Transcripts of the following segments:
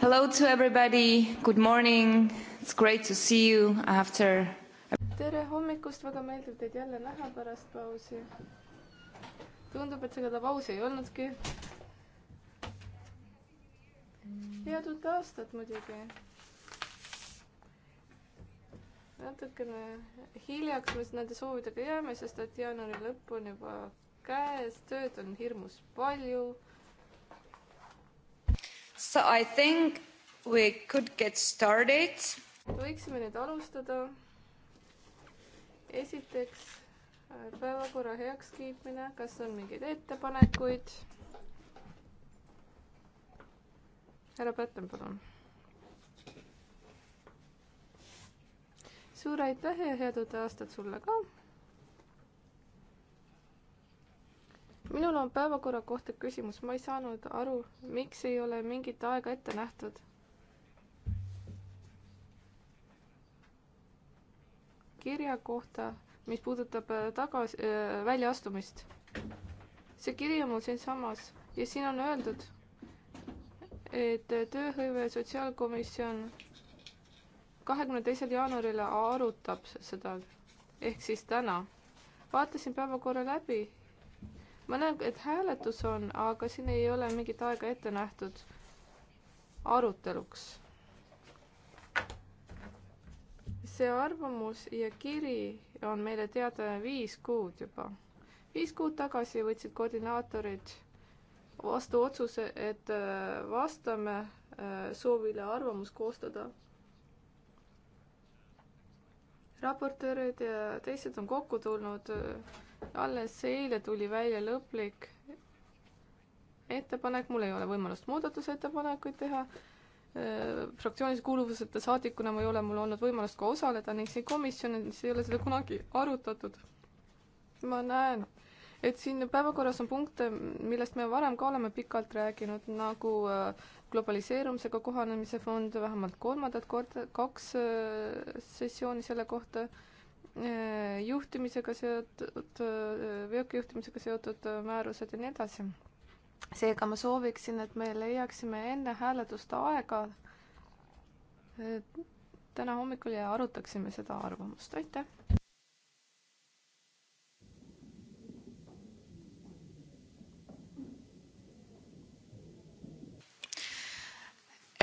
Hello to everybody, good morning, it's great to see you after tere hommikust, väga meeldiv teid jälle näha pärast pausi. tundub, et seda pausi ei olnudki. head uut aastat muidugi. natukene hiljaks me nende soovidega jääme, sest et jaanuari lõpp on juba käes, tööd on hirmus palju So I think we could get started. võiksime nüüd alustada. esiteks äh, päevakorra heakskiitmine, kas on mingeid ettepanekuid? härra Pätten, palun. suur aitäh ja head uut aastat sulle ka minul on päevakorra kohta küsimus, ma ei saanud aru, miks ei ole mingit aega ette nähtud. kirja kohta, mis puudutab äh, tagasi äh,, väljaastumist. see kiri on mul siinsamas ja siin on öeldud, et tööhõive sotsiaalkomisjon kahekümne teisel jaanuaril arutab seda ehk siis täna. vaatasin päevakorra läbi ma näen, et hääletus on, aga siin ei ole mingit aega ette nähtud aruteluks. see arvamus ja kiri on meile teada viis kuud juba. viis kuud tagasi võtsid koordinaatorid vastu otsuse, et äh, vastame äh, soovile arvamus koostada. raportöörid ja teised on kokku tulnud äh, alles eile tuli välja lõplik ettepanek, mul ei ole võimalust muudatusettepanekuid teha, äh, fraktsioonis kuuluvuseta saadikuna ma ei ole mul olnud võimalust ka osaleda ning siin komisjonis ei ole seda kunagi arutatud. ma näen, et siin päevakorras on punkte, millest me varem ka oleme pikalt rääkinud, nagu äh, globaliseerumisega kohanemise fond, vähemalt kolmandat korda, kaks äh, sessiooni selle kohta Äh, juhtimisega seotud, äh, veokijuhtimisega seotud äh, määrused ja nii edasi. seega ma sooviksin, et me leiaksime enne hääletust aega täna hommikul ja arutaksime seda arvamust, aitäh!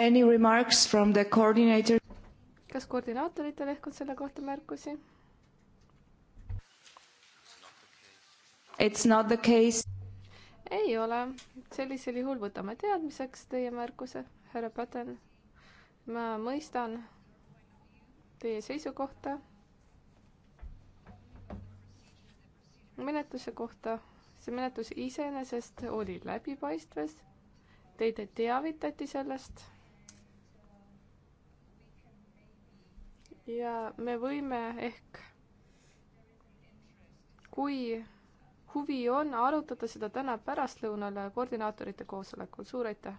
Any remarks from the coordinator? kas koordinaatoritel ehk on selle kohta märkusi? It's not the case. ei ole, sellisel juhul võtame teadmiseks teie märkuse, härra Patten. ma mõistan teie seisukohta. menetluse kohta, see menetlus iseenesest oli läbipaistvas. Teid teavitati sellest. ja me võime ehk, kui huvi on arutada seda täna pärastlõunal koordinaatorite koosolekul, suur aitäh!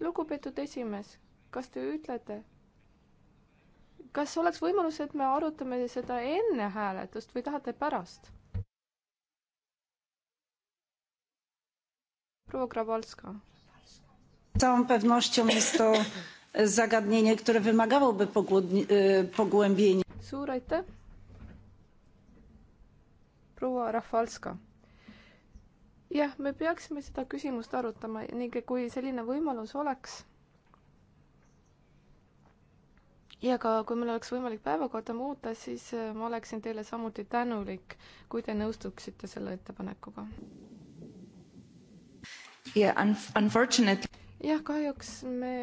lugupeetud esimees, kas te ütlete, kas oleks võimalus, et me arutame seda enne hääletust või tahate pärast? proua Grabalska. całą pewnością jest to zagadnienie, które wymagałoby pogłębienia. suur aitäh! proua Rafalska. jah, me peaksime seda küsimust arutama ning kui selline võimalus oleks ja ka, kui meil oleks võimalik päevakorda muuta, siis äh, ma oleksin teile samuti tänulik, kui te nõustuksite selle ettepanekuga. jah, kahjuks me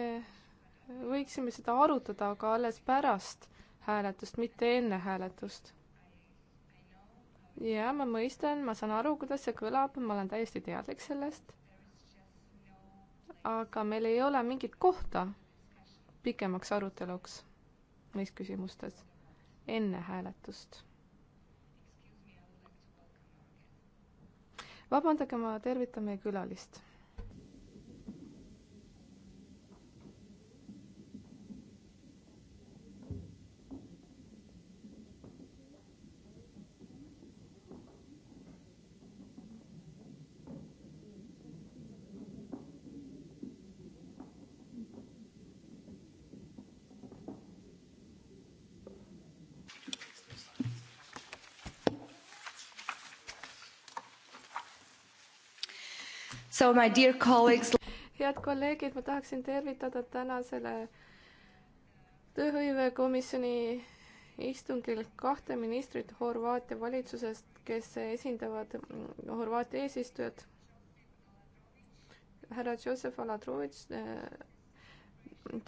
võiksime seda arutada, aga alles pärast hääletust, mitte enne hääletust jaa, ma mõistan, ma saan aru, kuidas see kõlab, ma olen täiesti teadlik sellest. aga meil ei ole mingit kohta pikemaks aruteluks neis küsimustes enne hääletust. vabandage, ma tervitan meie külalist So my dear colleagues. head kolleegid, ma tahaksin tervitada tänasele tööhõivekomisjoni istungil kahte ministrit Horvaatia valitsusest, kes esindavad Horvaatia eesistujat. härra Josef Aladrovitš, eh,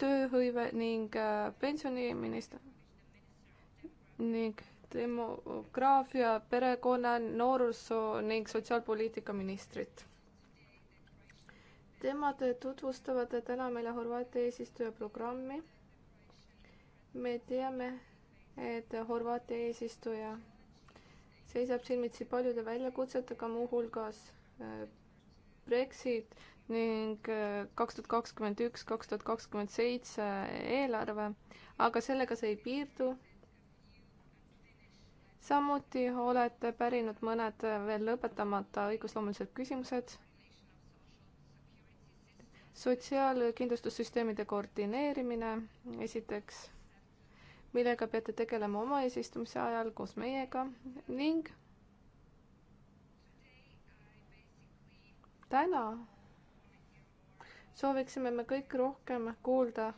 tööhõive ning eh, pensioniminister ning demograafia, perekonna, noorsoo ning sotsiaalpoliitika ministrit Temad tutvustavad täna meile Horvaatia eesistuja programmi. me teame, et Horvaatia eesistuja seisab silmitsi paljude väljakutsetega, muuhulgas äh, Brexit ning äh, kaks tuhat kakskümmend üks, kaks tuhat kakskümmend seitse eelarve, aga sellega see ei piirdu. samuti olete pärinud mõned veel lõpetamata õigusloomulised küsimused sotsiaalkindlustussüsteemide koordineerimine esiteks, millega peate tegelema oma eesistumise ajal koos meiega ning täna sooviksime me kõik rohkem kuulda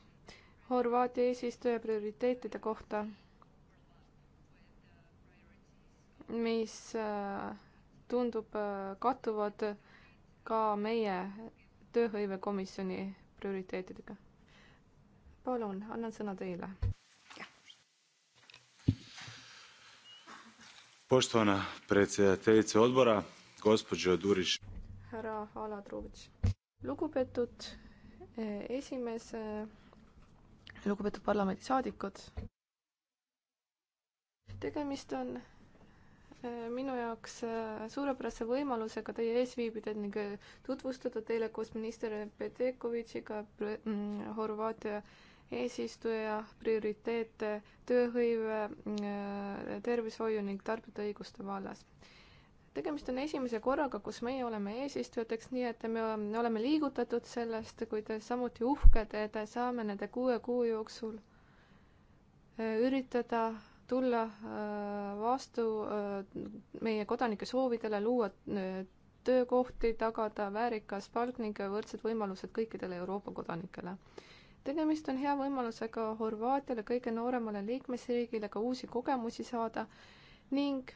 Horvaatia eesistuja prioriteetide kohta, mis äh, tundub äh, kattuvad ka meie tööhõivekomisjoni prioriteetidega. palun, annan sõna teile. Poštovana predsjedateljice odbora, gospođo Duriš. härra Aladrovitš, lugupeetud e, esimees, e, lugupeetud parlamendisaadikud. tegemist on Äh, minu jaoks äh, suurepärase võimalusega teie ees viibida ning äh, tutvustada teile koos minister Petekovitšiga mm, Horvaatia eesistuja prioriteete tööhõive, mm, tervishoiu ning tarbijate õiguste vallas. tegemist on esimese korraga, kus meie oleme eesistujateks, nii et me oleme liigutatud sellest, kuid samuti uhked, et saame nende kuue kuu jooksul üritada tulla äh, vastu äh, meie kodanike soovidele luua äh, töökohti, tagada väärikas palk ning võrdsed võimalused kõikidele Euroopa kodanikele. tegemist on hea võimalusega Horvaatiale, kõige nooremale liikmesriigile ka uusi kogemusi saada ning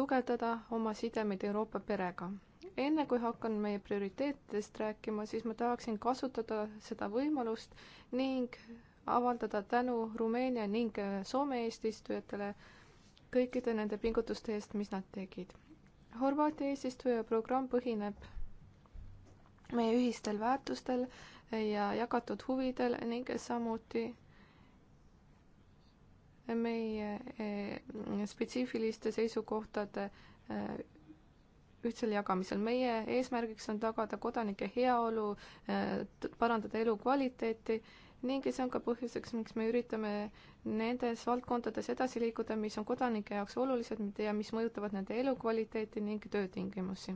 tugevdada oma sidemeid Euroopa perega. enne kui hakkan meie prioriteetidest rääkima, siis ma tahaksin kasutada seda võimalust ning avaldada tänu Rumeenia ning äh, Soome eesistujatele kõikide nende pingutuste eest, mis nad tegid. Horvaatia eesistuja programm põhineb meie ühistel väärtustel ja jagatud huvidel ning samuti meie äh, spetsiifiliste seisukohtade äh, ühtsel jagamisel. meie eesmärgiks on tagada kodanike heaolu, parandada elukvaliteeti ning see on ka põhjuseks, miks me üritame nendes valdkondades edasi liikuda, mis on kodanike jaoks olulised ja mis mõjutavad nende elukvaliteeti ning töötingimusi.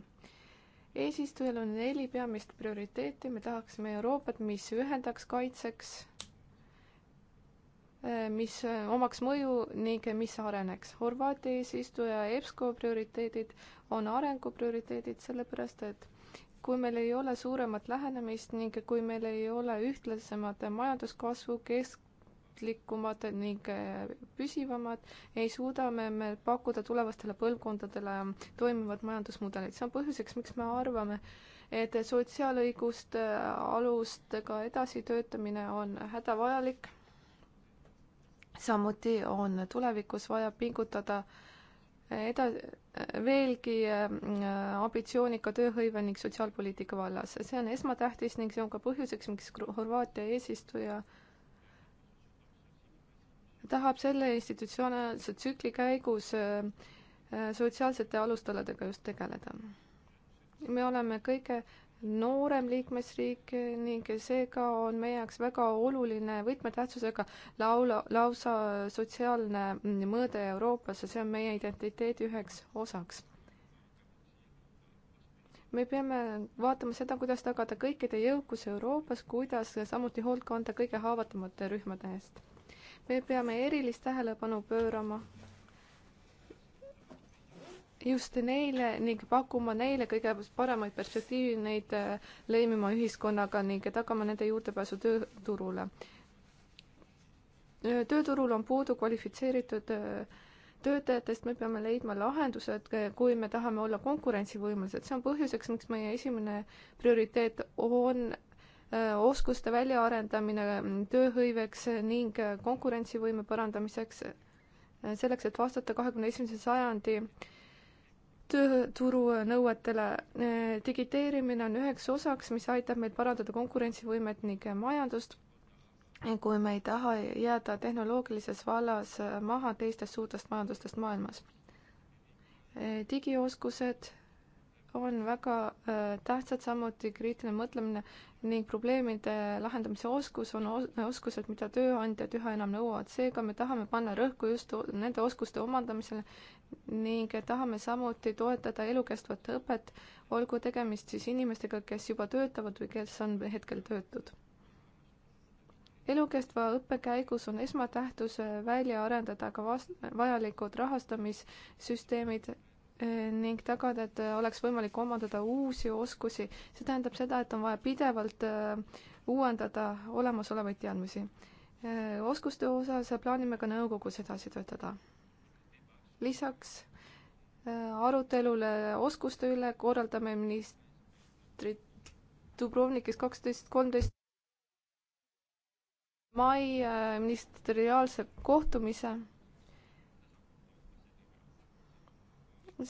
eesistujal on neli peamist prioriteeti, me tahaksime Euroopat, mis ühendaks, kaitseks, eh, mis eh, omaks mõju ning mis areneks. Horvaatia eesistuja EBSCO prioriteedid on arengu prioriteedid, sellepärast et kui meil ei ole suuremat lähenemist ning kui meil ei ole ühtlasemat majanduskasvu, kestlikumat ning püsivamat, ei suuda me, me pakkuda tulevastele põlvkondadele toimivat majandusmudelit. see on põhjuseks, miks me arvame, et sotsiaalõiguste alustega edasitöötamine on hädavajalik. samuti on tulevikus vaja pingutada eda-, veelgi äh, ambitsioonika tööhõive ning sotsiaalpoliitika vallas. see on esmatähtis ning see on ka põhjuseks, miks Horvaatia eesistuja tahab selle institutsionaalse tsükli käigus äh, sotsiaalsete alustaladega just tegeleda. me oleme kõige noorem liikmesriik ning seega on meie jaoks väga oluline võtmetähtsusega laula, lausa sotsiaalne mõõde Euroopas ja see on meie identiteedi üheks osaks. me peame vaatama seda, kuidas tagada kõikide jõukus Euroopas, kuidas samuti hoolt kanda kõige haavatavamate rühmade eest. me peame erilist tähelepanu pöörama just neile ning pakkuma neile kõige paremaid perspektiivi neid äh, lõimima ühiskonnaga ning tagama nende juurdepääsu tööturule. Äh, tööturul on puudu kvalifitseeritud äh, töötajatest, me peame leidma lahendused, kui me tahame olla konkurentsivõimelised, see on põhjuseks, miks meie esimene prioriteet on oskuste väljaarendamine mm, tööhõiveks ning konkurentsivõime parandamiseks, selleks, et vastata kahekümne esimese sajandi äh, tööturu nõuetele. Äh, digiteerimine on üheks osaks, mis aitab meil parandada konkurentsivõimet ning majandust, kui me ei taha jääda tehnoloogilises vallas äh, maha teistest suurtest majandustest maailmas. Äh, digioskused on väga tähtsad, samuti kriitiline mõtlemine ning probleemide lahendamise oskus on os oskused, mida tööandjad üha enam nõuavad. seega me tahame panna rõhku just nende oskuste omandamisele ning tahame samuti toetada elukestvat õpet, olgu tegemist siis inimestega, kes juba töötavad või kes on hetkel töötud. elukestva õppe käigus on esmatähtus äh, välja arendada ka vast-, vajalikud rahastamissüsteemid äh, ning tagada, et äh, oleks võimalik omandada uusi oskusi. see tähendab seda, et on vaja pidevalt uuendada olemasolevaid teadmisi. oskuste osas plaanime ka nõukogus edasi töötada lisaks äh, arutelule oskuste üle korraldame ministrit Dubrovnikis kaksteist, kolmteist mai äh, ministeriaalse kohtumise.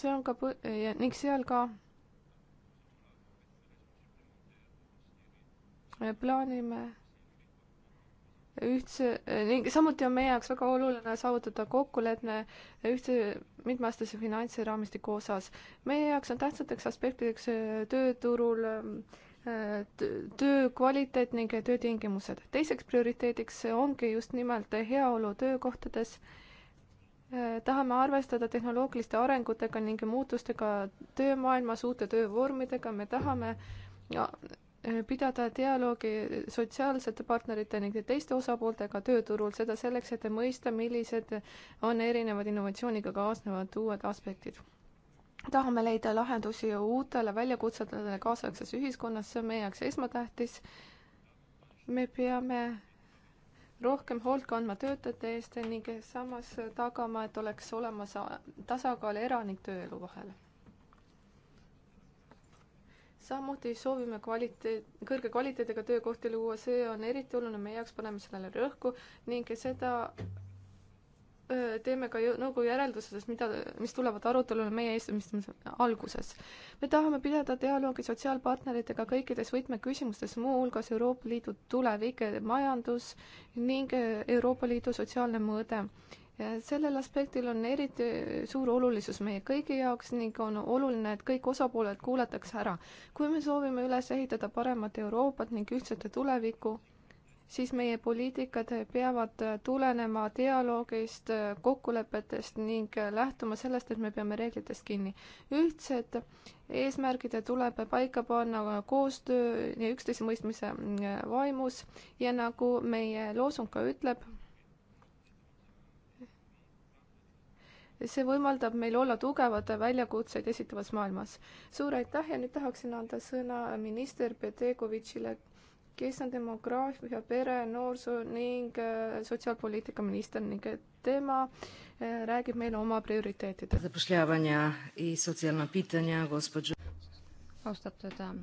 see on ka põ-, ning seal ka plaanime ühtse ning samuti on meie jaoks väga oluline saavutada kokkulepe ühtse mitmeaastase finantsraamistiku osas. meie jaoks on tähtsateks aspektideks äh, tööturul äh, töö kvaliteet ning töötingimused. teiseks prioriteediks ongi just nimelt heaolu töökohtades. Äh, tahame arvestada tehnoloogiliste arengutega ning muutustega töömaailmas, uute töövormidega, me tahame ja Äh, pidada dialoogi sotsiaalsete partnerite ning teiste osapooltega tööturul, seda selleks, et mõista, millised on erinevad innovatsiooniga kaasnevad uued aspektid. tahame leida lahendusi uutele väljakutsetele kaasaegses ühiskonnas, see on meie jaoks esmatähtis. me peame rohkem hoolt kandma töötajate eest ning samas tagama, et oleks olemas tasakaal era- ning tööelu vahel samuti soovime kvaliteet, kõrge kvaliteediga töökohti luua, see on eriti oluline meie jaoks, paneme sellele rõhku ning seda teeme ka nõukogu järeldustes, mida, mis tulevad arutelule meie eesistumise alguses. me tahame pidada dialoogi sotsiaalpartneritega kõikides võtmeküsimustes, muuhulgas Euroopa Liidu tulevik, majandus ning Euroopa Liidu sotsiaalne mõõde sellel aspektil on eriti suur olulisus meie kõigi jaoks ning on oluline, et kõik osapooled kuulatakse ära. kui me soovime üles ehitada paremat Euroopat ning ühtset tulevikku, siis meie poliitikad peavad tulenema dialoogist, kokkulepetest ning lähtuma sellest, et me peame reeglitest kinni. ühtsed eesmärgid tuleb paika panna koostöö ja üksteisemõistmise vaimus ja nagu meie loosung ka ütleb, see võimaldab meil olla tugevad väljakutseid esitavas maailmas. suur aitäh ja nüüd tahaksin anda sõna minister Petekovitšile, kes on demograafia, pere, noorsoo ning äh, sotsiaalpoliitika minister ning äh, tema äh, räägib meile oma prioriteetidest. austatud ähm,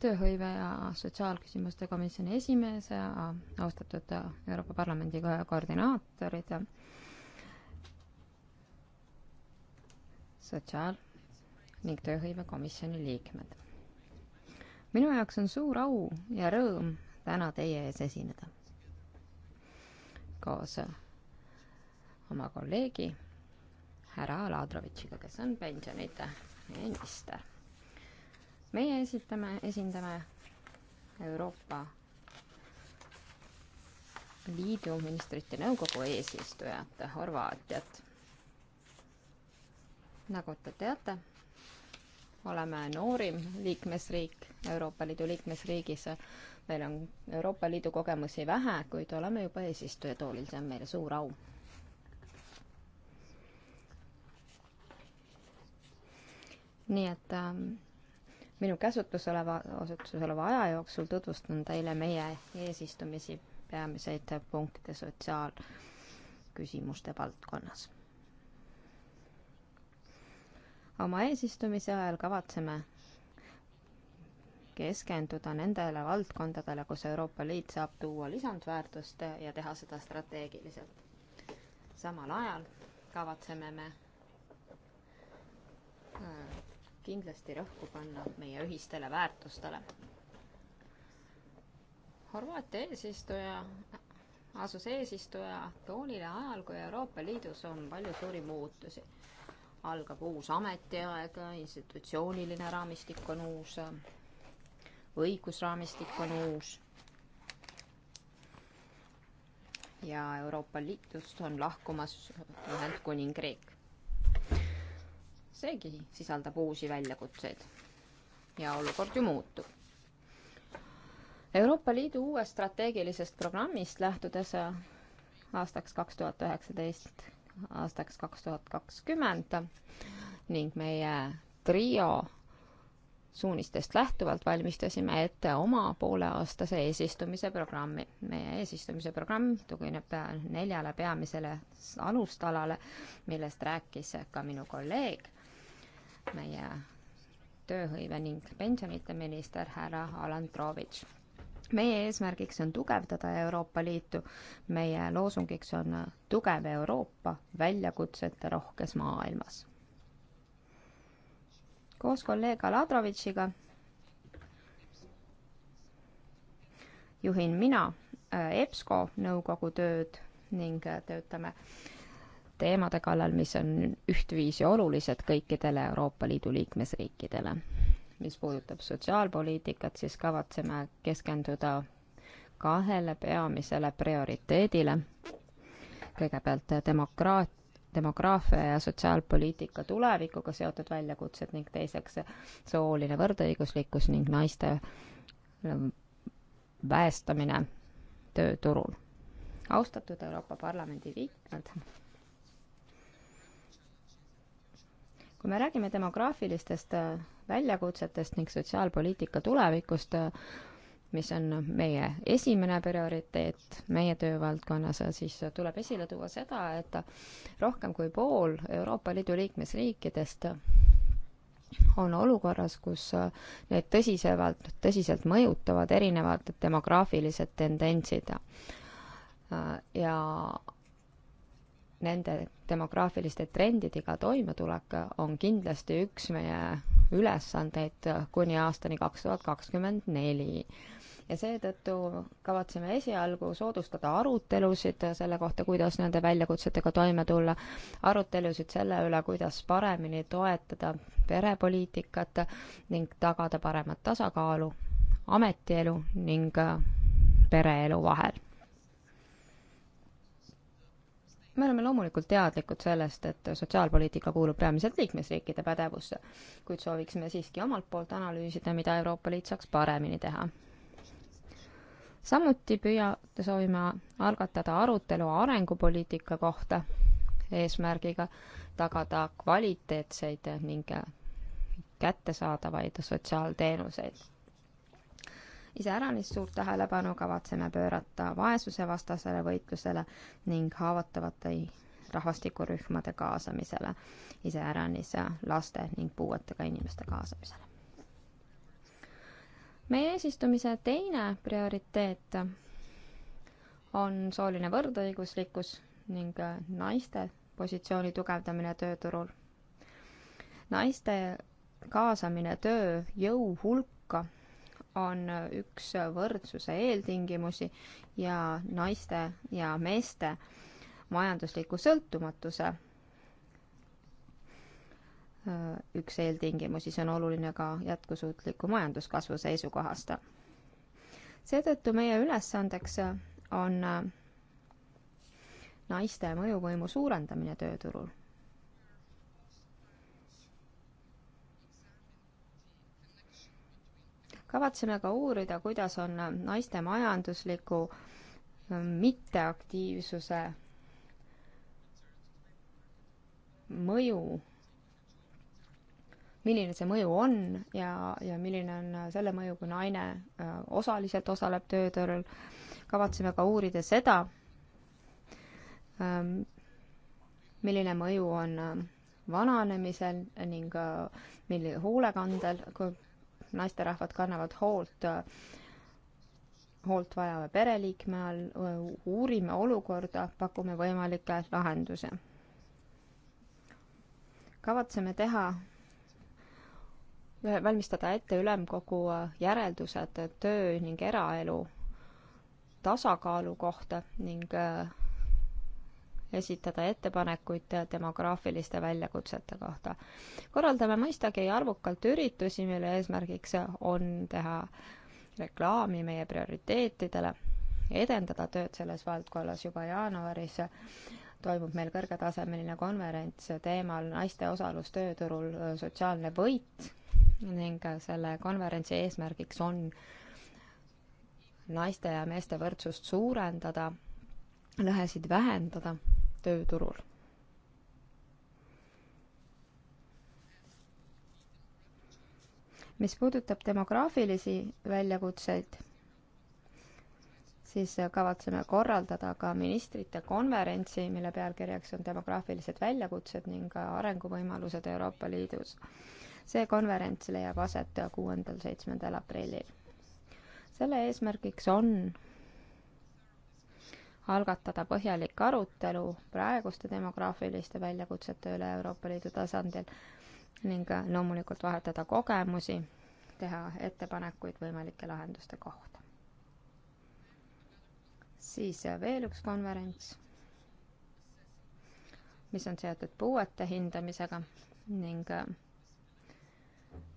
tööhõive ja sotsiaalküsimuste komisjoni esimees ja austatud Euroopa Parlamendi koordinaatorid sotsiaal- ning tööhõivekomisjoni liikmed. minu jaoks on suur au ja rõõm täna teie ees esineda koos oma kolleegi härra Aladrovitšiga, kes on pensionide minister. meie esitame, esindame Euroopa Liidu ministrite nõukogu eesistujat Horvaatiat nagu te teate, oleme noorim liikmesriik Euroopa Liidu liikmesriigis. meil on Euroopa Liidu kogemusi vähe, kuid oleme juba eesistujatoolil, see on meile suur au. nii et äh, minu käsutus oleva, osutuses oleva aja jooksul tutvustan teile meie eesistumisi peamiseid punkte sotsiaalküsimuste valdkonnas oma eesistumise ajal kavatseme keskenduda nendele valdkondadele, kus Euroopa Liit saab tuua lisandväärtust ja teha seda strateegiliselt. samal ajal kavatseme me äh, kindlasti rõhku panna meie ühistele väärtustele. Horvaatia eesistuja asus eesistuja toolile ajal, kui Euroopa Liidus on palju suuri muutusi algab uus ametiaeg, institutsiooniline raamistik on uus, õigusraamistik on uus ja Euroopa Liidust on lahkumas Ühendkuningriik. seegi sisaldab uusi väljakutseid ja olukord ju muutub. Euroopa Liidu uuest strateegilisest programmist lähtudes aastaks kaks tuhat üheksateist aastaks kaks tuhat kakskümmend ning meie trio suunistest lähtuvalt valmistasime ette oma pooleaastase eesistumise programmi. meie eesistumise programm tugineb neljale peamisele alustalale, millest rääkis ka minu kolleeg, meie tööhõive ning pensionite minister härra Alan Trovitš meie eesmärgiks on tugevdada Euroopa Liitu, meie loosungiks on tugev Euroopa väljakutsete rohkes maailmas. koos kolleeg Aladrovitšiga juhin mina äh, EBSCO nõukogu tööd ning äh, töötame teemade kallal, mis on ühtviisi olulised kõikidele Euroopa Liidu liikmesriikidele mis puudutab sotsiaalpoliitikat, siis kavatseme keskenduda kahele peamisele prioriteedile. kõigepealt demokraat, demograafia ja sotsiaalpoliitika tulevikuga seotud väljakutsed ning teiseks sooline võrdõiguslikkus ning naiste ähm, väestamine tööturul. austatud Euroopa Parlamendi liikmed, kui me räägime demograafilistest äh, väljakutsetest ning sotsiaalpoliitika tulevikust, mis on meie esimene prioriteet meie töövaldkonnas, siis tuleb esile tuua seda, et rohkem kui pool Euroopa Liidu liikmesriikidest on olukorras, kus neid tõsisemalt, tõsiselt mõjutavad erinevad demograafilised tendentsid. ja nende demograafiliste trendidega toimetulek on kindlasti üks meie ülesandeid kuni aastani kaks tuhat kakskümmend neli ja seetõttu kavatseme esialgu soodustada arutelusid selle kohta, kuidas nende väljakutsetega toime tulla, arutelusid selle üle, kuidas paremini toetada perepoliitikat ning tagada paremat tasakaalu ametielu ning pereelu vahel me oleme loomulikult teadlikud sellest, et sotsiaalpoliitika kuulub peamiselt liikmesriikide pädevusse, kuid sooviksime siiski omalt poolt analüüsida, mida Euroopa Liit saaks paremini teha. samuti püüa, soovime algatada arutelu arengupoliitika kohta eesmärgiga tagada kvaliteetseid ning kättesaadavaid sotsiaalteenuseid iseäranis suurt tähelepanu kavatseme pöörata vaesusevastasele võitlusele ning haavatavate rahvastikurühmade kaasamisele, iseäranis laste ning puuetega inimeste kaasamisele. meie eesistumise teine prioriteet on sooline võrdõiguslikkus ning naiste positsiooni tugevdamine tööturul. naiste kaasamine tööjõu hulka on üks võrdsuse eeltingimusi ja naiste ja meeste majandusliku sõltumatuse üks eeltingimusi, see on oluline ka jätkusuutliku majanduskasvu seisukohast. seetõttu meie ülesandeks on naiste mõjuvõimu suurendamine tööturul kavatseme ka uurida, kuidas on naiste majandusliku äh, mitteaktiivsuse mõju, milline see mõju on ja, ja milline on selle mõju, kui naine äh, osaliselt osaleb tööturul. kavatseme ka uurida seda, ähm, milline mõju on äh, vananemisel ning milline hoolekandel, kui naisterahvad kannavad hoolt, hoolt vajava pereliikme all, uurime olukorda, pakume võimalikke lahendusi. kavatseme teha, valmistada ette ülemkogu järeldused töö ning eraelu tasakaalu kohta ning äh, esitada ettepanekuid demograafiliste väljakutsete kohta. korraldame mõistagi arvukalt üritusi, mille eesmärgiks on teha reklaami meie prioriteetidele, edendada tööd selles valdkonnas juba jaanuaris, toimub meil kõrgetasemeline konverents teemal naiste osalus tööturul, sotsiaalne võit ning selle konverentsi eesmärgiks on naiste ja meeste võrdsust suurendada, lõhesid vähendada tööturul. mis puudutab demograafilisi väljakutseid, siis kavatseme korraldada ka ministrite konverentsi, mille pealkirjaks on demograafilised väljakutsed ning arenguvõimalused Euroopa Liidus. see konverents leiab aset kuuendal-seitsmendal aprillil. selle eesmärgiks on algatada põhjalik arutelu praeguste demograafiliste väljakutsete üle Euroopa Liidu tasandil ning äh, loomulikult vahetada kogemusi, teha ettepanekuid võimalike lahenduste kohta. siis äh, veel üks konverents, mis on seotud puuete hindamisega ning äh,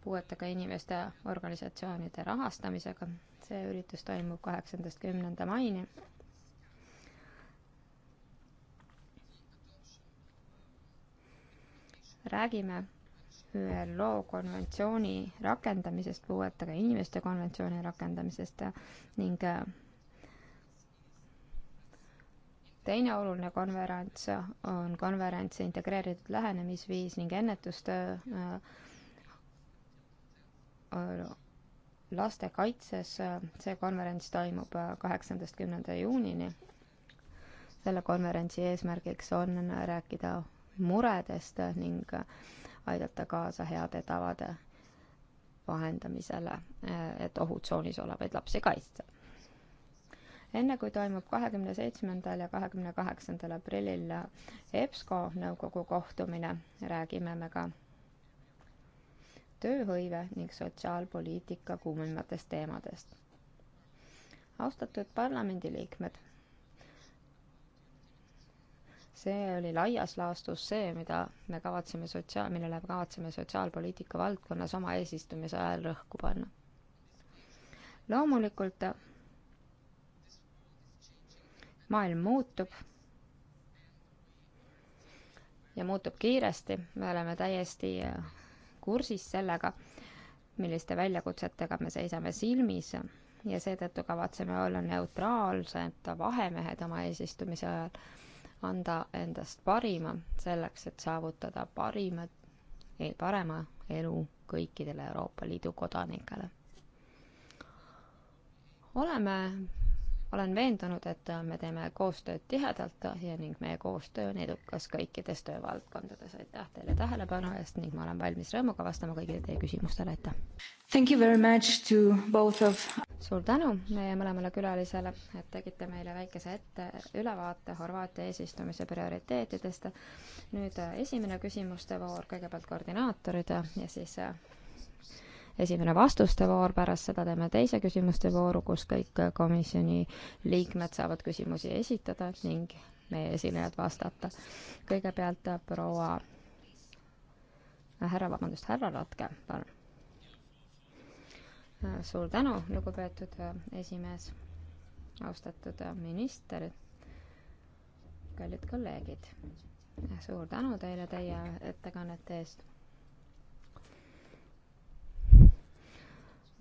puuetega inimeste organisatsioonide rahastamisega. see üritus toimub kaheksandast kümnenda maini räägime ÜRO konventsiooni rakendamisest, puuetega inimeste konventsiooni rakendamisest ning äh, teine oluline konverents on konverents integreeritud lähenemisviis ning ennetustöö äh, äh, laste kaitses. see konverents toimub kaheksandast kümnenda juunini. selle konverentsi eesmärgiks on rääkida muredest ning aidata kaasa heade tavade vahendamisele, et ohutsoonis olevaid lapsi kaitsta. enne kui toimub kahekümne seitsmendal ja kahekümne kaheksandal aprillil EBSCO nõukogu kohtumine, räägime me ka tööhõive ning sotsiaalpoliitika kuumimatest teemadest. austatud parlamendiliikmed see oli laias laastus see, mida me kavatseme sotsiaal, millele kavatseme sotsiaalpoliitika valdkonnas oma eesistumise ajal rõhku panna. loomulikult maailm muutub ja muutub kiiresti, me oleme täiesti kursis sellega, milliste väljakutsetega me seisame silmis ja seetõttu kavatseme olla neutraalsed vahemehed oma eesistumise ajal anda endast parima selleks, et saavutada parima, e, parema elu kõikidele Euroopa Liidu kodanikele. oleme olen veendunud, et me teeme koostööd tihedalt ja ning meie koostöö on edukas kõikides töövaldkondades. aitäh teile tähelepanu eest ning ma olen valmis rõõmuga vastama kõigile teie küsimustele, aitäh! Thank you very much to both of suur tänu meie mõlemale külalisele, et tegite meile väikese ette, ülevaate Horvaatia eesistumise prioriteetidest. nüüd esimene küsimuste voor, kõigepealt koordinaatorid ja siis esimene vastuste voor, pärast seda teeme teise küsimuste vooru, kus kõik komisjoni liikmed saavad küsimusi esitada ning meie esinejad vastata. kõigepealt proua, härra, vabandust, härra Ratke, palun. suur tänu, lugupeetud esimees, austatud minister, kallid kolleegid. suur tänu teile teie ettekannete eest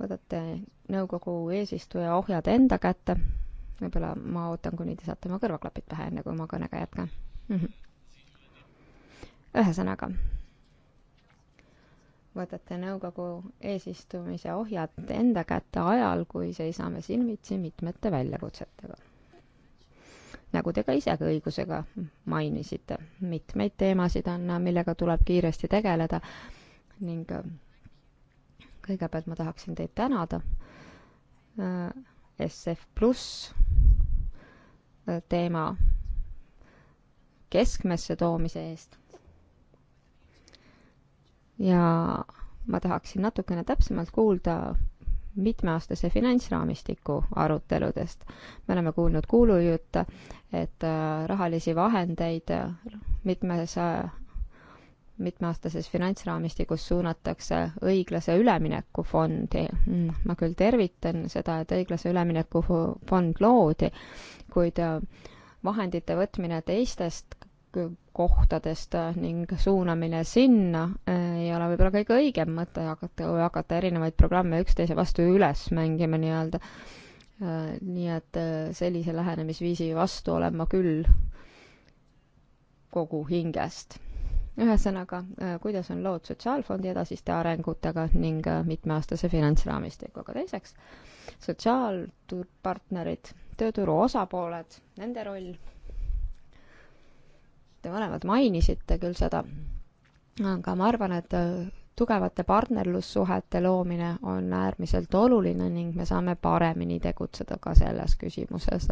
võtate nõukogu eesistuja ohjad enda kätte. võib-olla ma ootan, kuni te saate oma kõrvaklapid pähe, enne kui ma kõnega jätkan mm. -hmm. ühesõnaga, võtate nõukogu eesistumise ohjad enda kätte ajal, kui seisame silmitsi mitmete väljakutsetega. nagu te ka ise ka õigusega mainisite, mitmeid teemasid on, millega tuleb kiiresti tegeleda ning kõigepealt ma tahaksin teid tänada. Äh, SF pluss äh, teema keskmesse toomise eest. ja ma tahaksin natukene täpsemalt kuulda mitmeaastase finantsraamistiku aruteludest. me oleme kuulnud kuulujutte, et äh, rahalisi vahendeid mitmes mitmeaastases finantsraamistikus suunatakse õiglase ülemineku fondi. Mm, ma küll tervitan seda, et õiglase ülemineku fond loodi, kuid äh, vahendite võtmine teistest kohtadest äh, ning suunamine sinna äh, ei ole võib-olla kõige õigem mõte hakata, hakata erinevaid programme üksteise vastu üles mängima nii-öelda. nii et sellise lähenemisviisi vastu olen ma küll kogu hingest ühesõnaga, äh, kuidas on lood Sotsiaalfondi edasiste arengutega ning äh, mitmeaastase finantsraamistikuga. teiseks, sotsiaalpartnerid, tööturu osapooled, nende roll. Te mõlemad mainisite küll seda, aga ma arvan, et äh, tugevate partnerlussuhete loomine on äärmiselt oluline ning me saame paremini tegutseda ka selles küsimuses.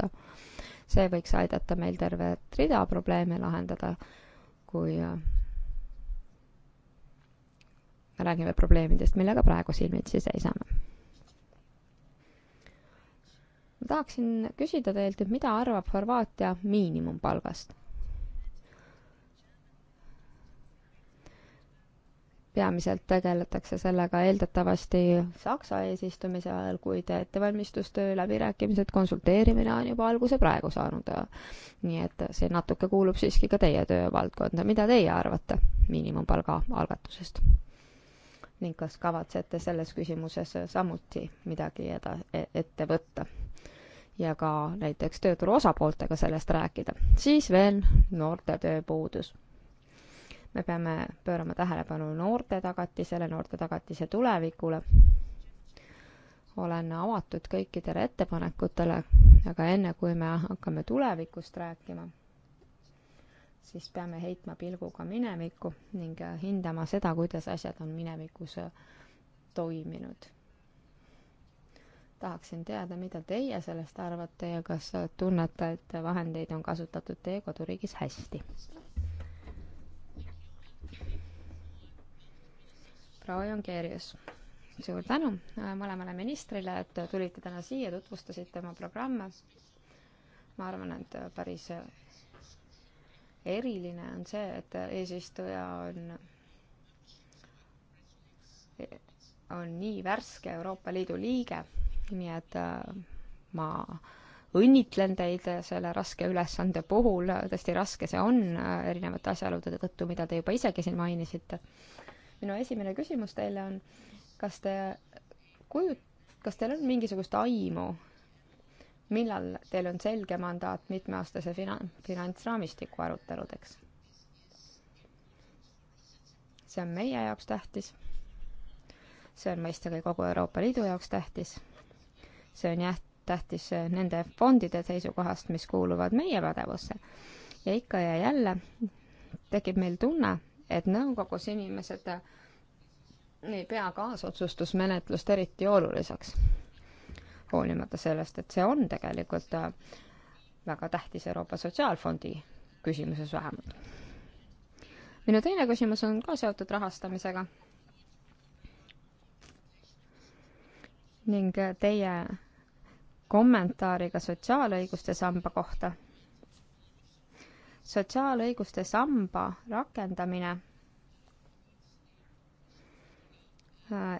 see võiks aidata meil tervet rida probleeme lahendada, kui räägime probleemidest, millega praegu silmitsi seisame. ma tahaksin küsida teilt, et mida arvab Horvaatia miinimumpalgast? peamiselt tegeletakse sellega eeldatavasti Saksa eesistumise ajal, kuid ettevalmistustöö, läbirääkimised, konsulteerimine on juba alguse praegu saanud. nii et see natuke kuulub siiski ka teie töövaldkonda. mida teie arvate miinimumpalga algatusest? ning kas kavatsete selles küsimuses samuti midagi eda-, e-, ette võtta ja ka näiteks tööturu osapooltega sellest rääkida. siis veel noorte tööpuudus. me peame pöörama tähelepanu noorte tagatisele, noorte tagatise tulevikule. olen avatud kõikidele ettepanekutele, aga enne kui me hakkame tulevikust rääkima siis peame heitma pilguga minevikku ning äh, hindama seda, kuidas asjad on minevikus äh, toiminud. tahaksin teada, mida teie sellest arvate ja kas äh, tunnete, et vahendeid on kasutatud teie koduriigis hästi? proua Jongeerius, suur tänu mõlemale ministrile, et tulite täna siia, tutvustasite oma programme. ma arvan, et päris eriline on see, et eesistuja on, on nii värske Euroopa Liidu liige, nii et äh, ma õnnitlen teid selle raske ülesande puhul, tõesti raske see on äh, erinevate asjaolude tõttu, mida te juba isegi siin mainisite. minu esimene küsimus teile on, kas te kujut-, kas teil on mingisugust aimu millal teil on selge mandaat mitmeaastase finan-, finantsraamistiku aruteludeks? see on meie jaoks tähtis, see on mõistagi kogu Euroopa Liidu jaoks tähtis, see on jah, tähtis nende fondide seisukohast, mis kuuluvad meie pädevusse. ja ikka ja jälle tekib meil tunne, et nõukogus inimesed ei pea kaasotsustusmenetlust eriti oluliseks hoolimata sellest, et see on tegelikult äh, väga tähtis Euroopa Sotsiaalfondi küsimuses vähemalt. minu teine küsimus on ka seotud rahastamisega. ning äh, teie kommentaariga sotsiaalõiguste samba kohta. sotsiaalõiguste samba rakendamine äh,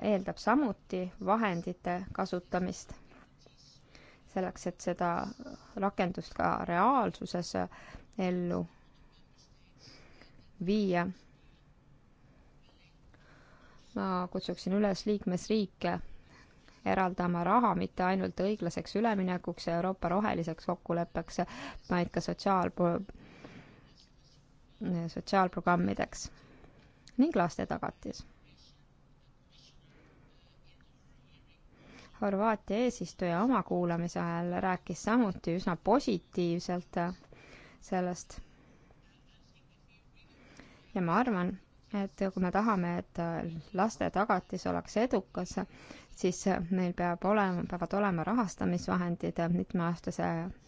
eeldab samuti vahendite kasutamist selleks, et seda rakendust ka reaalsuses ellu viia. ma kutsuksin üles liikmesriike eraldama raha mitte ainult õiglaseks üleminekuks ja Euroopa roheliseks kokkuleppeks, vaid ka sotsiaal, sotsiaalprogrammideks ning laste tagatis Horvaatia eesistuja oma kuulamise ajal rääkis samuti üsna positiivselt äh, sellest. ja ma arvan, et kui me tahame, et äh, laste tagatis oleks edukas, siis äh, meil peab olema, peavad olema rahastamisvahendid mitmeaastase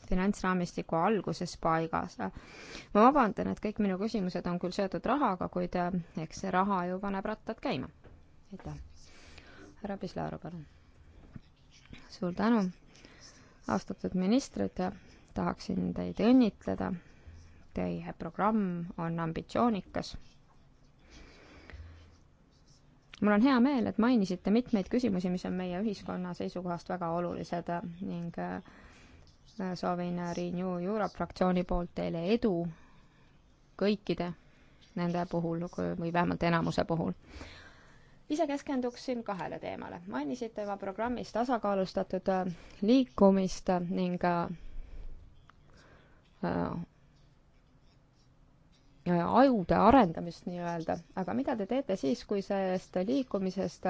finantsraamistiku alguses paigas. ma vabandan, et kõik minu küsimused on küll seotud rahaga, kuid eks see raha ju paneb rattad käima. aitäh. härra Pislaru, palun suur tänu, austatud ministrid, tahaksin teid õnnitleda. Teie programm on ambitsioonikas. mul on hea meel, et mainisite mitmeid küsimusi, mis on meie ühiskonna seisukohast väga olulised ning äh, soovin Renew Europe fraktsiooni poolt teile edu kõikide nende puhul või vähemalt enamuse puhul ise keskenduksin kahele teemale. mainisite oma programmis tasakaalustatud äh, liikumist ning äh, äh, ajude arendamist nii-öelda, aga mida te teete siis, kui sellest liikumisest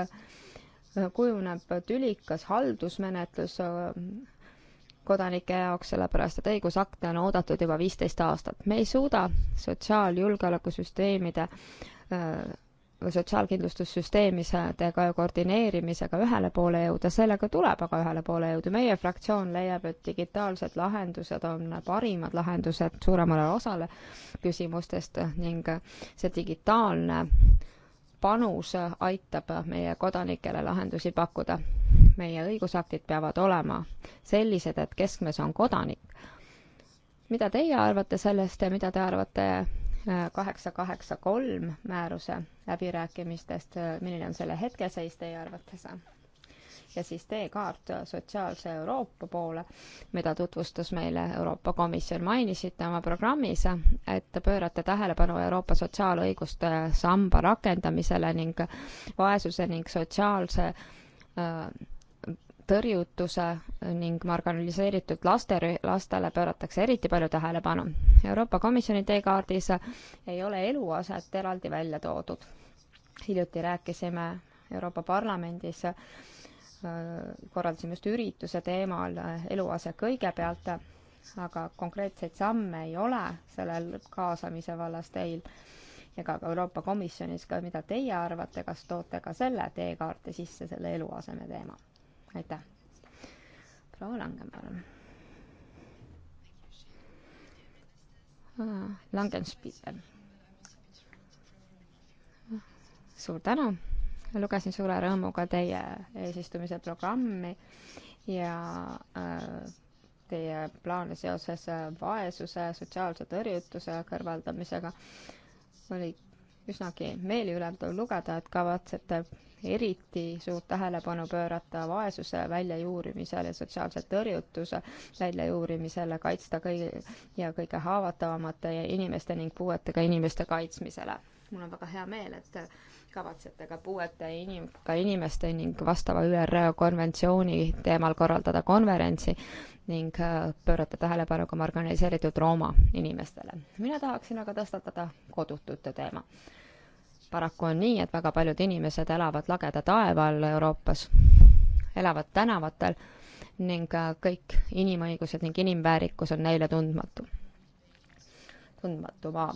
kujuneb tülikas haldusmenetlus kodanike jaoks, sellepärast et õigusakte on oodatud juba viisteist aastat. me ei suuda sotsiaaljulgeolekusüsteemide sotsiaalkindlustussüsteemide koordineerimisega ühele poole jõuda, sellega tuleb aga ühele poole jõuda. meie fraktsioon leiab, et digitaalsed lahendused on parimad lahendused suuremale osale küsimustest ning see digitaalne panus aitab meie kodanikele lahendusi pakkuda. meie õigusaktid peavad olema sellised, et keskmes on kodanik. mida teie arvate sellest ja mida te arvate kaheksa kaheksa kolm määruse läbirääkimistest, milline on selle hetkeseis teie arvates? ja siis teekaart sotsiaalse Euroopa poole, mida tutvustas meile Euroopa Komisjon, mainisite oma programmis, et pöörate tähelepanu Euroopa sotsiaalõiguste samba rakendamisele ning vaesuse ning sotsiaalse äh, tõrjutuse ning marginaliseeritud laste, lastele pööratakse eriti palju tähelepanu. Euroopa Komisjoni teekaardis ei ole eluaset eraldi välja toodud. hiljuti rääkisime Euroopa Parlamendis, äh, korraldasime just ürituse teemal äh, eluase kõigepealt, aga konkreetseid samme ei ole sellel kaasamise vallas teil ja ka Euroopa Komisjonis ka, mida teie arvate, kas toote ka selle teekaarte sisse, selle eluaseme teema? aitäh. proua Langen, palun. Ah, Langenspiitel. suur tänu. lugesin suure rõõmuga teie eesistumise programmi ja äh, teie plaane seoses äh, vaesuse, sotsiaalse tõrjutuse kõrvaldamisega. oli üsnagi meeliülendav lugeda, et kavatsete eriti suurt tähelepanu pöörata vaesuse väljajuurimisele, sotsiaalse tõrjutuse väljajuurimisele, kaitsta kõige ja kõige haavatavamate inimeste ning puuetega inimeste kaitsmisele. mul on väga hea meel, et kavatsete ka puuete inim-, ka inimeste ning vastava ÜRO konventsiooni teemal korraldada konverentsi ning äh, pöörata tähelepanu ka marginaliseeritud Rooma inimestele. mina tahaksin aga tõstatada kodutute teema paraku on nii, et väga paljud inimesed elavad lageda taeva all Euroopas, elavad tänavatel ning äh, kõik inimõigused ning inimväärikus on neile tundmatu, tundmatu maa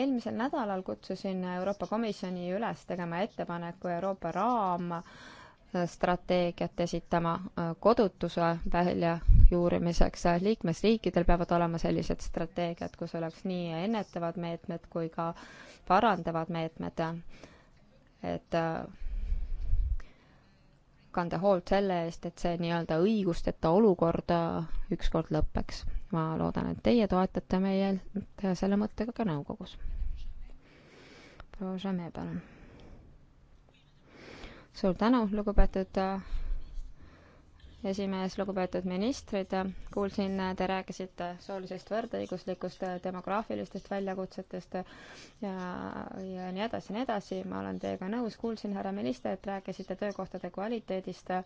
eelmisel nädalal kutsusin Euroopa Komisjoni üles tegema ettepaneku Euroopa raamstrateegiat esitama äh, kodutuse väljajuurimiseks. liikmesriikidel peavad olema sellised strateegiad, kus oleks nii ennetavad meetmed kui ka äh, parandavad meetmed, et äh, kanda hoolt selle eest, et see nii-öelda õigusteta olukord äh, ükskord lõpeks. ma loodan, et teie toetate meie äh, selle mõttega ka nõukogus. proua Žame, palun. suur tänu, lugupeetud esimees, lugupeetud ministrid, kuulsin, te rääkisite soolisest võrdõiguslikust, demograafilistest väljakutsetest ja, ja nii edasi, nii edasi, ma olen teiega nõus, kuulsin, härra minister, et rääkisite töökohtade kvaliteedist ja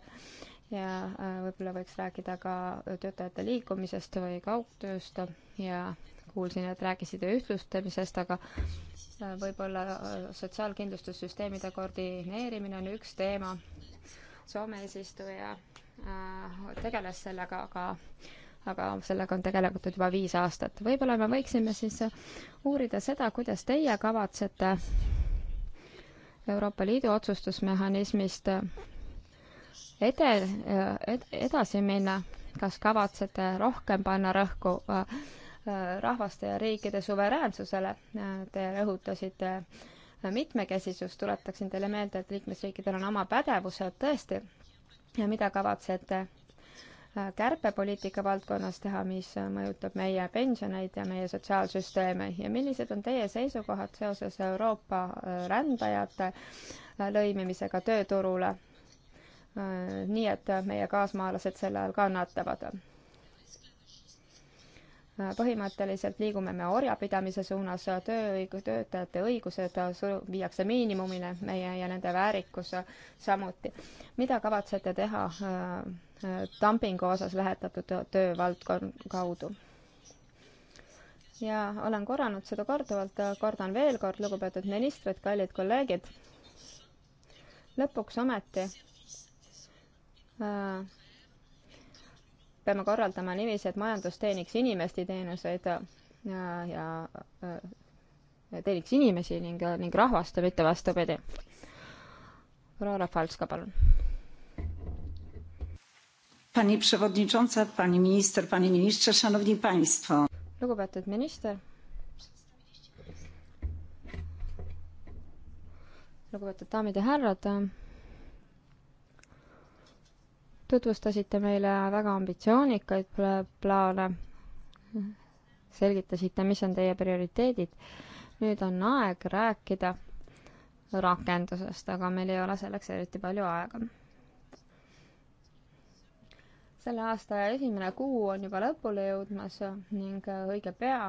äh, võib-olla võiks rääkida ka töötajate liikumisest või kaugtööst ja kuulsin, et rääkisite ühtlustamisest, aga äh, võib-olla äh, sotsiaalkindlustussüsteemide koordineerimine on üks teema. Soome eesistuja Äh, tegeles sellega, aga aga sellega on tegeletud juba viis aastat. võib-olla me võiksime siis uurida seda, kuidas teie kavatsete Euroopa Liidu otsustusmehhanismist ede, ed-, edasi minna, kas kavatsete rohkem panna rõhku äh, rahvaste ja riikide suveräänsusele, äh, te rõhutasite mitmekesisust, tuletaksin teile meelde, et liikmesriikidel on oma pädevused, tõesti, ja mida kavatsete äh, kärpepoliitika valdkonnas teha, mis mõjutab meie pensioneid ja meie sotsiaalsüsteeme ja millised on teie seisukohad seoses Euroopa äh, rändajate äh, lõimimisega tööturule? nii et meie kaasmaalased selle all kannatavad põhimõtteliselt liigume me orjapidamise suunas, tööõig-, töötajate õigused viiakse miinimumile, meie ja nende väärikus samuti. mida kavatsete teha äh, äh, dumpingu osas lähetatud töö valdkond kaudu? ja olen korranud seda korduvalt, kordan veel kord, lugupeetud ministrid, kallid kolleegid, lõpuks ometi äh, peame korraldama niiviisi, et majandus teeniks inimeste teenuseid äh, ja, ja äh, teeniks inimesi ning, äh, ning rahvast ja mitte vastupidi. proua Rafalska, palun. Pani przewodnicząca, pani minister, panie ministrze, szanowni państwo. lugupeetud minister. lugupeetud daamid ja härrad tutvustasite meile väga ambitsioonikaid pla plaane, selgitasite, mis on teie prioriteedid. nüüd on aeg rääkida rakendusest, aga meil ei ole selleks eriti palju aega. selle aasta esimene kuu on juba lõpule jõudmas ning õige pea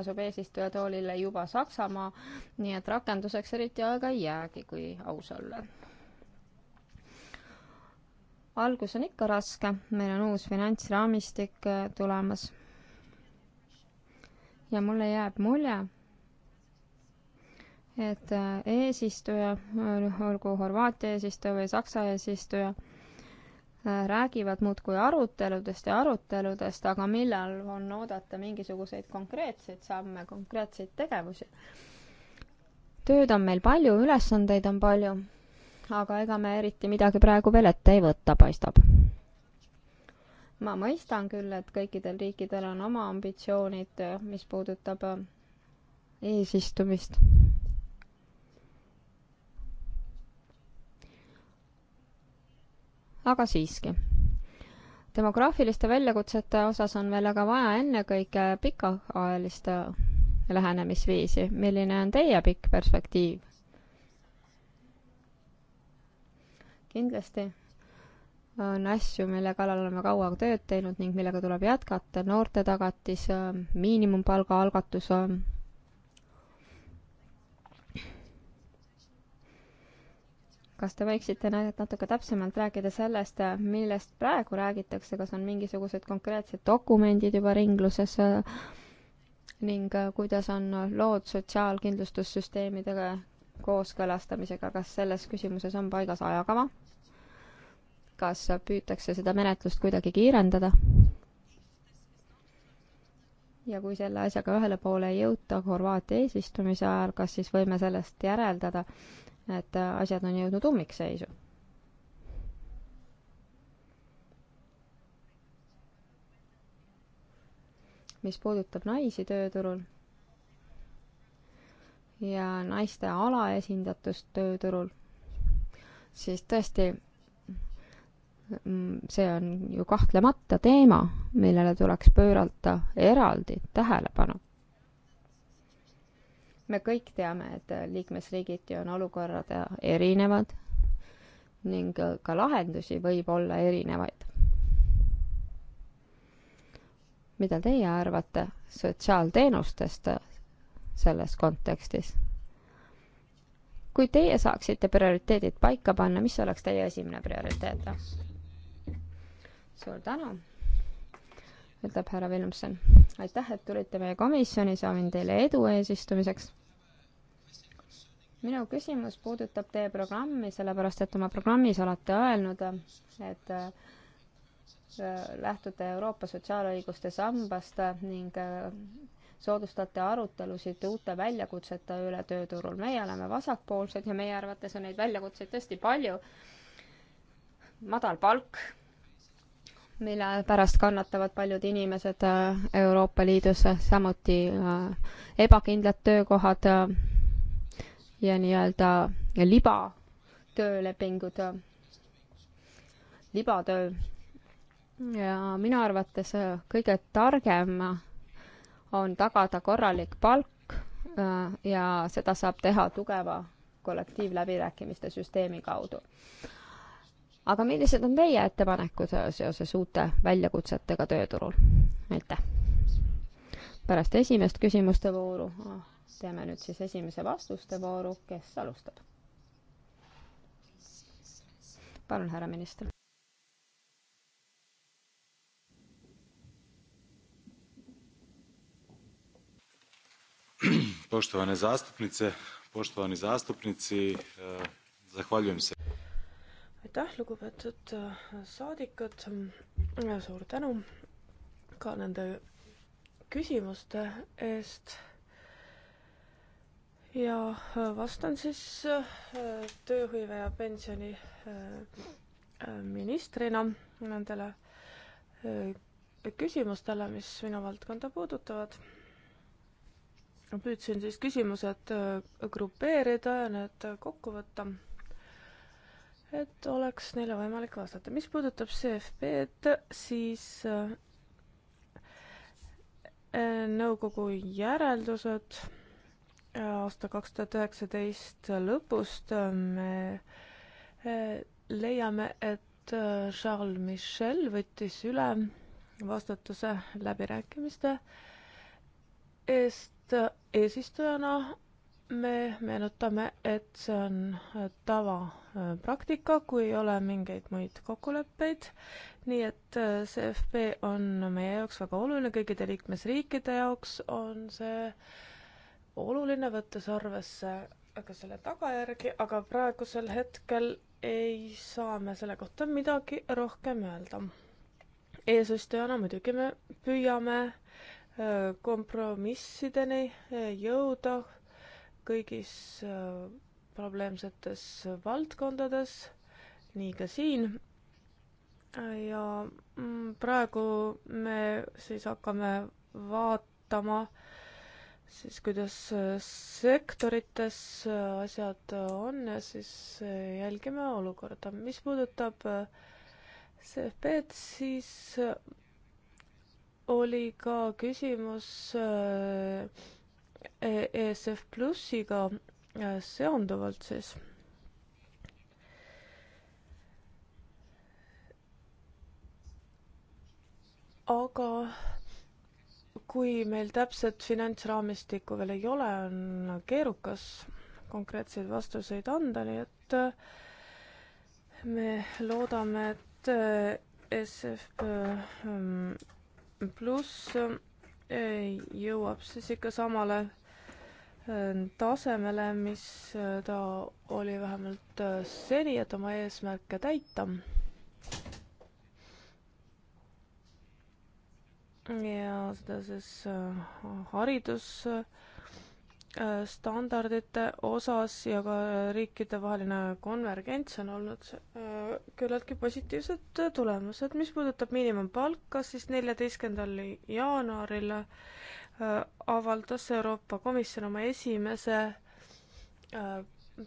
asub eesistujatoolile juba Saksamaa, nii et rakenduseks eriti aega ei jäägi, kui aus olla algus on ikka raske, meil on uus finantsraamistik äh, tulemas. ja mulle jääb mulje, et äh, eesistuja, äh, olgu Horvaatia eesistuja või Saksa eesistuja, räägivad muudkui aruteludest ja aruteludest, aga millal on oodata mingisuguseid konkreetseid samme, konkreetseid tegevusi. tööd on meil palju, ülesandeid on palju aga ega me eriti midagi praegu veel ette ei võta, paistab. ma mõistan küll, et kõikidel riikidel on oma ambitsioonid, mis puudutab äh, eesistumist. aga siiski demograafiliste väljakutsete osas on meil aga vaja ennekõike pikaajalist äh, lähenemisviisi. milline on teie pikk perspektiiv? kindlasti on asju, mille kallal oleme kaua tööd teinud ning millega tuleb jätkata, noorte tagatis, äh, miinimumpalga algatus. Äh. kas te võiksite natuke täpsemalt rääkida sellest, äh, millest praegu räägitakse, kas on mingisugused konkreetsed dokumendid juba ringluses ning kuidas on lood sotsiaalkindlustussüsteemidega kooskõlastamisega, kas selles küsimuses on paigas ajakava? kas püütakse seda menetlust kuidagi kiirendada? ja kui selle asjaga ühele poole ei jõuta Horvaatia eesistumise ajal, kas siis võime sellest järeldada, et asjad on jõudnud ummikseisu? mis puudutab naisi tööturul ja naiste alaesindatust tööturul, siis tõesti Mm, see on ju kahtlemata teema, millele tuleks pöörata eraldi tähelepanu. me kõik teame, et liikmesriigiti on olukorrad erinevad ning ka lahendusi võib olla erinevaid. mida teie arvate sotsiaalteenustest selles kontekstis? kui teie saaksite prioriteedid paika panna, mis oleks teie esimene prioriteet? suur tänu, ütleb härra Vilmson. aitäh, et tulite meie komisjoni, soovin teile edu eesistumiseks. minu küsimus puudutab teie programmi, sellepärast et oma programmis olete öelnud, et äh, lähtute Euroopa sotsiaalõiguste sambast ning äh, soodustate arutelusid uute väljakutsete üle tööturul. meie oleme vasakpoolsed ja meie arvates on neid väljakutseid tõesti palju. madal palk mille pärast kannatavad paljud inimesed äh, Euroopa Liidus, äh, samuti äh, ebakindlad töökohad ja nii-öelda libatöölepingud, libatöö. ja minu arvates kõige targem on tagada korralik palk ja seda saab teha tugeva kollektiivläbirääkimiste süsteemi kaudu aga millised on teie ettepanekud seoses uute väljakutsetega tööturul? aitäh! pärast esimest küsimuste vooru ah, teeme nüüd siis esimese vastuste vooru, kes alustab? palun, härra minister. poštovane zastupnice, poštovani zastupnici, eh, zahvaljujem se aitäh, lugupeetud äh, saadikud, suur tänu ka nende küsimuste eest. ja vastan siis äh, tööhõive ja pensioni äh, ministrina nendele küsimustele, mis minu valdkonda puudutavad püüdsin siis küsimused grupeerida ja need kokku võtta et oleks neile võimalik vastata. mis puudutab CFP-d, siis äh, äh, nõukogu järeldused äh, aasta kaks tuhat üheksateist lõpust me leiame, et Charles Michel võttis üle vastutuse läbirääkimiste eest eesistujana me meenutame, et see on äh, tavapraktika, äh, kui ei ole mingeid muid kokkuleppeid. nii et see äh, FP on meie jaoks väga oluline, kõikide liikmesriikide jaoks on see oluline, võttes arvesse ka selle tagajärgi, aga praegusel hetkel ei saa me selle kohta midagi rohkem öelda. eesistujana muidugi me püüame kompromissideni jõuda kõigis äh, probleemsetes valdkondades, nii ka siin. ja mm, praegu me siis hakkame vaatama siis, kuidas äh, sektorites äh, asjad on ja siis jälgime olukorda. mis puudutab CFP-d, siis oli ka küsimus äh, ESF e Plussiga äh, seonduvalt siis aga kui meil täpset finantsraamistikku veel ei ole, on keerukas konkreetseid vastuseid anda, nii et äh, me loodame, et äh, SF mm, pluss jõuab siis ikka samale äh, tasemele, mis äh, ta oli vähemalt äh, seni, et oma eesmärke täita. ja seda siis haridus äh, Äh, standardite osas ja ka riikidevaheline konvergents on olnud äh, küllaltki positiivsed tulemused. mis puudutab miinimumpalka, siis neljateistkümnendal jaanuaril äh, avaldas Euroopa Komisjon oma esimese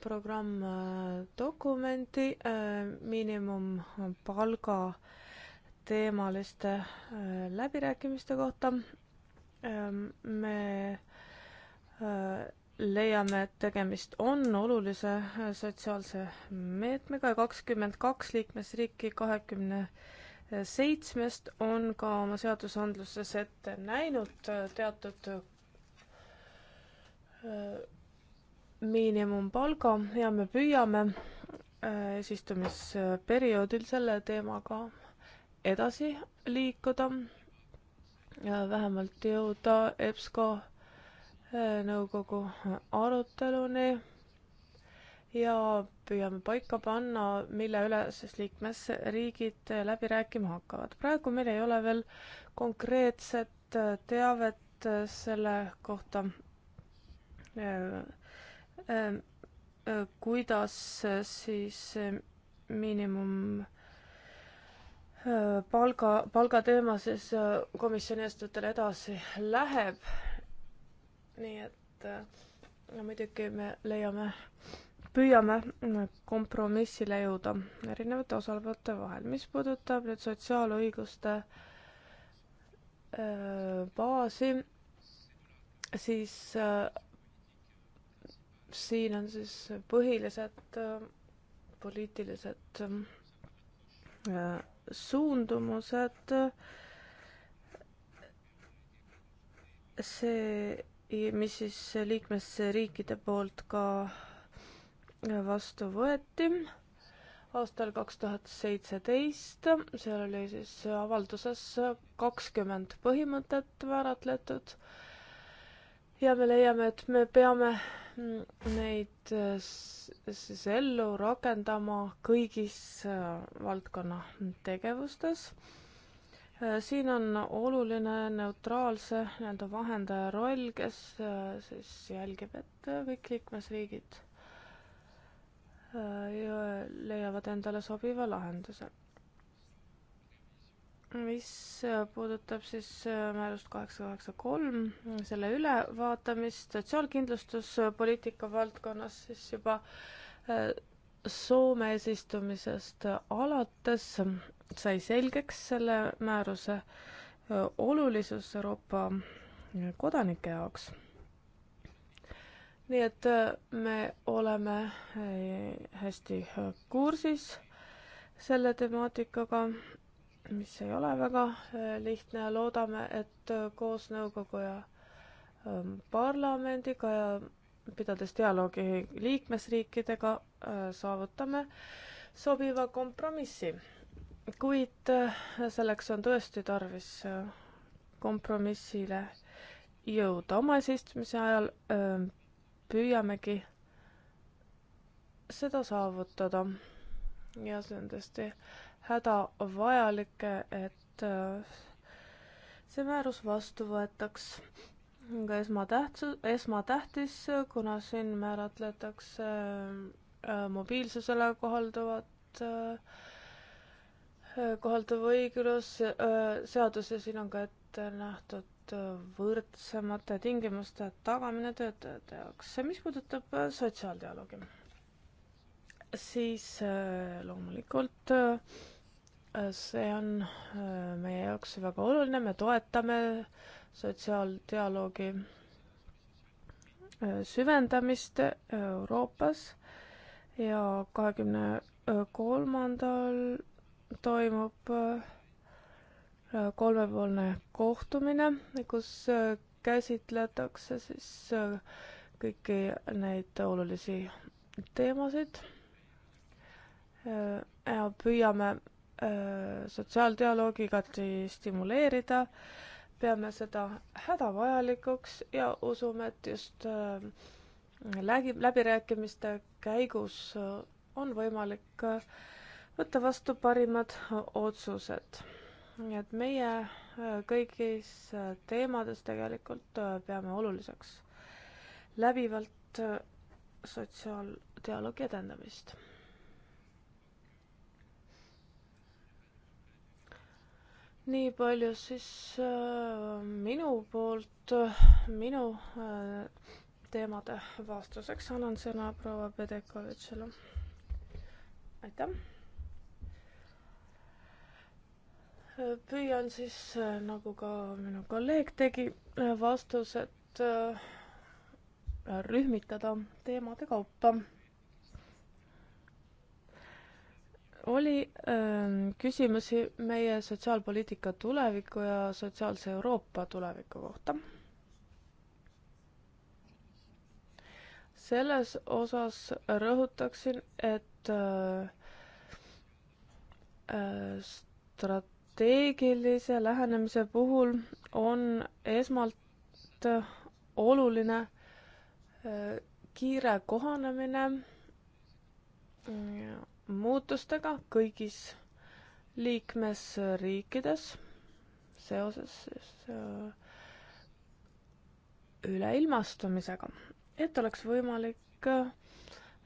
programmdokumendi miinimumpalga teemaliste läbirääkimiste kohta. me Äh, leiame, et tegemist on olulise äh, sotsiaalse meetmega ja kakskümmend kaks liikmesriiki kahekümne seitsmest on ka oma seadusandluses ette näinud äh, teatud miinimumpalga ja me püüame eesistumisperioodil selle teemaga edasi liikuda ja vähemalt jõuda EBSCO nõukogu aruteluni ja püüame paika panna, mille üle siis liikmesriigid läbi rääkima hakkavad. praegu meil ei ole veel konkreetset teavet selle kohta, kuidas siis miinimum palga, palgateema siis komisjoni eestvedajatele edasi läheb nii et no äh, muidugi me leiame, püüame mm, kompromissile jõuda erinevate osalevate vahel. mis puudutab nüüd sotsiaalõiguste äh, baasi, siis äh, siin on siis põhilised poliitilised suundumused. see mis siis liikmesriikide poolt ka äh, vastu võeti aastal kaks tuhat seitseteist, seal oli siis avalduses kakskümmend põhimõtet määratletud ja me leiame, et me peame mm, neid äh, siis ellu rakendama kõigis äh, valdkonna tegevustes Äh, siin on oluline neutraalse nii-öelda vahendaja roll, kes äh, siis jälgib, et äh, kõik liikmesriigid leiavad endale sobiva lahenduse. mis puudutab siis määrust kaheksa, kaheksa, kolm, selle ülevaatamist sotsiaalkindlustuspoliitika valdkonnas, siis juba Soome eesistumisest alates sai selgeks selle määruse olulisus Euroopa kodanike jaoks. nii et me oleme hästi kursis selle temaatikaga, mis ei ole väga lihtne ja loodame, et koos nõukogu ja parlamendiga ja pidades dialoogi liikmesriikidega, saavutame sobiva kompromissi kuid äh, selleks on tõesti tarvis äh, kompromissile jõuda. oma eesistumise ajal öö, äh, püüamegi seda saavutada. ja see on tõesti hädavajalik, et see määrus vastu võetaks. ka esmatähtsus, esmatähtis, kuna siin määratletakse mobiilsusele kohalduvat äh, kohalduv õigus, äh, seadus ja siin on ka ette nähtud äh, võrdsemate tingimuste tagamine töötajate jaoks. mis puudutab äh, sotsiaaldialoogi, siis loomulikult see on meie jaoks väga oluline, me toetame sotsiaaldialoogi süvendamist Euroopas ja kahekümne kolmandal toimub äh, kolmepoolne kohtumine, kus äh, käsitletakse siis äh, kõiki neid olulisi teemasid. ja püüame sotsiaaldialoogi igati stimuleerida, peame seda hädavajalikuks ja usume, et just läbi, läbirääkimiste käigus on võimalik äh, võtta vastu parimad otsused. nii et meie äh, kõigis äh, teemades tegelikult äh, peame oluliseks läbivalt sotsiaaldialoogi edendamist nii palju siis äh, minu poolt, minu äh, teemade vastuseks annan sõna proua Pedekovitšile. aitäh! püüan siis, äh, nagu ka minu kolleeg tegi, äh, vastused äh, rühmitada teemade kaupa. oli ähm, küsimusi meie sotsiaalpoliitika tuleviku ja sotsiaalse Euroopa tuleviku kohta. selles osas rõhutaksin, et strat-, strateegilise lähenemise puhul on esmalt oluline äh, kiire kohanemine äh, muutustega kõigis liikmesriikides seoses siis äh, üleilmastumisega, et oleks võimalik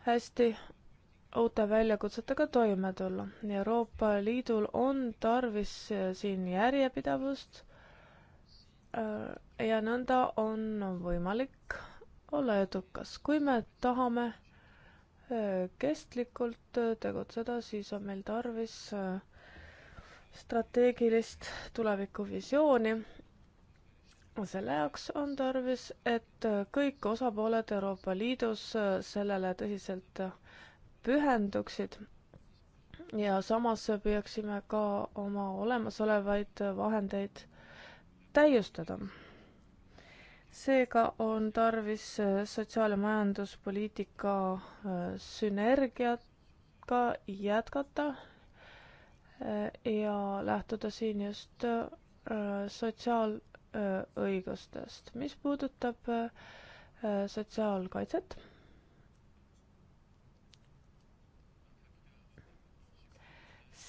hästi uute väljakutsetega toime tulla. Euroopa Liidul on tarvis äh, siin järjepidevust äh, ja nõnda on võimalik olla edukas. kui me tahame äh, kestlikult tegutseda, siis on meil tarvis strateegilist tulevikuvisiooni. selle jaoks on tarvis, et kõik osapooled Euroopa Liidus sellele tõsiselt pühenduksid ja samas püüaksime ka oma olemasolevaid vahendeid täiustada. seega on tarvis sotsiaal- ja majanduspoliitika äh, sünergiaga jätkata äh, ja lähtuda siin just äh, sotsiaalõigustest. mis puudutab sotsiaalkaitset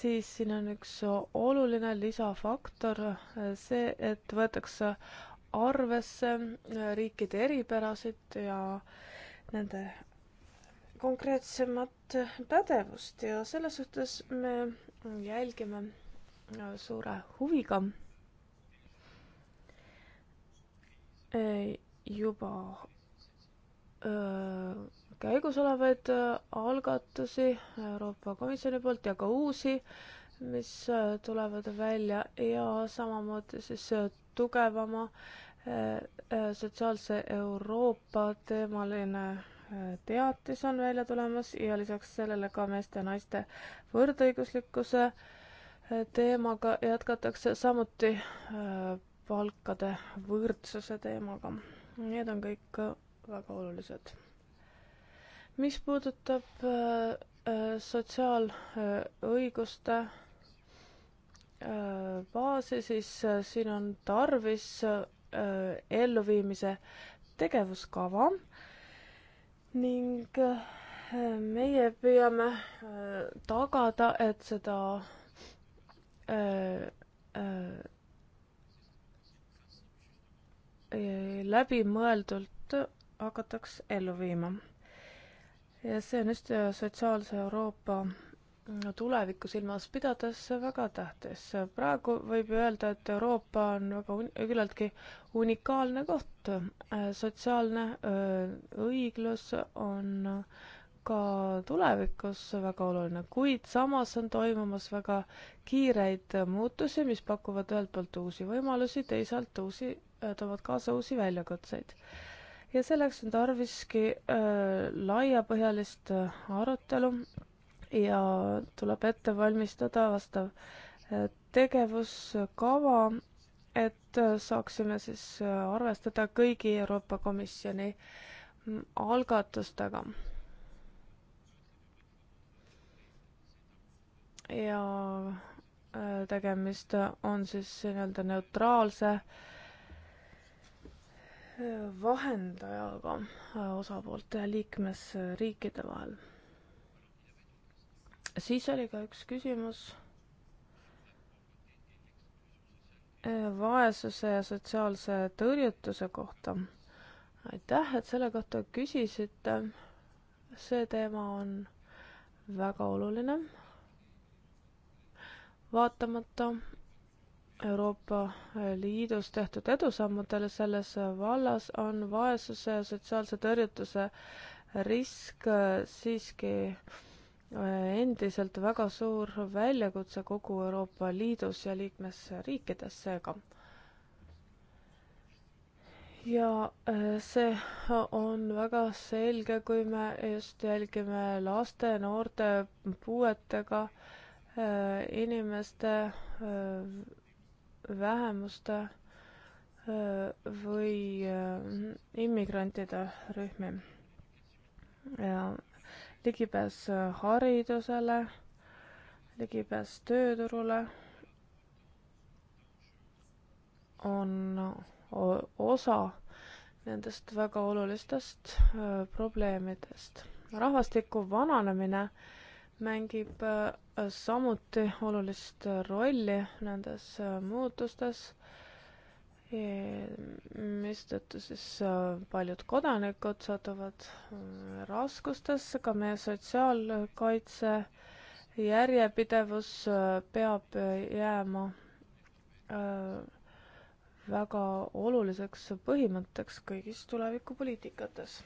siis siin on üks oluline lisafaktor, see, et võetakse arvesse äh, riikide eripärasid ja nende konkreetsemat pädevust ja selles suhtes me jälgime äh, suure huviga äh, juba öö, käigus olevaid äh, algatusi Euroopa Komisjoni poolt ja ka uusi, mis äh, tulevad välja ja samamoodi siis äh, tugevama sotsiaalse Euroopa teemaline teatis on välja tulemas ja lisaks sellele ka meeste ja naiste võrdõiguslikkuse teemaga jätkatakse, samuti palkade võrdsuse teemaga. Need on kõik väga olulised mis puudutab äh, äh, sotsiaalõiguste äh, baasi, siis siin on tarvis elluviimise tegevuskava ning meie püüame tagada, et seda läbimõeldult hakataks ellu viima ja see on just sotsiaalse Euroopa mm, tulevikku silmas pidades väga tähtis. praegu võib ju öelda, et Euroopa on väga un-, küllaltki unikaalne koht. sotsiaalne õiglus on ka tulevikus väga oluline, kuid samas on toimumas väga kiireid muutusi, mis pakuvad ühelt poolt uusi võimalusi, teisalt uusi, toovad kaasa uusi väljakutseid ja selleks on tarviski äh, laiapõhjalist äh, arutelu ja tuleb ette valmistada vastav äh, tegevuskava, et äh, saaksime siis äh, arvestada kõigi Euroopa Komisjoni mm, algatustega. ja äh, tegemist on siis nii-öelda neutraalse äh, vahendajaga äh, osapoolte liikmesriikide vahel. siis oli ka üks küsimus äh, vaesuse ja sotsiaalse tõrjutuse kohta. aitäh, et selle kohta küsisite. see teema on väga oluline. vaatamata Euroopa Liidus tehtud edusammudele selles vallas on vaesuse ja sotsiaalse tõrjutuse risk äh, siiski äh, endiselt väga suur väljakutse kogu Euroopa Liidus ja liikmesriikides seega. ja äh, see on väga selge, kui me just jälgime laste, noorte, puuetega inimeste vähemuste või immigrantide rühmi. ja ligipääs haridusele, ligipääs tööturule on osa nendest väga olulistest probleemidest. rahvastiku vananemine äh, mängib äh, samuti olulist rolli nendes äh, muutustes, mistõttu siis äh, paljud kodanikud satuvad raskustesse, ka meie sotsiaalkaitse järjepidevus peab jääma väga oluliseks põhimõtteks kõigis tulevikupoliitikates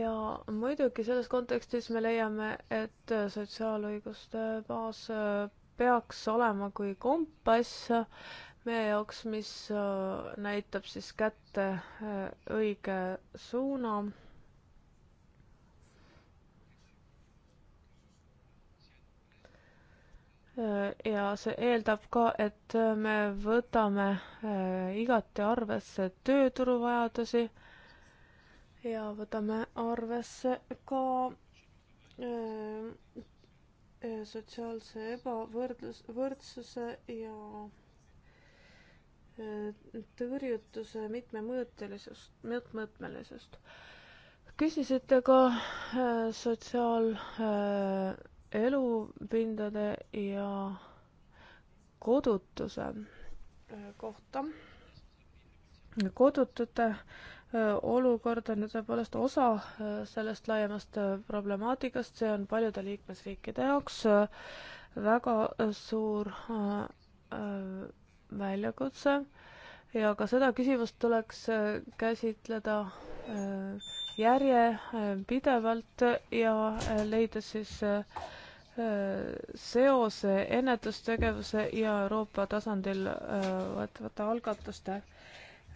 ja muidugi selles kontekstis me leiame, et sotsiaalõiguste baas äh, peaks olema kui kompass meie jaoks, mis äh, näitab siis kätte äh, õige suuna ja see eeldab ka, et me võtame igati arvesse tööturuvajadusi ja võtame arvesse ka öö, ähm, äh, sotsiaalse ebavõrdlus, võrdsuse ja äh, tõrjutuse mitmemõõtelisust, mitmõõtmelisust. küsisite ka äh, sotsiaalelupindade ja kodutuse kohta. kodutute olukord on tõepoolest osa sellest laiemast problemaatikast, see on paljude liikmesriikide jaoks väga suur väljakutse ja ka seda küsimust tuleks käsitleda järjepidevalt ja leides siis seose ennetustegevuse ja Euroopa tasandil võetavate algatuste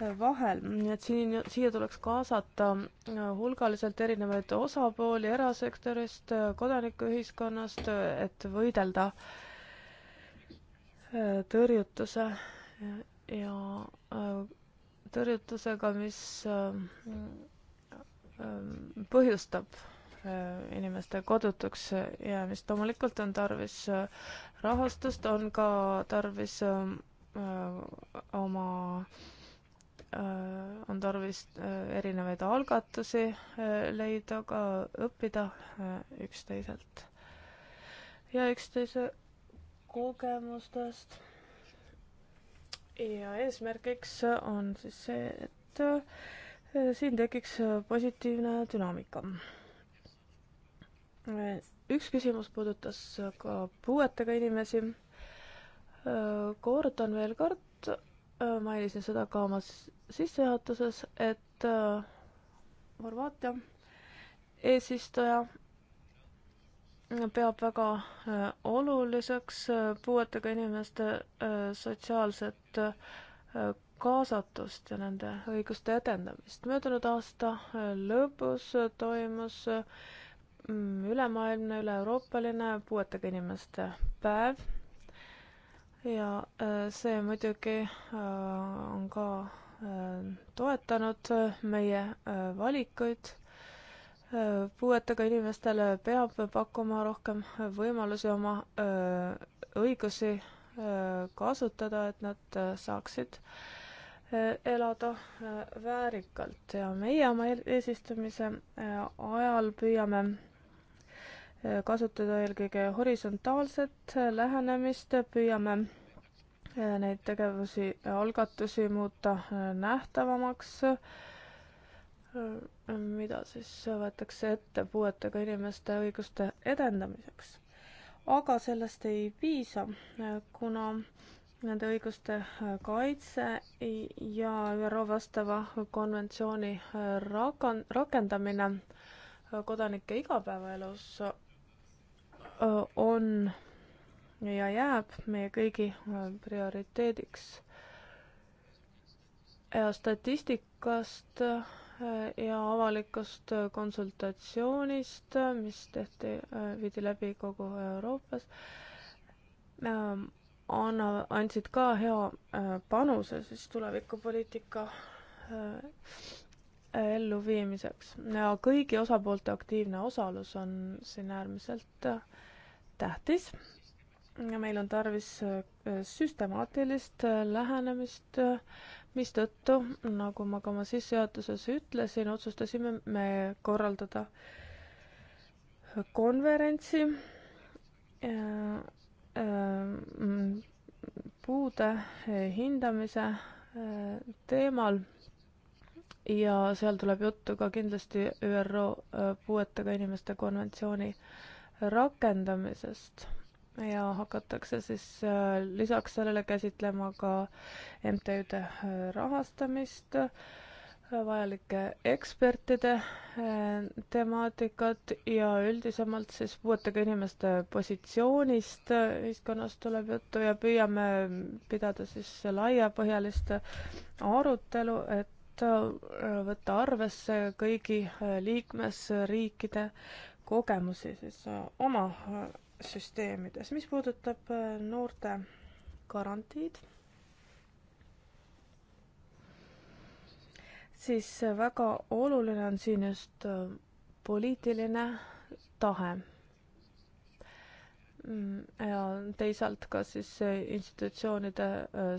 vahel, nii et siin, siia tuleks kaasata äh, hulgaliselt erinevaid osapooli erasektorist, äh, kodanikuühiskonnast, äh, et võidelda tõrjutuse ja tõrjutusega, mis põhjustab inimeste kodutuks jäämist. loomulikult on tarvis rahastust, on ka tarvis oma Äh, on tarvis äh, erinevaid algatusi äh, leida, ka õppida üksteiselt ja üksteise kogemustest. ja eesmärgiks on siis see, et siin tekiks positiivne dünaamika. üks küsimus puudutas ka puuetega inimesi. kordan veel kord mainisin seda ka oma sissejuhatuses, et äh, Horvaatia eesistuja peab väga äh, oluliseks äh, puuetega inimeste sotsiaalset kaasatust ja nende õiguste edendamist. möödunud aasta lõpus toimus mm, ülemaailmne, üle-euroopaline puuetega inimeste päev ja see muidugi on ka Äh, toetanud äh, meie äh, valikuid. puuetega inimestele peab pakkuma rohkem võimalusi oma õigusi kasutada, et nad saaksid elada väärikalt ja meie oma e-, eesistumise ajal püüame kasutada eelkõige horisontaalset lähenemist, püüame neid tegevusi ja algatusi muuta äh, nähtavamaks, äh, mida siis võetakse ette puuetega inimeste õiguste edendamiseks. aga sellest ei piisa, äh, kuna nende õiguste kaitse ja ÜRO vastava konventsiooni rakan-, rakendamine kodanike igapäevaelus on ja jääb meie kõigi äh, prioriteediks. ja statistikast äh, ja avalikust äh, konsultatsioonist, mis tehti, viidi läbi kogu Euroopas, ähm, anna, andsid ka hea panuse siis tulevikupoliitika elluviimiseks ja kõigi osapoolte aktiivne osalus on siin äärmiselt tähtis meil on tarvis äh, süstemaatilist äh, lähenemist, äh, mistõttu, nagu ma ka oma sissejuhatuses ütlesin, otsustasime me korraldada konverentsi puude hindamise teemal ja seal tuleb juttu ka kindlasti ÜRO puuetega inimeste konventsiooni rakendamisest ja hakatakse siis äh, lisaks sellele käsitlema ka MTÜ-de äh, rahastamist, äh, vajalike ekspertide temaatikat ja üldisemalt siis puuetega inimeste positsioonist ühiskonnas tuleb juttu ja püüame pidada siis laiapõhjalist arutelu, et võtta arvesse kõigi liikmesriikide kogemusi siis oma süsteemides, mis puudutab äh, noorte garantiid, siis äh, väga oluline on siin just äh, poliitiline tahe. Mm, ja teisalt ka siis institutsioonide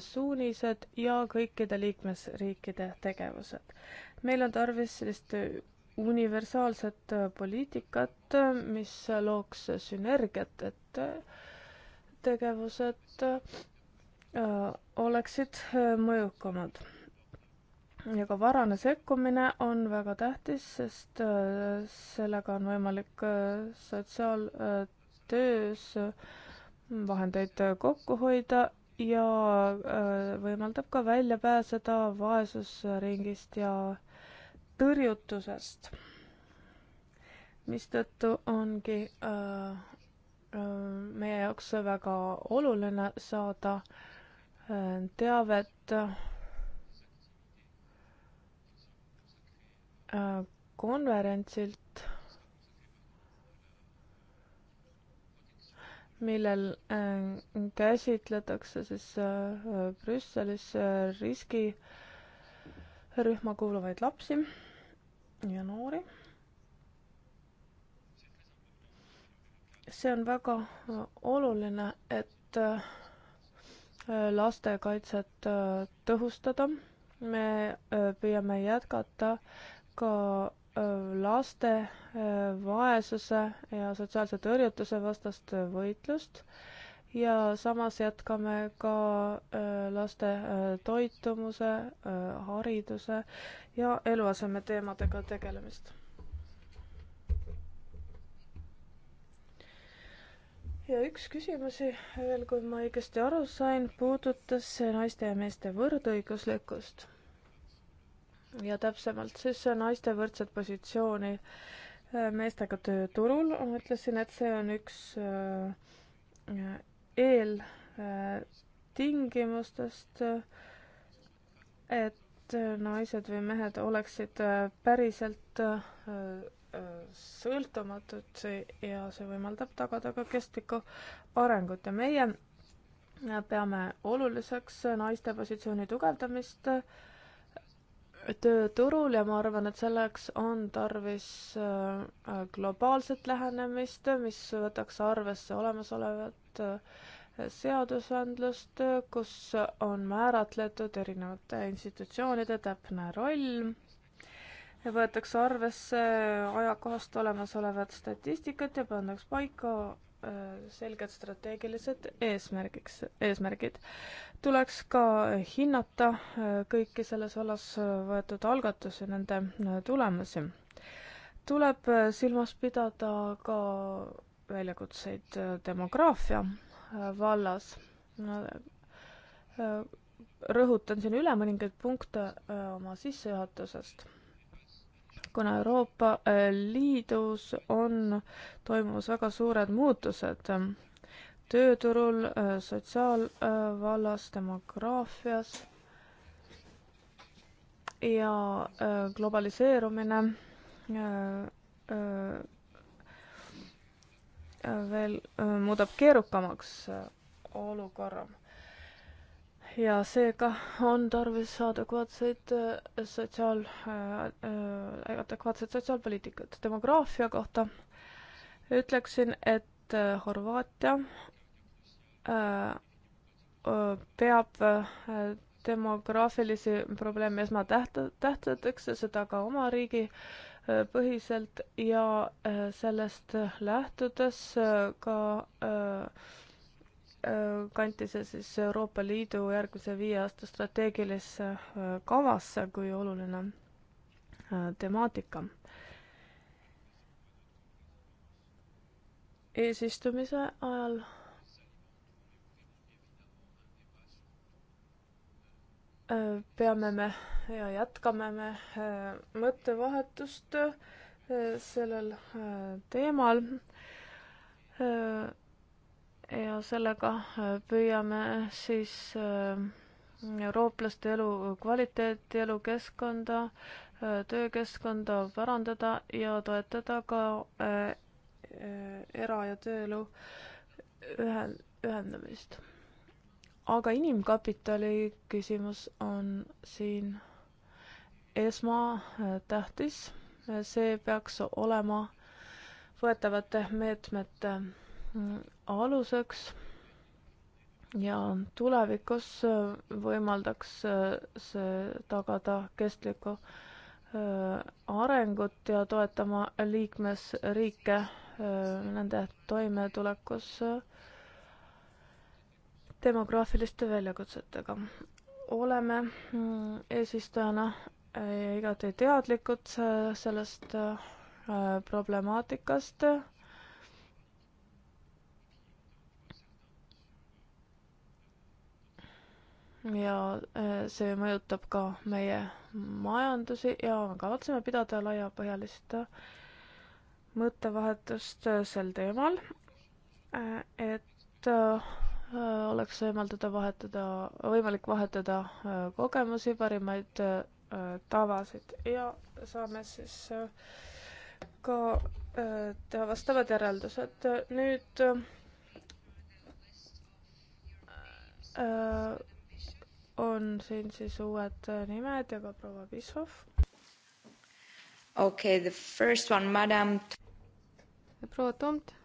suunised ja kõikide liikmesriikide tegevused. meil on tarvis sellist universaalset äh, poliitikat, mis looks sünergiat, et äh, tegevused äh, oleksid mõjukamad. ja ka varane sekkumine on väga tähtis, sest sellega on võimalik sotsiaaltöös vahendeid kokku hoida ja võimaldab ka välja pääseda vaesusringist ja tõrjutusest, mistõttu ongi äh, äh, meie jaoks väga oluline saada äh, teavet äh, konverentsilt, millel äh, käsitletakse siis äh, Brüsselis riskirühma kuuluvaid lapsi ja noori. see on väga oluline, et äh, lastekaitset äh, tõhustada. me äh, püüame jätkata ka laste vaesuse ja sotsiaalse tõrjutuse vastast võitlust ja samas jätkame ka äh, laste äh, toitumuse, äh, hariduse ja eluaseme teemadega tegelemist. ja üks küsimusi veel, kui ma õigesti aru sain, puudutas naiste ja meeste võrdõiguslikkust. ja täpsemalt siis naiste võrdset positsiooni meestega tööturul, ma ütlesin, et see on üks eeltingimustest, äh, et äh, naised või mehed oleksid äh, päriselt sõltumatud ja see võimaldab tagada ka kestlikku arengut ja meie peame oluliseks naiste positsiooni tugevdamist tööturul ja ma arvan, et selleks on tarvis globaalset lähenemist, mis võtaks arvesse olemasolevat uut äh, seadusandlust, kus on määratletud erinevate institutsioonide täpne roll, võetakse arvesse ajakohast olemasolevat statistikat ja pannakse paika äh, selged strateegilised eesmärgiks, eesmärgid. tuleks ka hinnata äh, kõiki selles vallas võetud algatusi, nende tulemusi. tuleb silmas pidada ka väljakutseid äh, demograafia äh, vallas. Äh, rõhutan siin üle mõningaid punkte oma sissejuhatusest. kuna Euroopa Liidus on toimumas väga suured muutused tööturul, sotsiaalvallas, demograafias ja globaliseerumine veel äh, muudab keerukamaks äh, olukorra. ja seega on tarvis adekvaatseid äh, sotsiaal äh,, adekvaatset sotsiaalpoliitikat. demograafia kohta ütleksin, et Horvaatia äh, peab demograafilisi probleeme esmatäht-, tähtsateks ja seda ka oma riigi äh, Äh, põhiselt ja äh, sellest äh, lähtudes ka kanti see siis Euroopa Liidu järgmise viie aasta strateegilisse kavasse kui oluline temaatika. eesistumise ajal peame me ja jätkame me äh, mõttevahetust äh, sellel äh, teemal. ja sellega püüame siis eurooplaste elukvaliteeti, elukeskkonda, töökeskkonda parandada ja toetada ka era- ja tööelu ühe, ühendamist aga inimkapitali küsimus on siin esmatähtis, see peaks olema võetavate meetmete aluseks ja tulevikus võimaldaks see tagada kestlikku arengut ja toetama liikmesriike nende toimetulekus demograafiliste väljakutsetega. oleme mm, eesistujana Äh, igati teadlikud äh, sellest äh, problemaatikast. ja see mõjutab ka meie majandusi ja kavatseme pidada laiapõhjalist mõttevahetust sel teemal, et oleks võimaldada vahetada, võimalik vahetada kogemusi, parimaid Äh, tavasid ja saame siis äh, ka äh, teha vastavad järeldused. nüüd on siin siis uued nimed ja ka proua Pissov. okei okay,, the first one, madam. proua Tomt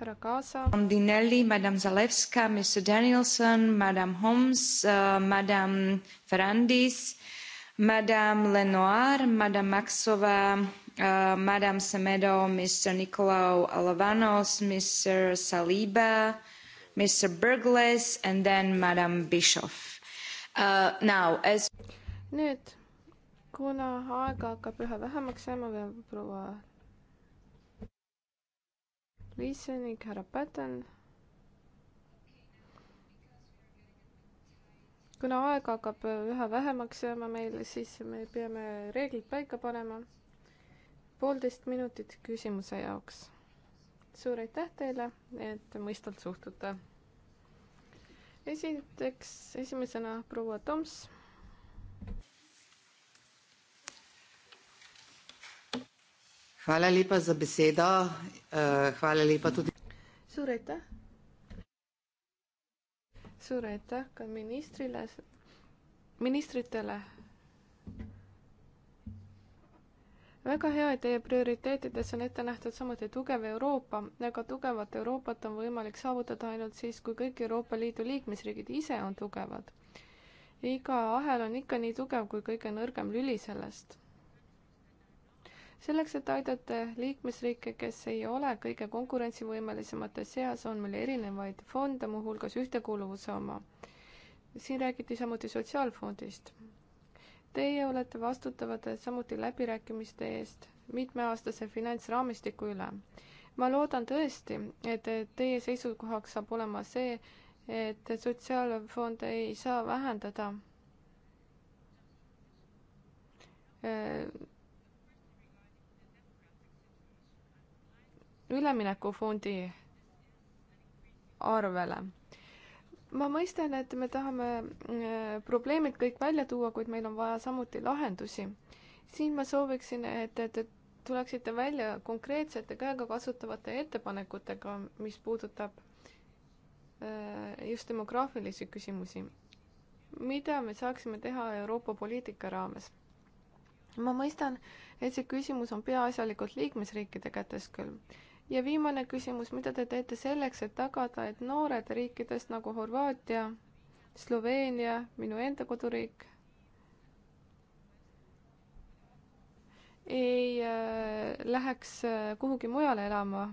härra Kaasa. Madam Dinelli, Madam Zalewska, Mr Danielson, Madam Holmes uh,, Madam Ferrandis uh,, Madame Lenoir, Madame Maxova, uh, Madame Semedo, Mr. Nicolau Alavanos, Mr. Saliba, Mr. Burgles and then Madame Bischoff uh,. Now as nüüd, kuna aega hakkab üha vähemaks jääma, peab proua Liisenik, härra Patten kuna aeg hakkab üha vähemaks jääma meil, siis me peame reeglid paika panema. poolteist minutit küsimuse jaoks. suur aitäh teile, et mõistvalt suhtute. esiteks, esimesena proua Toms Hvala lepa za besedo. Eh, hvala lepa tudi. Suur aitäh suur aitäh ka ministrile, ministritele. väga hea, et teie prioriteetides on ette nähtud samuti tugev Euroopa, aga tugevat Euroopat on võimalik saavutada ainult siis, kui kõik Euroopa Liidu liikmesriigid ise on tugevad. iga ahel on ikka nii tugev kui kõige nõrgem lüli sellest selleks, et aidata liikmesriike, kes ei ole kõige konkurentsivõimelisemate seas, on meil erinevaid fonde, muuhulgas ühtekuuluvuse oma. siin räägiti samuti Sotsiaalfondist. Teie olete vastutavad samuti läbirääkimiste eest mitmeaastase finantsraamistiku üle. ma loodan tõesti, et teie seisukohaks saab olema see, et sotsiaalfond ei saa vähendada üleminekufondi arvele. ma mõistan, et me tahame äh, probleemid kõik välja tuua, kuid meil on vaja samuti lahendusi. siin ma sooviksin, et, et, et tuleksite välja konkreetsete käegakasutavate ettepanekutega, mis puudutab äh, just demograafilisi küsimusi. mida me saaksime teha Euroopa poliitika raames? ma mõistan, et see küsimus on peaasjalikult liikmesriikide kätes küll ja viimane küsimus, mida te teete selleks, et tagada, et noored riikidest nagu Horvaatia, Sloveenia, minu enda koduriik, ei äh, läheks äh, kuhugi mujale elama?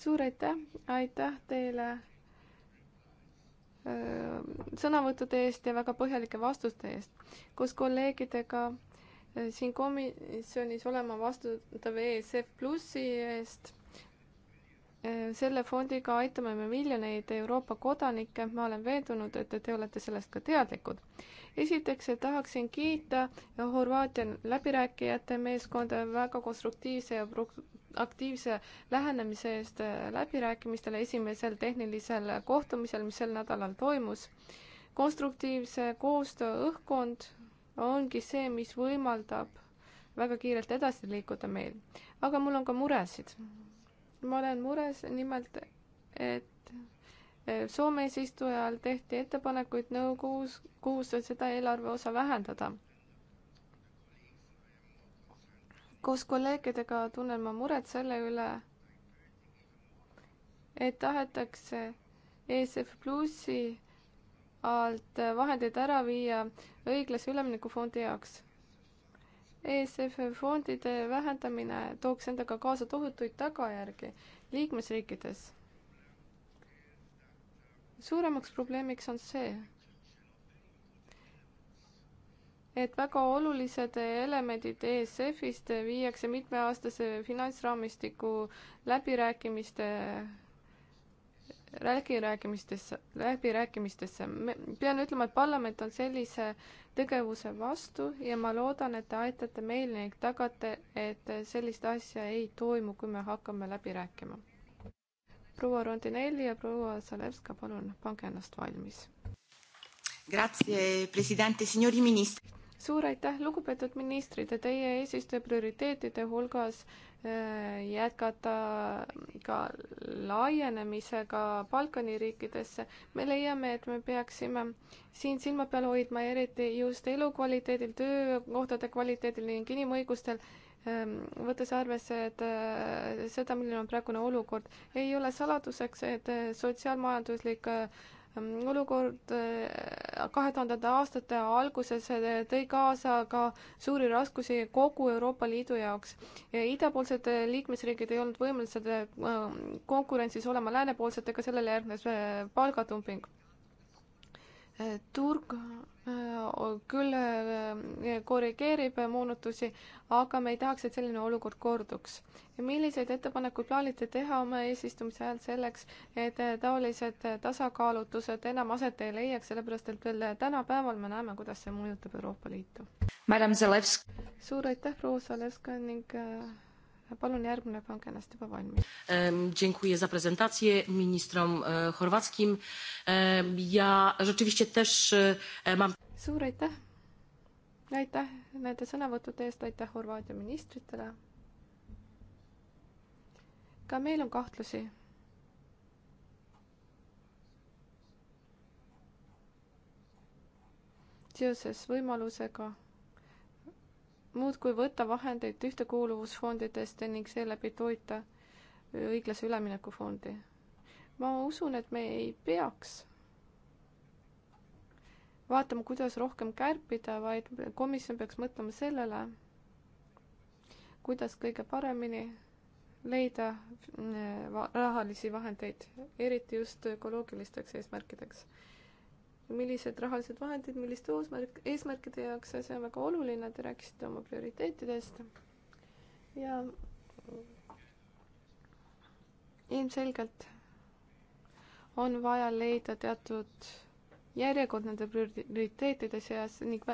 suur aitäh, aitäh teile äh, sõnavõttude eest ja väga põhjalike vastuste eest. koos kolleegidega siin komisjonis olema vastutav ESF Plussi eest. selle fondiga aitame me miljoneid Euroopa kodanikke, ma olen veendunud, et te olete sellest ka teadlikud. esiteks tahaksin kiita Horvaatia läbirääkijate meeskonda väga konstruktiivse ja aktiivse lähenemise eest läbirääkimistele esimesel tehnilisel kohtumisel, mis sel nädalal toimus. konstruktiivse koostöö õhkkond ongi see, mis võimaldab väga kiirelt edasi liikuda meil. aga mul on ka muresid. ma olen mures nimelt, et eh, Soome eesistuja ajal tehti ettepanekuid nõukogus, kuus seda eelarve osa vähendada. koos kolleegidega tunnen ma muret selle üle, et tahetakse ESF Plussi alt vahendeid ära viia õiglase üleminekufondi jaoks. ESF fondide vähendamine tooks endaga kaasa tohutuid tagajärgi liikmesriikides. suuremaks probleemiks on see, et väga olulised elemendid ESF-ist viiakse mitmeaastase finantsraamistiku läbirääkimiste läbirääkimistesse, läbirääkimistesse. pean ütlema, et parlament on sellise tegevuse vastu ja ma loodan, et te aitate meil ning tagate, et sellist asja ei toimu, kui me hakkame läbi rääkima. proua Rondinelli ja proua Zalewska, palun pange ennast valmis. Grazie, presidente, signori ministri. suur aitäh, lugupeetud ministrid, teie eesistuja prioriteetide hulgas äh, jätkata ka laienemisega Balkani riikidesse, me leiame, et me peaksime siin silma peal hoidma eriti just elukvaliteedil, töökohtade kvaliteedil ning inimõigustel, ehm, võttes arvesse, et äh, seda, milline on praegune olukord, ei ole saladuseks, et äh, sotsiaalmajanduslik äh, Ehm, olukord eh, kahe tuhandete aastate alguses eh, tõi kaasa ka suuri raskusi kogu Euroopa Liidu jaoks. idapoolsed eh, liikmesriigid ei olnud võimelised ehm, konkurentsis olema läänepoolsetega, sellele järgnes palgatumping. turg küll äh, korrigeerib moonutusi, aga me ei tahaks, et selline olukord korduks. milliseid ettepanekuid plaanite teha oma eesistumise ajal selleks, et äh, taolised tasakaalutused enam aset ei leiaks, sellepärast et veel tänapäeval me näeme, kuidas see mõjutab Euroopa Liitu? suur aitäh, proua Zalewska ning äh, palun järgmine, pange ennast juba valmis. Dziękuję za prezentację ministrom e, horvackim. E, ja rzeczywiście też e, mam. suur aitäh. aitäh nende sõnavõttude eest, aitäh Horvaatia ministritele. ka meil on kahtlusi seoses võimalusega muudkui võtta vahendeid ühtekuuluvusfondidest ning seeläbi toita õiglase ülemineku fondi. ma usun, et me ei peaks vaatama, kuidas rohkem kärpida, vaid komisjon peaks mõtlema sellele, kuidas kõige paremini leida eh, rahalisi vahendeid, eriti just ökoloogilisteks eesmärkideks millised rahalised vahendid, milliste uusmärk, eesmärkide jaoks ja see on väga oluline, te rääkisite oma prioriteetidest. ja ilmselgelt on vaja leida teatud järjekord nende prioriteetide seas ning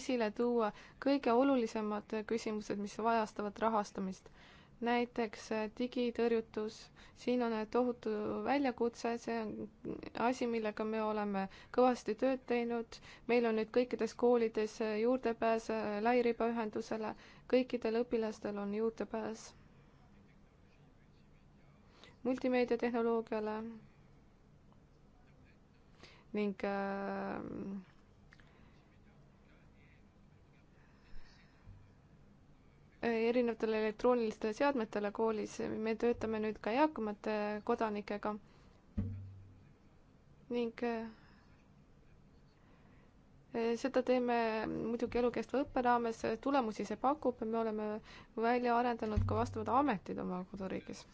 esile tuua kõige olulisemad küsimused, mis vajastavad rahastamist näiteks äh, digitõrjutus, siin on äh, tohutu väljakutse, see on asi, millega me oleme kõvasti tööd teinud. meil on nüüd kõikides koolides äh, juurdepääs lairibaühendusele, kõikidel õpilastel on juurdepääs multimeediatehnoloogiale ning äh, Äh, erinevatele elektroonilistele seadmetele koolis, me töötame nüüd ka eakamate kodanikega ning äh, äh, seda teeme muidugi elukestva õppe raames, tulemusi see pakub ja me oleme välja arendanud ka vastavad ametid oma koduriigis.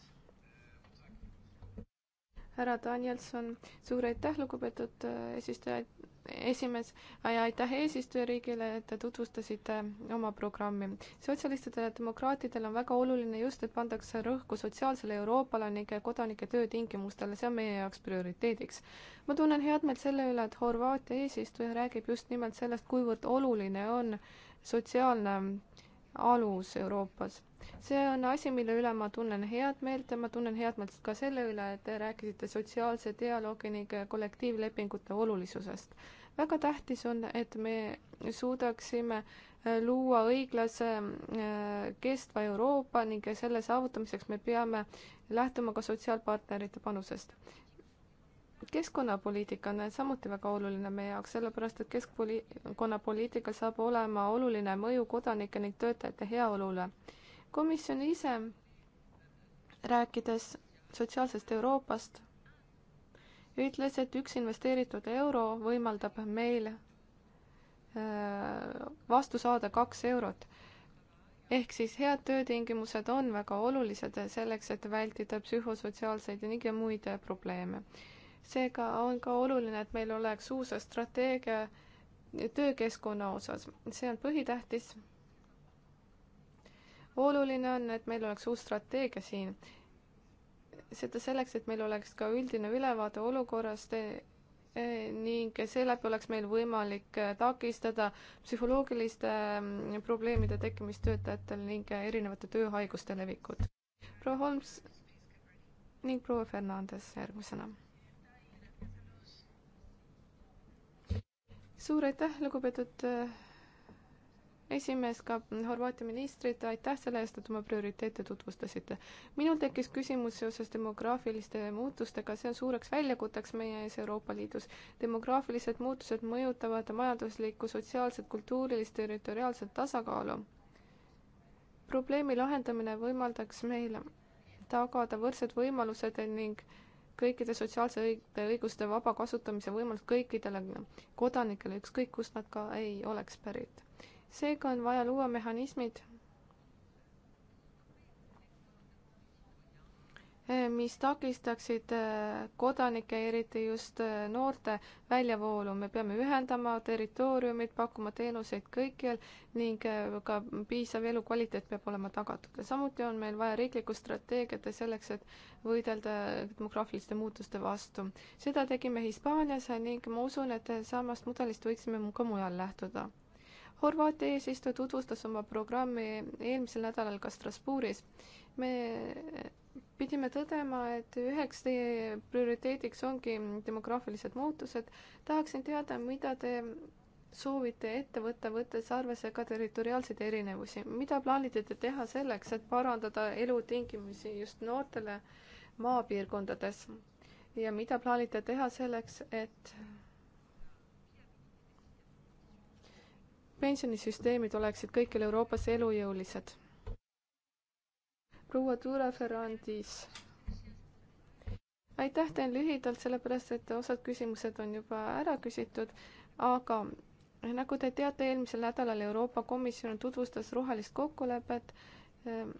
härra Danielson, suur aitäh, lugupeetud eesistuja, esimees ja aitäh eesistujariigile, et te tutvustasite oma programmi. sotsialistidel ja demokraatidel on väga oluline just, et pandakse rõhku sotsiaalsele Euroopale ning kodanike töötingimustele, see on meie jaoks prioriteediks. ma tunnen head meelt selle üle, et Horvaatia eesistuja räägib just nimelt sellest, kuivõrd oluline on sotsiaalne alus Euroopas. see on asi, mille üle ma tunnen head meelt ja ma tunnen head meelt ka selle üle, et te rääkisite sotsiaalse dialoogi ning kollektiivlepingute olulisusest. väga tähtis on, et me suudaksime äh, luua õiglase äh, kestva Euroopa ning selle saavutamiseks me peame lähtuma ka sotsiaalpartnerite panusest keskkonnapoliitika on samuti väga oluline meie jaoks, sellepärast et keskkonnapoliitikal saab olema oluline mõju kodanike ning töötajate heaolule. komisjon ise, rääkides sotsiaalsest Euroopast, ütles, et üks investeeritud euro võimaldab meil vastu saada kaks eurot. ehk siis head töötingimused on väga olulised selleks, et vältida psühhosotsiaalseid ja muid probleeme seega on ka oluline, et meil oleks uus strateegia töökeskkonna osas, see on põhitähtis. oluline on, et meil oleks uus strateegia siin. seda selleks, et meil oleks ka üldine ülevaade olukorrast eh, eh, ning seeläbi oleks meil võimalik eh, takistada psühholoogiliste mm, probleemide tekkimist töötajatel ning erinevate tööhaiguste levikut. proua Holmes ning proua Fernandes järgmisena suur aitäh, lugupeetud äh, esimees, ka Horvaatia ministrit, aitäh selle eest, et oma prioriteete tutvustasite. minul tekkis küsimus seoses demograafiliste muutustega, see on suureks väljakutseks meie ees Euroopa Liidus. demograafilised muutused mõjutavad majanduslikku, sotsiaalset, kultuurilist, territoriaalset tasakaalu. probleemi lahendamine võimaldaks meile tagada võrdsed võimalused ning kõikide sotsiaalse õiguste vaba kasutamise võimalus kõikidele kodanikele, ükskõik kust nad ka ei oleks pärit. seega on vaja luua mehhanismid, Eh, mis takistaksid eh, kodanike, eriti just eh, noorte väljavoolu. me peame ühendama territooriumid, pakkuma teenuseid kõikjal ning ka piisav elukvaliteet peab olema tagatud. ja samuti on meil vaja riiklikku strateegiat selleks, et võidelda demograafiliste muutuste vastu. seda tegime Hispaanias ning ma usun, et samast mudelist võiksime ka mujal lähtuda. Horvaatia eesistuja tutvustas oma programmi eelmisel nädalal ka Strasbourgis. me pidime tõdema, et üheks teie prioriteediks ongi demograafilised muutused. tahaksin teada, mida te soovite ette võtta, võttes arvesse ka territoriaalseid erinevusi. mida plaanite te teha selleks, et parandada elutingimusi just noortele maapiirkondades? ja mida plaanite teha selleks, et pensionisüsteemid oleksid kõikjal Euroopas elujõulised? proua Tuula Ferrandis. aitäh, teen lühidalt, sellepärast et osad küsimused on juba ära küsitud, aga nagu te teate, eelmisel nädalal Euroopa Komisjon tutvustas rohelist kokkulepet ehm,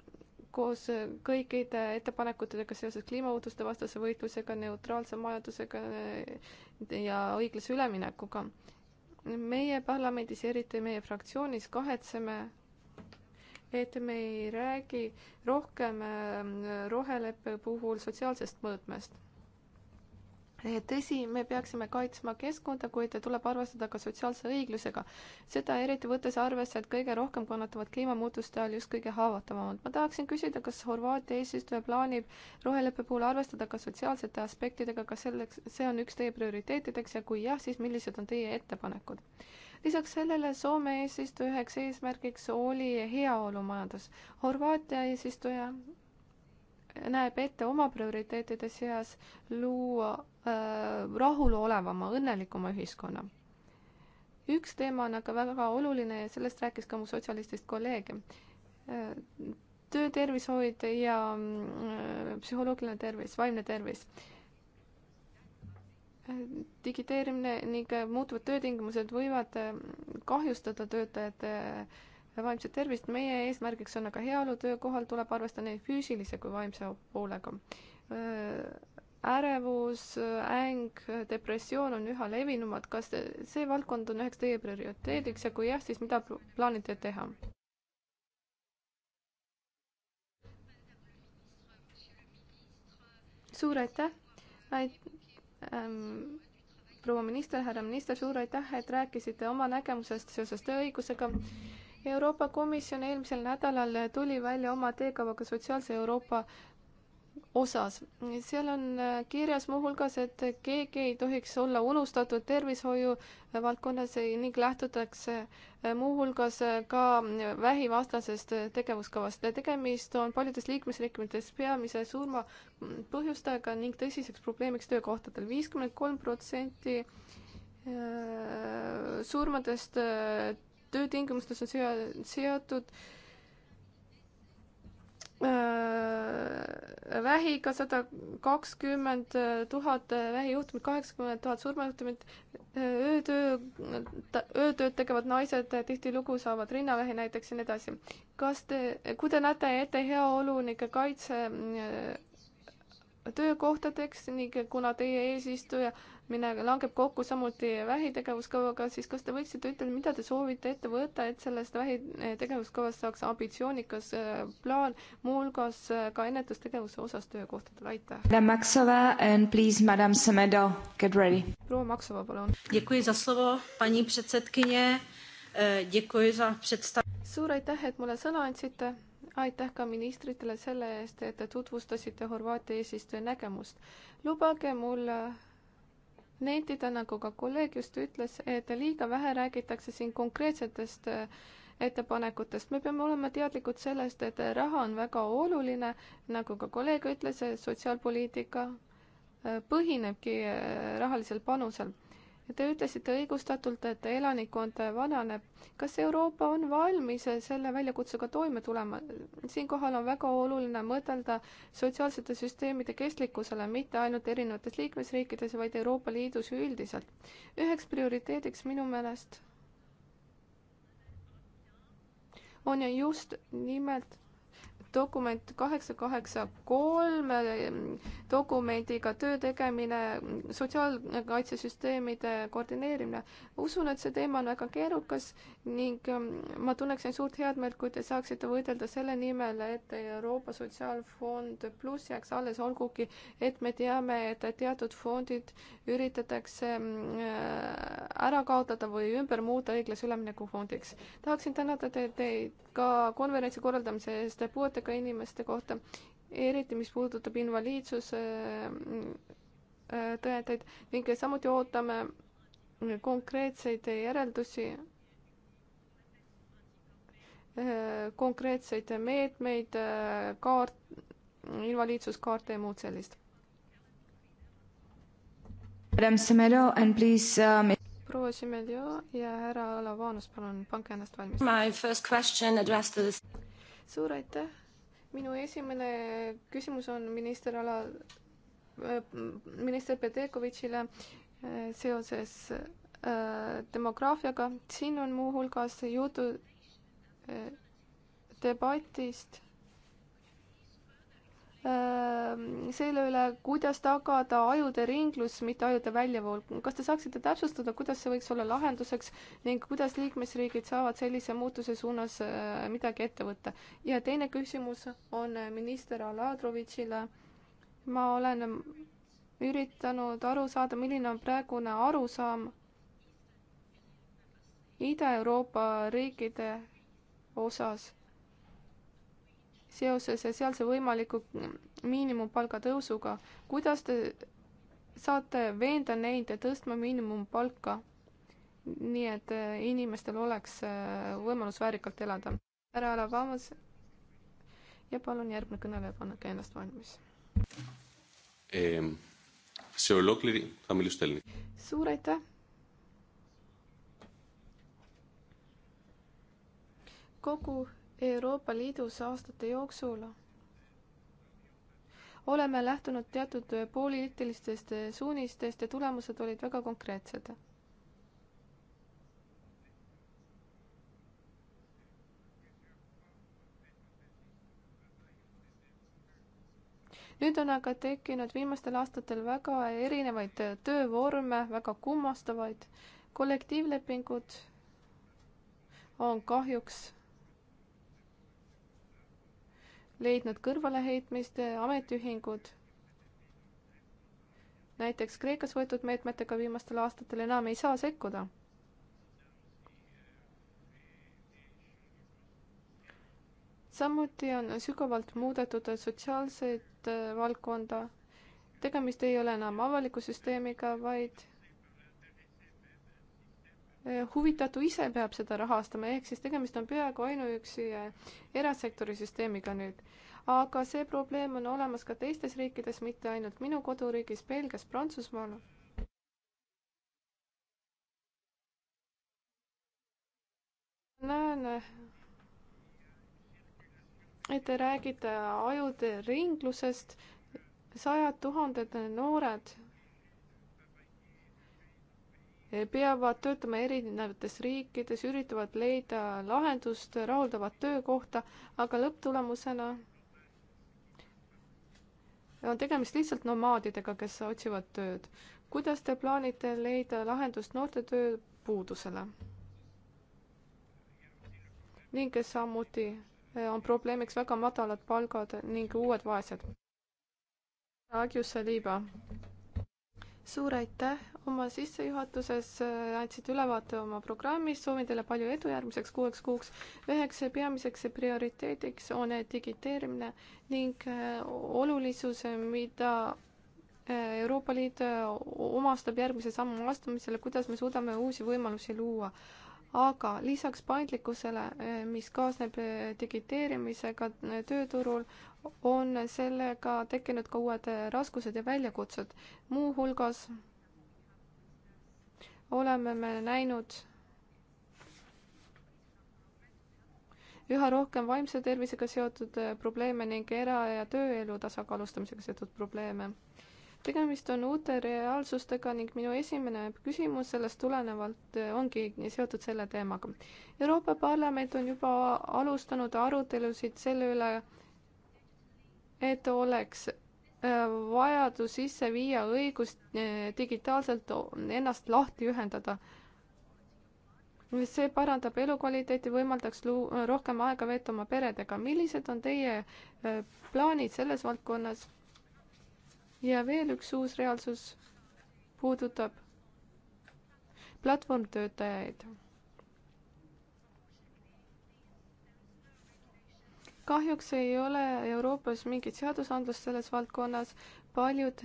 koos kõikide ettepanekutega seoses kliimamuutuste vastase võitlusega, neutraalse majandusega eh, ja õiglase üleminekuga. meie parlamendis, eriti meie fraktsioonis, kahetseme et me ei räägi rohkem äh, roheleppe puhul sotsiaalsest mõõtmest. Eh, tõsi, me peaksime kaitsma keskkonda, kuid tuleb arvestada ka sotsiaalse õiglusega. seda eriti võttes arvesse, et kõige rohkem kannatavad kliimamuutuste all just kõige haavatavamad. ma tahaksin küsida, kas Horvaatia eesistuja plaanib roheleppe puhul arvestada ka sotsiaalsete aspektidega, kas selleks, see on üks teie prioriteetideks ja kui jah, siis millised on teie ettepanekud? lisaks sellele Soome eesistuja üheks eesmärgiks oli heaolumajandus. Horvaatia eesistuja näeb ette oma prioriteetide seas luua äh, rahulolevama, õnnelikuma ühiskonna. üks teema on aga väga oluline ja sellest rääkis ka mu sotsialistist kolleeg äh,. töötervishoid ja mm, äh, psühholoogiline tervis, vaimne tervis äh, digiteerimine ning muutuvad töötingimused võivad eh, kahjustada töötajate eh, vaimset tervist. meie eesmärgiks on aga heaolu töökohal, tuleb arvestada nii füüsilise kui vaimse poolega. Eh, ärevus, äng, depressioon on üha levinumad. kas see valdkond on üheks teie prioriteediks ja kui jah, siis mida plaanite teha? suur aitäh! Ehm, proua minister, härra minister, suur aitäh, et rääkisite oma nägemusest seoses tööõigusega. Euroopa Komisjon eelmisel nädalal tuli välja oma teekavaga Sotsiaalse Euroopa osas. seal on äh, kirjas muuhulgas, et keegi ei tohiks olla unustatud tervishoiu äh, valdkonnas ning lähtutakse äh, muuhulgas ka vähivastasest tegevuskavast. tegemist on paljudes liikmesriikides peamise surma mm, põhjustajaga ning tõsiseks probleemiks töökohtadel. viiskümmend kolm protsenti surmadest töötingimustes on seotud sea Äh, vähiga sada kakskümmend tuhat vähijuhtumit, kaheksakümmend tuhat surmajuhtumit, äh, öötöö, öötööd tegevad naised tihtilugu saavad rinnavähi näiteks ja nii edasi. kas te, kui te näete ette heaolunike kaitse äh, töökohtadeks ning kuna teie eesistuja äh, mille langeb kokku samuti vähitegevuskavaga, siis kas te võiksite ütelda, mida te soovite ette võtta, et sellest vähitegevuskavast saaks ambitsioonikas äh, plaan, muuhulgas äh, ka ennetustegevuse osas töökohtadel, aitäh! proua Maksova, palun! Äh, suur aitäh, et mulle sõna andsite aitäh ka ministritele selle eest, et te tutvustasite Horvaatia eesistuja nägemust. lubage mul nentida, nagu ka kolleeg just ütles, et liiga vähe räägitakse siin konkreetsetest äh, ettepanekutest, me peame olema teadlikud sellest, et raha on väga oluline, nagu ka kolleeg ütles, sotsiaalpoliitika äh, põhinebki äh, rahalisel panusel Te ütlesite õigustatult, et elanikkond vananeb. kas Euroopa on valmis selle väljakutsega toime tulema? siinkohal on väga oluline mõtelda sotsiaalsete süsteemide kestlikkusele mitte ainult erinevates liikmesriikides, vaid Euroopa Liidus üldiselt. üheks prioriteediks minu meelest on just nimelt dokument kaheksa, kaheksa, kolm dokumendiga töö tegemine, sotsiaalkaitsesüsteemide koordineerimine. usun, et see teema on väga keerukas ning ähm, ma tunneksin suurt headmeelt, kui te saaksite võidelda selle nimel, et Euroopa Sotsiaalfond pluss jääks alles, olgugi et me teame, et teatud fondid üritatakse ähm, äh, ära kaotada või ümber muuta õiglase ülemineku fondiks. tahaksin tänada teid ka konverentsi korraldamise eest puuetega puudega inimeste kohta, eriti mis puudutab invaliidsuse äh, äh, tõendeid ning samuti ootame konkreetseid järeldusi, äh, konkreetseid meetmeid, kaart, invaliidsuskaarte ja muud sellist. Um, proua Šimeljo ja härra Alavanus, palun pange ennast valmis. suur aitäh minu esimene küsimus on minister Ala, äh, minister Pedekovitšile äh, seoses äh, demograafiaga. siin on muuhulgas juttu debatist Ehm, selle üle, kuidas tagada ajude ringlus, mitte ajude väljavool. kas te saaksite täpsustada, kuidas see võiks olla lahenduseks ning kuidas liikmesriigid saavad sellise muutuse suunas äh, midagi ette võtta? ja teine küsimus on äh, minister Aladrovitšile. ma olen üritanud aru saada, milline on praegune arusaam Ida-Euroopa riikide osas seoses sealse võimaliku miinimumpalga tõusuga. kuidas te saate veenda neid tõstma miinimumpalka, nii et äh, inimestel oleks äh, võimalus väärikalt elada? härra Alabamas ja palun järgmine kõneleja, pannake ennast valmis ehm,. suur aitäh kogu Euroopa Liidus aastate jooksul oleme lähtunud teatud poliitilistest suunistest ja tulemused olid väga konkreetsed. nüüd on aga tekkinud viimastel aastatel väga erinevaid töövorme, väga kummastavaid. kollektiivlepingud on kahjuks leidnud kõrvaleheitmist, eh, ametiühingud näiteks Kreekas võetud meetmetega viimastel aastatel enam ei saa sekkuda. samuti on sügavalt muudetud sotsiaalset eh, valdkonda. tegemist ei ole enam avaliku süsteemiga, vaid Äh, huvitatu ise peab seda rahastama, ehk siis tegemist on peaaegu ainuüksi äh, erasektori süsteemiga nüüd. aga see probleem on olemas ka teistes riikides, mitte ainult minu koduriigis Belgias, Prantsusmaal. näen, äh, et te räägite ajude ringlusest, sajad tuhanded noored peavad töötama erinevates riikides, üritavad leida lahendust, rahuldavat töökohta, aga lõpptulemusena on tegemist lihtsalt nomaadidega, kes otsivad tööd. kuidas te plaanite leida lahendust noorte tööpuudusele? ning samuti äh, on probleemiks väga madalad palgad ning uued vaesed. Agius Saliba suur aitäh, oma sissejuhatuses äh, andsite ülevaate oma programmist, soovin teile palju edu järgmiseks kuueks kuuks. üheks peamiseks prioriteediks on äh, digiteerimine ning äh, olulisus, mida Euroopa Liit omastab järgmise sammu astumisele, kuidas me suudame uusi võimalusi luua aga lisaks paindlikkusele, eh, mis kaasneb eh, digiteerimisega eh, tööturul, on sellega tekkinud ka uued raskused ja väljakutsed. muuhulgas oleme me näinud üha rohkem vaimse tervisega seotud probleeme ning era- ja tööelu tasakaalustamisega seotud probleeme tegemist on uute reaalsustega ning minu esimene küsimus sellest tulenevalt eh, ongi seotud selle teemaga. Euroopa Parlament on juba alustanud arutelusid selle üle, et oleks eh, vajadus sisse viia õigus eh, digitaalselt ennast lahti ühendada. see parandab elukvaliteeti, võimaldaks luu-, rohkem aega veeta oma peredega. millised on teie plaanid selles valdkonnas? ja veel üks uus reaalsus puudutab platvormtöötajaid. kahjuks ei ole Euroopas mingit seadusandlust selles valdkonnas, paljud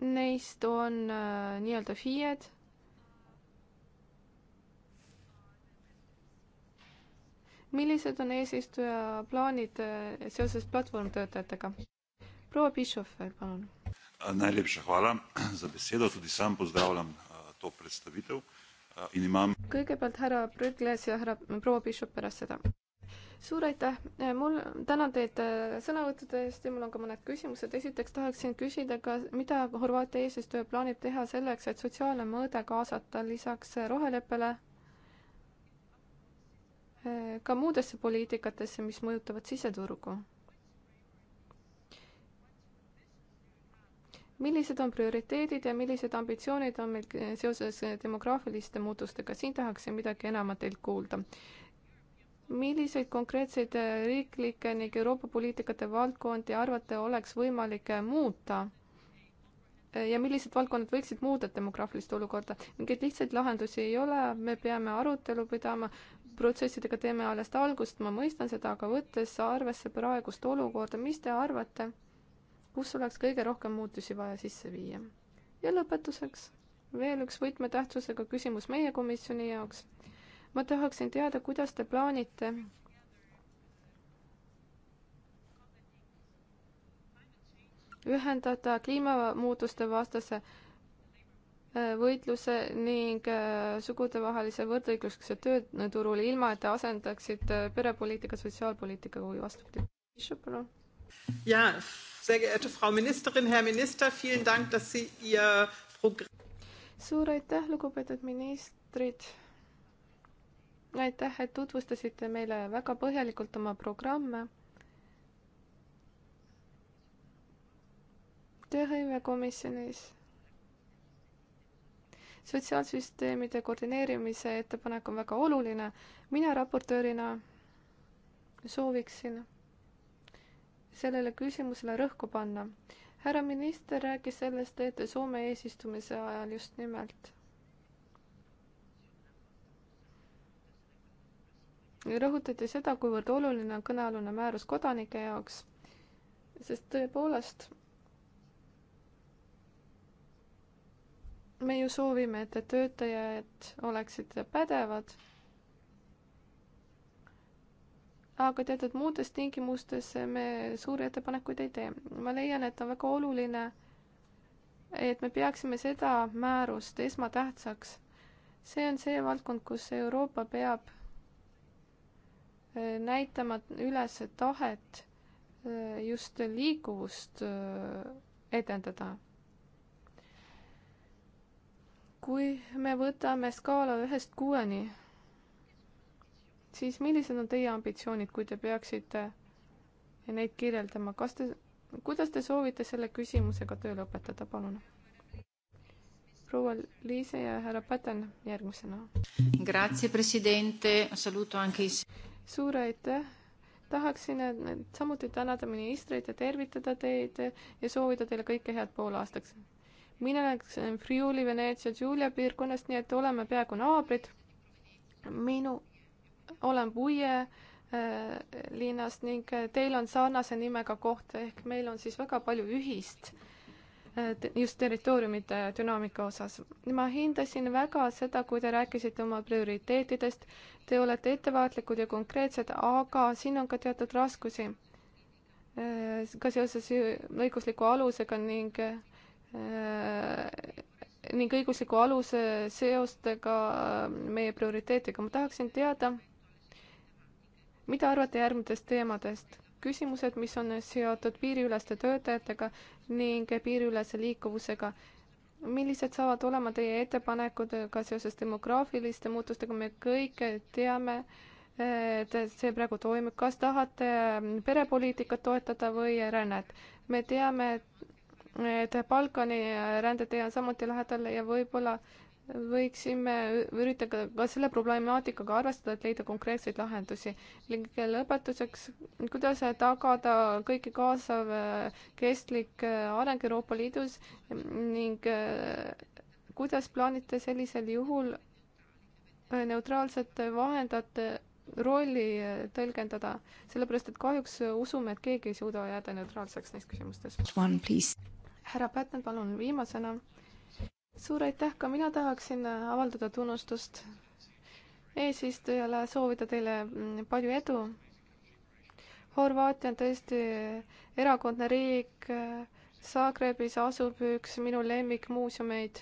neist on äh, nii-öelda FIE-d. millised on eesistuja plaanid äh, seoses platvormtöötajatega? proua Pišov veel, palun. Najlepša hvala za besedo, tudi sam pozdravljam to predstavitev in imam. kõigepealt härra Brügles ja härra proua Pišov pärast seda. suur aitäh, mul, tänan teid äh, sõnavõttude eest ja mul on ka mõned küsimused. esiteks tahaksin küsida ka, mida Horvaatia eesistuja plaanib teha selleks, et sotsiaalne mõõde kaasata lisaks roheleppele äh, ka muudesse poliitikatesse, mis mõjutavad siseturgu millised on prioriteedid ja millised ambitsioonid on meil eh, seoses eh, demograafiliste muutustega, siin tahaksin midagi enamat teilt kuulda. milliseid konkreetseid eh, riiklikke ning Euroopa poliitikate valdkondi arvate oleks võimalik muuta? ja millised valdkonnad võiksid muuta demograafilist olukorda? mingeid lihtsaid lahendusi ei ole, me peame arutelu pidama, protsessidega teeme alles algust, ma mõistan seda, aga võttes arvesse praegust olukorda, mis te arvate? kus oleks kõige rohkem muutusi vaja sisse viia. ja lõpetuseks veel üks võtmetähtsusega küsimus meie komisjoni jaoks. ma tahaksin teada, kuidas te plaanite ühendada kliimamuutuste vastase äh, võitluse ning äh, sugudevahelise võrdõigluslikkuse tööturul, ilma et te asendaksid äh, perepoliitika sotsiaalpoliitikaga või vastupidi. Bishop, palun. jaa Sehr geehrte Frau Ministerin, Herr Minister, vielen Dank, dass Sie Ihr Programm. suur aitäh, lugupeetud ministrid. aitäh, et tutvustasite meile väga põhjalikult oma programme. tööhõivekomisjonis sotsiaalsüsteemide koordineerimise ettepanek on väga oluline. mina raportöörina sooviksin sellele küsimusele rõhku panna. härra minister rääkis sellest, et Soome eesistumise ajal just nimelt rõhutati seda, kuivõrd oluline on kõnealune määrus kodanike jaoks, sest tõepoolest me ju soovime, et töötajad oleksid pädevad aga teatud muudes tingimustes me suuri ettepanekuid ei tee. ma leian, et on väga oluline, et me peaksime seda määrust esmatähtsaks. see on see valdkond, kus Euroopa peab eh, näitama üles tahet eh, just liikuvust eh, edendada. kui me võtame skaala ühest kuueni siis millised on teie ambitsioonid, kui te peaksite neid kirjeldama, kas te, kuidas te soovite selle küsimusega töö lõpetada, palun? proua Liise ja härra Päten järgmisena. suur aitäh, tahaksin äh, samuti tänada ministreid ja tervitada teid ja soovida teile kõike head poolaastaks. mina olen äh, Friuli, Veneetsia, Giulia piirkonnast, nii et oleme peaaegu naabrid. minu olen Puie äh, linnast ning äh, teil on sarnase nimega koht, ehk meil on siis väga palju ühist äh, just territooriumite dünaamika osas. ma hindasin väga seda, kui te rääkisite oma prioriteetidest. Te olete ettevaatlikud ja konkreetsed, aga siin on ka teatud raskusi. ka seoses õigusliku alusega ning ning õigusliku aluse seostega meie prioriteetiga. ma tahaksin teada mida arvate järgmistest teemadest? küsimused, mis on seotud piiriüleste töötajatega ning piiriülese liikuvusega. millised saavad olema teie ettepanekud ka seoses demograafiliste muutustega, me kõik teame, et see praegu toimub, kas tahate perepoliitikat toetada või rännet? me teame, et Balkani rändetee on samuti lähedal ja võib-olla äh, võiksime üritada ka selle problemaatikaga arvestada, et leida konkreetseid lahendusi. ning lõpetuseks, kuidas tagada kõiki kaasav äh, kestlik äh, areng Euroopa Liidus ning äh, kuidas plaanite sellisel juhul neutraalsete vahendajate rolli tõlgendada, sellepärast et kahjuks usume, et keegi ei suuda jääda neutraalseks neis küsimustes. härra Pätn, palun viimasena suur aitäh, ka mina tahaksin äh, avaldada tunnustust eesistujale, soovida teile mm, palju edu. Horvaatia on tõesti äh, erakordne riik, äh, Zagrebis asub üks minu lemmikmuuseumeid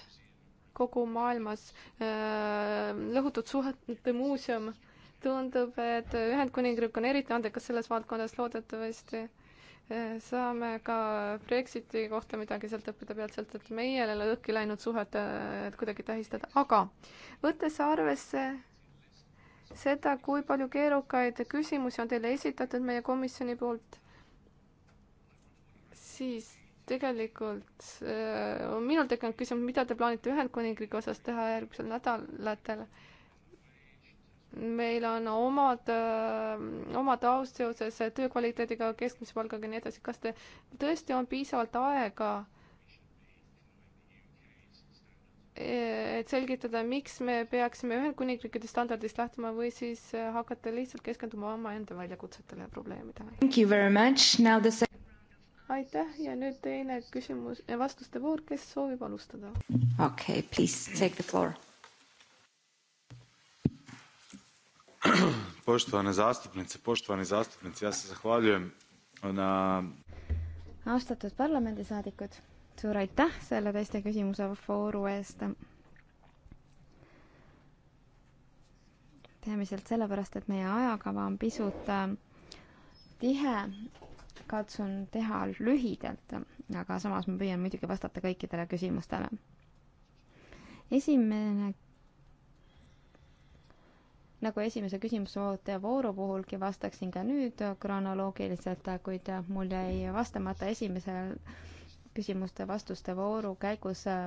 kogu maailmas, lõhutud suhete muuseum. tundub, et Ühendkuningriik on eriti andekas selles valdkonnas, loodetavasti saame ka Brexiti kohta midagi sealt õppida peatselt, et meie ei ole õhki läinud suhet, et kuidagi tähistada, aga võttes arvesse seda, kui palju keerukaid küsimusi on teile esitatud meie komisjoni poolt, siis tegelikult äh, on minul tekkinud küsimus, mida te plaanite Ühendkuningriigi osas teha järgmisel nädalatel meil on omad, äh, oma taust seoses töökvaliteediga, keskmise palgaga ja nii edasi, kas te, tõesti on piisavalt aega, e, et selgitada, miks me peaksime Ühendkuningriikide standardist lähtuma või siis äh, hakata lihtsalt keskenduma omaenda väljakutsetele ja probleemidele? aitäh ja nüüd teine küsimus, vastuste voor, kes soovib alustada? okei okay,, please take the floor poštovane zastupnice, poštovani zastupnici, ja se zahvaljujem na austatud parlamendisaadikud, suur aitäh selle teiste küsimuse vooru eest. peamiselt sellepärast, et meie ajakava on pisut äh, tihe, katsun teha lühidalt, aga samas ma püüan muidugi vastata kõikidele küsimustele. esimene nagu esimese küsimusvoote vooru puhulgi, vastaksin ka nüüd kronoloogiliselt, kuid mul jäi vastamata esimesel küsimuste-vastuste vooru käigus äh,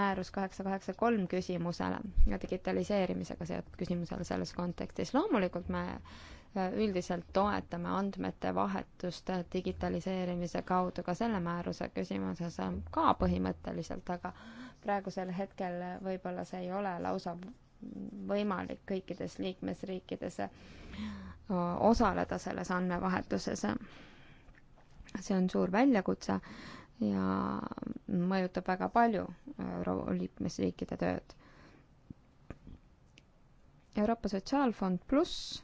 määrus kaheksa kaheksa kolm küsimusele ja digitaliseerimisega seotud küsimusele selles kontekstis. loomulikult me äh, üldiselt toetame andmete vahetust digitaliseerimise kaudu ka selle määruse küsimuses äh, ka põhimõtteliselt, aga praegusel hetkel võib-olla see ei ole lausa võimalik kõikides liikmesriikides äh, osaleda selles andmevahetuses. see on suur väljakutse ja mõjutab väga palju euro äh, liikmesriikide tööd. Euroopa Sotsiaalfond pluss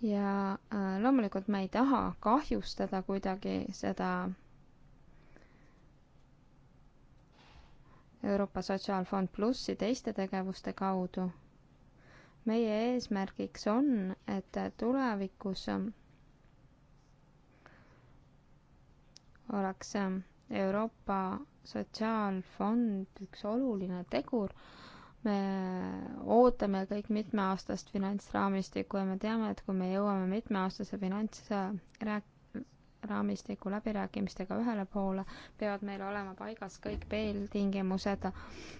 ja äh, loomulikult me ei taha kahjustada kuidagi seda Euroopa Sotsiaalfond Plussi teiste tegevuste kaudu. meie eesmärgiks on, et tulevikus oleks Euroopa Sotsiaalfond üks oluline tegur, me ootame kõik mitmeaastast finantsraamistikku ja me teame, et kui me jõuame mitmeaastase finants- rääk-, raamistiku läbirääkimistega ühele poole, peavad meil olema paigas kõik eeltingimused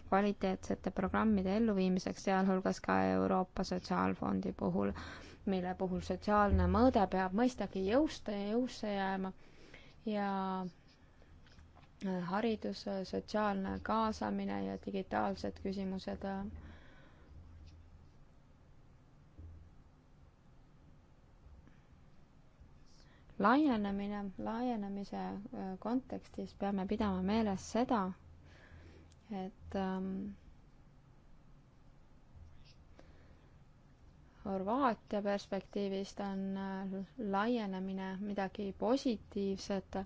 kvaliteetsete programmide elluviimiseks, sealhulgas ka Euroopa Sotsiaalfondi puhul, mille puhul sotsiaalne mõõde peab mõistagi jõusta ja jõusse jääma ja haridus, sotsiaalne kaasamine ja digitaalsed küsimused laienemine, laienemise kontekstis peame pidama meeles seda, et ähm, Horvaatia perspektiivist on äh, laienemine midagi positiivset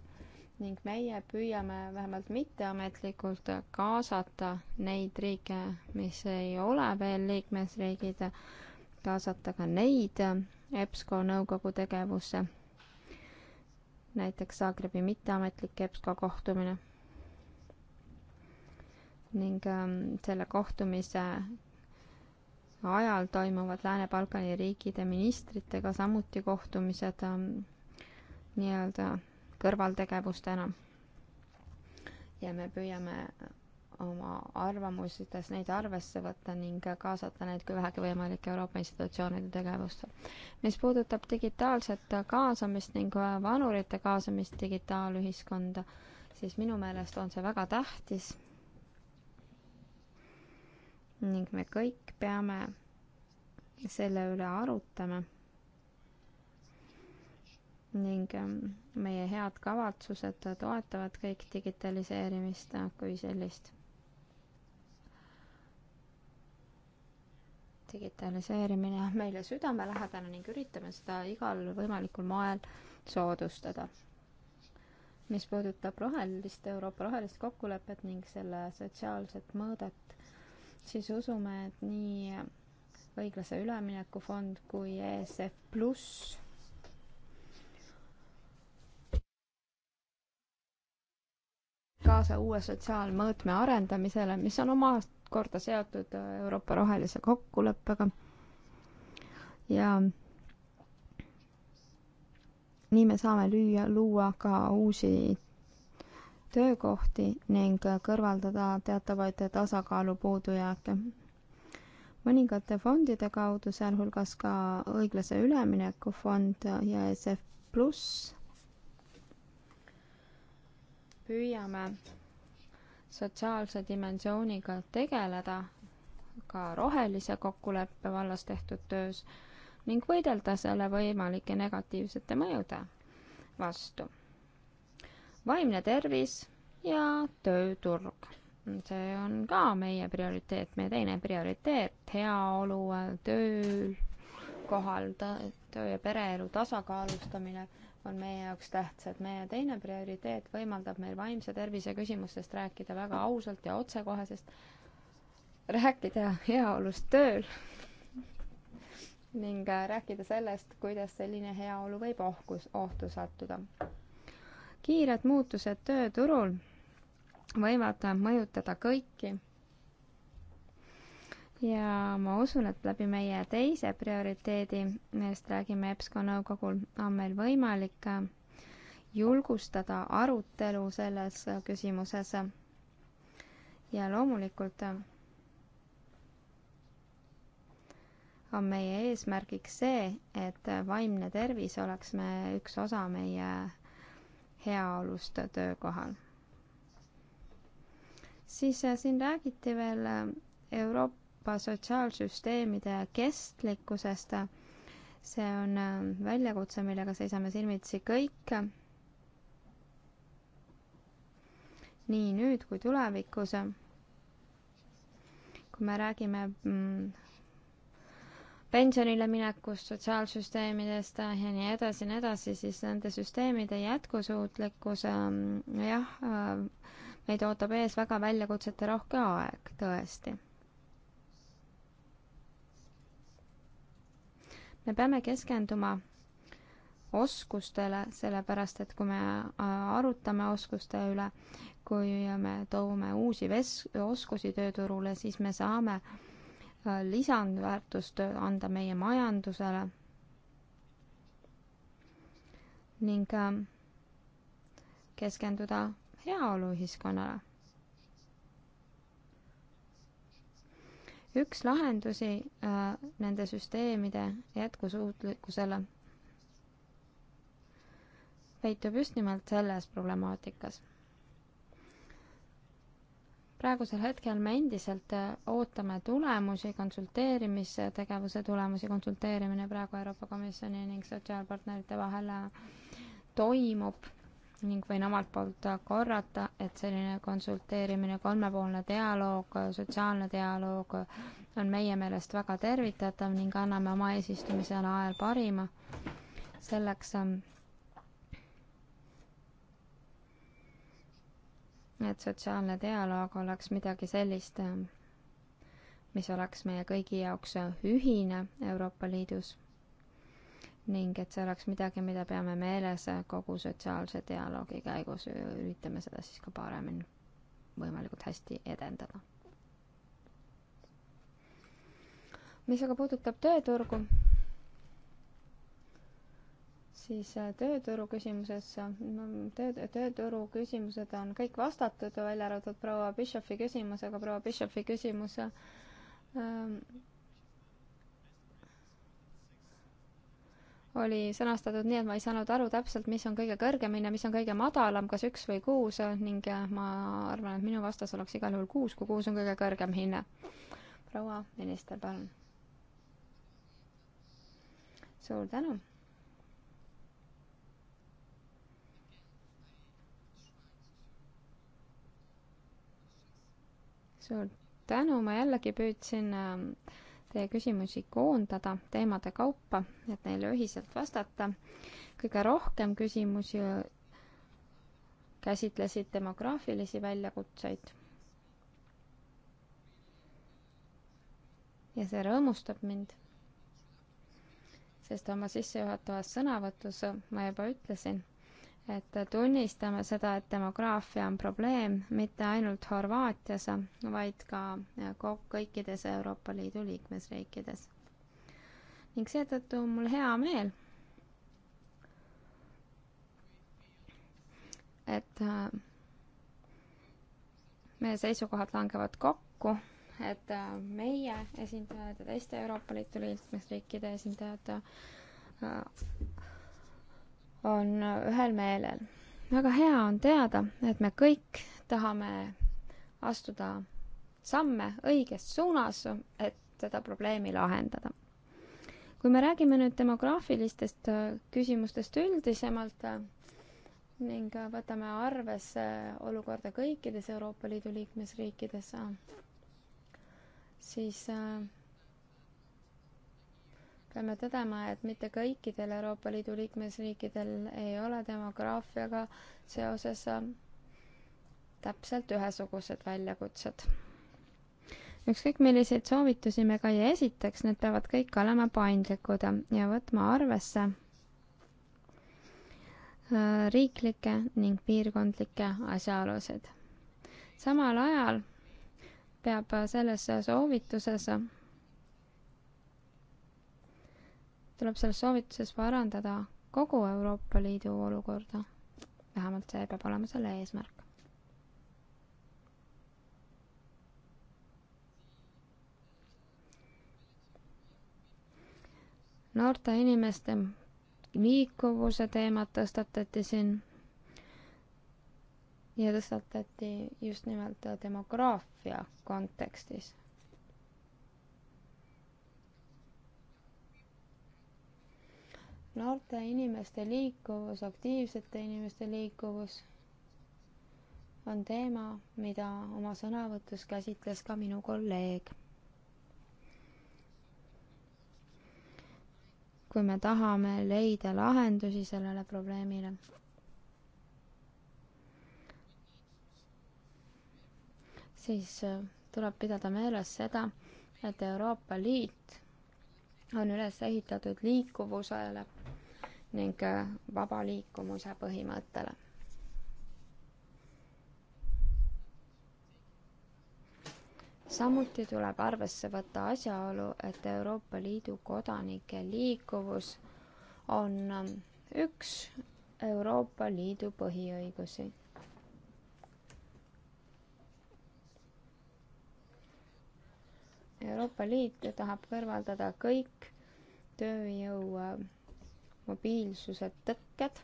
ning meie püüame vähemalt mitteametlikult kaasata neid riike, mis ei ole veel liikmesriigid, kaasata ka neid EBSCO nõukogu tegevusse näiteks Zagrebi mitteametlik EBSCO kohtumine. ning ähm, selle kohtumise ajal toimuvad Lääne-Balkani riikide ministritega samuti kohtumised ähm, nii-öelda kõrvaltegevustena. ja me püüame oma arvamustes neid arvesse võtta ning kaasata neid kui vähegi võimalik Euroopa institutsioonide tegevusse. mis puudutab digitaalset kaasamist ning vanurite kaasamist digitaalühiskonda, siis minu meelest on see väga tähtis. ning me kõik peame selle üle arutama. ning ähm, meie head kavatsused toetavad kõik digitaliseerimist kui sellist digitaliseerimine on meile südamelähedane ning üritame seda igal võimalikul moel soodustada. mis puudutab rohelist, Euroopa rohelist kokkulepet ning selle sotsiaalset mõõdet, siis usume, et nii õiglase ülemineku fond kui ESF pluss kaasa uue sotsiaalmõõtme arendamisele, mis on omakorda seotud äh, Euroopa rohelise kokkuleppega. ja nii me saame lüüa, luua ka uusi töökohti ning äh, kõrvaldada teatavaid tasakaalu puudujääke. mõningate fondide kaudu, sealhulgas ka õiglase ülemineku fond ja ESF pluss püüame sotsiaalse dimensiooniga tegeleda ka rohelise kokkuleppe vallas tehtud töös ning võidelda selle võimalike negatiivsete mõjude vastu. vaimne tervis ja tööturg. see on ka meie prioriteet, meie teine prioriteet, heaolu tööl, kohal, töö ja pereelu tasakaalustamine on meie jaoks tähtsad. meie teine prioriteet võimaldab meil vaimse tervise küsimustest rääkida väga ausalt ja otsekohesest, rääkida heaolust tööl ning äh, rääkida sellest, kuidas selline heaolu võib ohkus, ohtu sattuda. kiired muutused tööturul võivad mõjutada kõiki ja ma usun, et läbi meie teise prioriteedi, millest räägime EBSCO nõukogul, on meil võimalik äh, julgustada arutelu selles äh, küsimuses. ja loomulikult äh, on meie eesmärgiks see, et vaimne tervis oleks me üks osa meie heaolust töökohal. siis siin räägiti veel Euroopa Euroopa sotsiaalsüsteemide kestlikkusest. see on ähm, väljakutse, millega seisame silmitsi kõik. nii nüüd kui tulevikus. kui me räägime mm, pensionile minekust, sotsiaalsüsteemidest ja nii edasi ja nii edasi, siis nende süsteemide jätkusuutlikkus ähm, jah, äh, meid ootab ees väga väljakutsete rohke aeg, tõesti me peame keskenduma oskustele, sellepärast et kui me äh, arutame oskuste üle, kui me toome uusi ves-, oskusi tööturule, siis me saame äh, lisandväärtust anda meie majandusele. ning äh, keskenduda heaoluühiskonnale üks lahendusi äh, nende süsteemide jätkusuutlikkusele peitub just nimelt selles problemaatikas. praegusel hetkel me endiselt äh, ootame tulemusi, konsulteerimistegevuse tulemusi, konsulteerimine praegu Euroopa Komisjoni ning sotsiaalpartnerite vahel äh, toimub ning võin omalt poolt korrata, et selline konsulteerimine, kolmepoolne dialoog, sotsiaalne dialoog on meie meelest väga tervitatav ning anname oma eesistumise ajal parima selleks, et sotsiaalne dialoog oleks midagi sellist, mis oleks meie kõigi jaoks ühine Euroopa Liidus ning et see oleks midagi, mida peame meeles kogu sotsiaalse dialoogi käigus, üritame seda siis ka paremini, võimalikult hästi edendada. mis aga puudutab tööturgu, siis äh, tööturu küsimuses, no töö, tööturu küsimused on kõik vastatud, välja arvatud proua Bischofi küsimus, aga proua Bischofi küsimus ähm, oli sõnastatud nii, et ma ei saanud aru täpselt, mis on kõige kõrgemini ja mis on kõige madalam, kas üks või kuus ning äh, ma arvan, et minu vastus oleks igal juhul kuus, kui kuus on kõige kõrgem hinne. proua minister, palun. suur tänu. suur tänu, ma jällegi püüdsin äh, teie küsimusi koondada teemade kaupa, et neile ühiselt vastata. kõige rohkem küsimusi käsitlesid demograafilisi väljakutseid. ja see rõõmustab mind, sest oma sissejuhatavas sõnavõtus ma juba ütlesin et tunnistame seda, et demograafia on probleem mitte ainult Horvaatias, vaid ka kõikides Euroopa Liidu liikmesriikides. ning seetõttu on mul hea meel, et äh, meie seisukohad langevad kokku, et äh, meie esindajad ja teiste Euroopa Liidu liikmesriikide esindajad äh, on ühel meelel. väga hea on teada, et me kõik tahame astuda samme õiges suunas, et seda probleemi lahendada. kui me räägime nüüd demograafilistest äh, küsimustest üldisemalt äh, ning äh, võtame arvesse olukorda kõikides Euroopa Liidu liikmesriikides, siis äh, peame tõdema, et mitte kõikidel Euroopa Liidu liikmesriikidel ei ole demograafiaga seoses täpselt ühesugused väljakutsed. ükskõik, milliseid soovitusi me ka ei esitaks, need peavad kõik olema paindlikud ja võtma arvesse äh, riiklikke ning piirkondlikke asjaolusid. samal ajal peab selles soovituses tuleb selles soovituses parandada kogu Euroopa Liidu olukorda. vähemalt see peab olema selle eesmärk. noorte inimeste liikuvuse teemat tõstatati siin ja tõstatati just nimelt demograafia kontekstis noorte inimeste liikuvus, aktiivsete inimeste liikuvus on teema, mida oma sõnavõtus käsitles ka minu kolleeg. kui me tahame leida lahendusi sellele probleemile, siis äh, tuleb pidada meeles seda, et Euroopa Liit on üles ehitatud liikuvusele ning äh, vaba liikumuse põhimõttele. samuti tuleb arvesse võtta asjaolu, et Euroopa Liidu kodanike liikuvus on ähm, üks Euroopa Liidu põhiõigusi Euroopa Liit tahab kõrvaldada kõik tööjõu äh, mobiilsuse tõkked.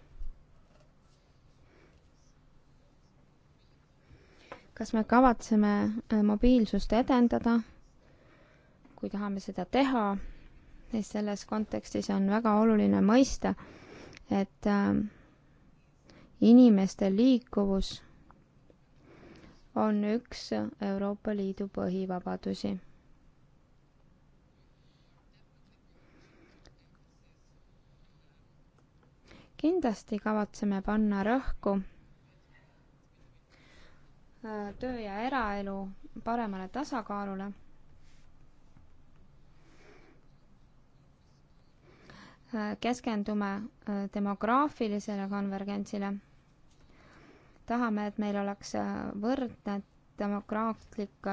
kas me kavatseme äh, mobiilsust edendada? kui tahame seda teha, siis selles kontekstis on väga oluline mõista, et äh, inimeste liikuvus on üks Euroopa Liidu põhivabadusi kindlasti kavatseme panna rõhku äh, töö ja eraelu paremale tasakaalule. Äh, keskendume äh, demograafilisele konvergentsile. tahame, et meil oleks võrdne demokraatlik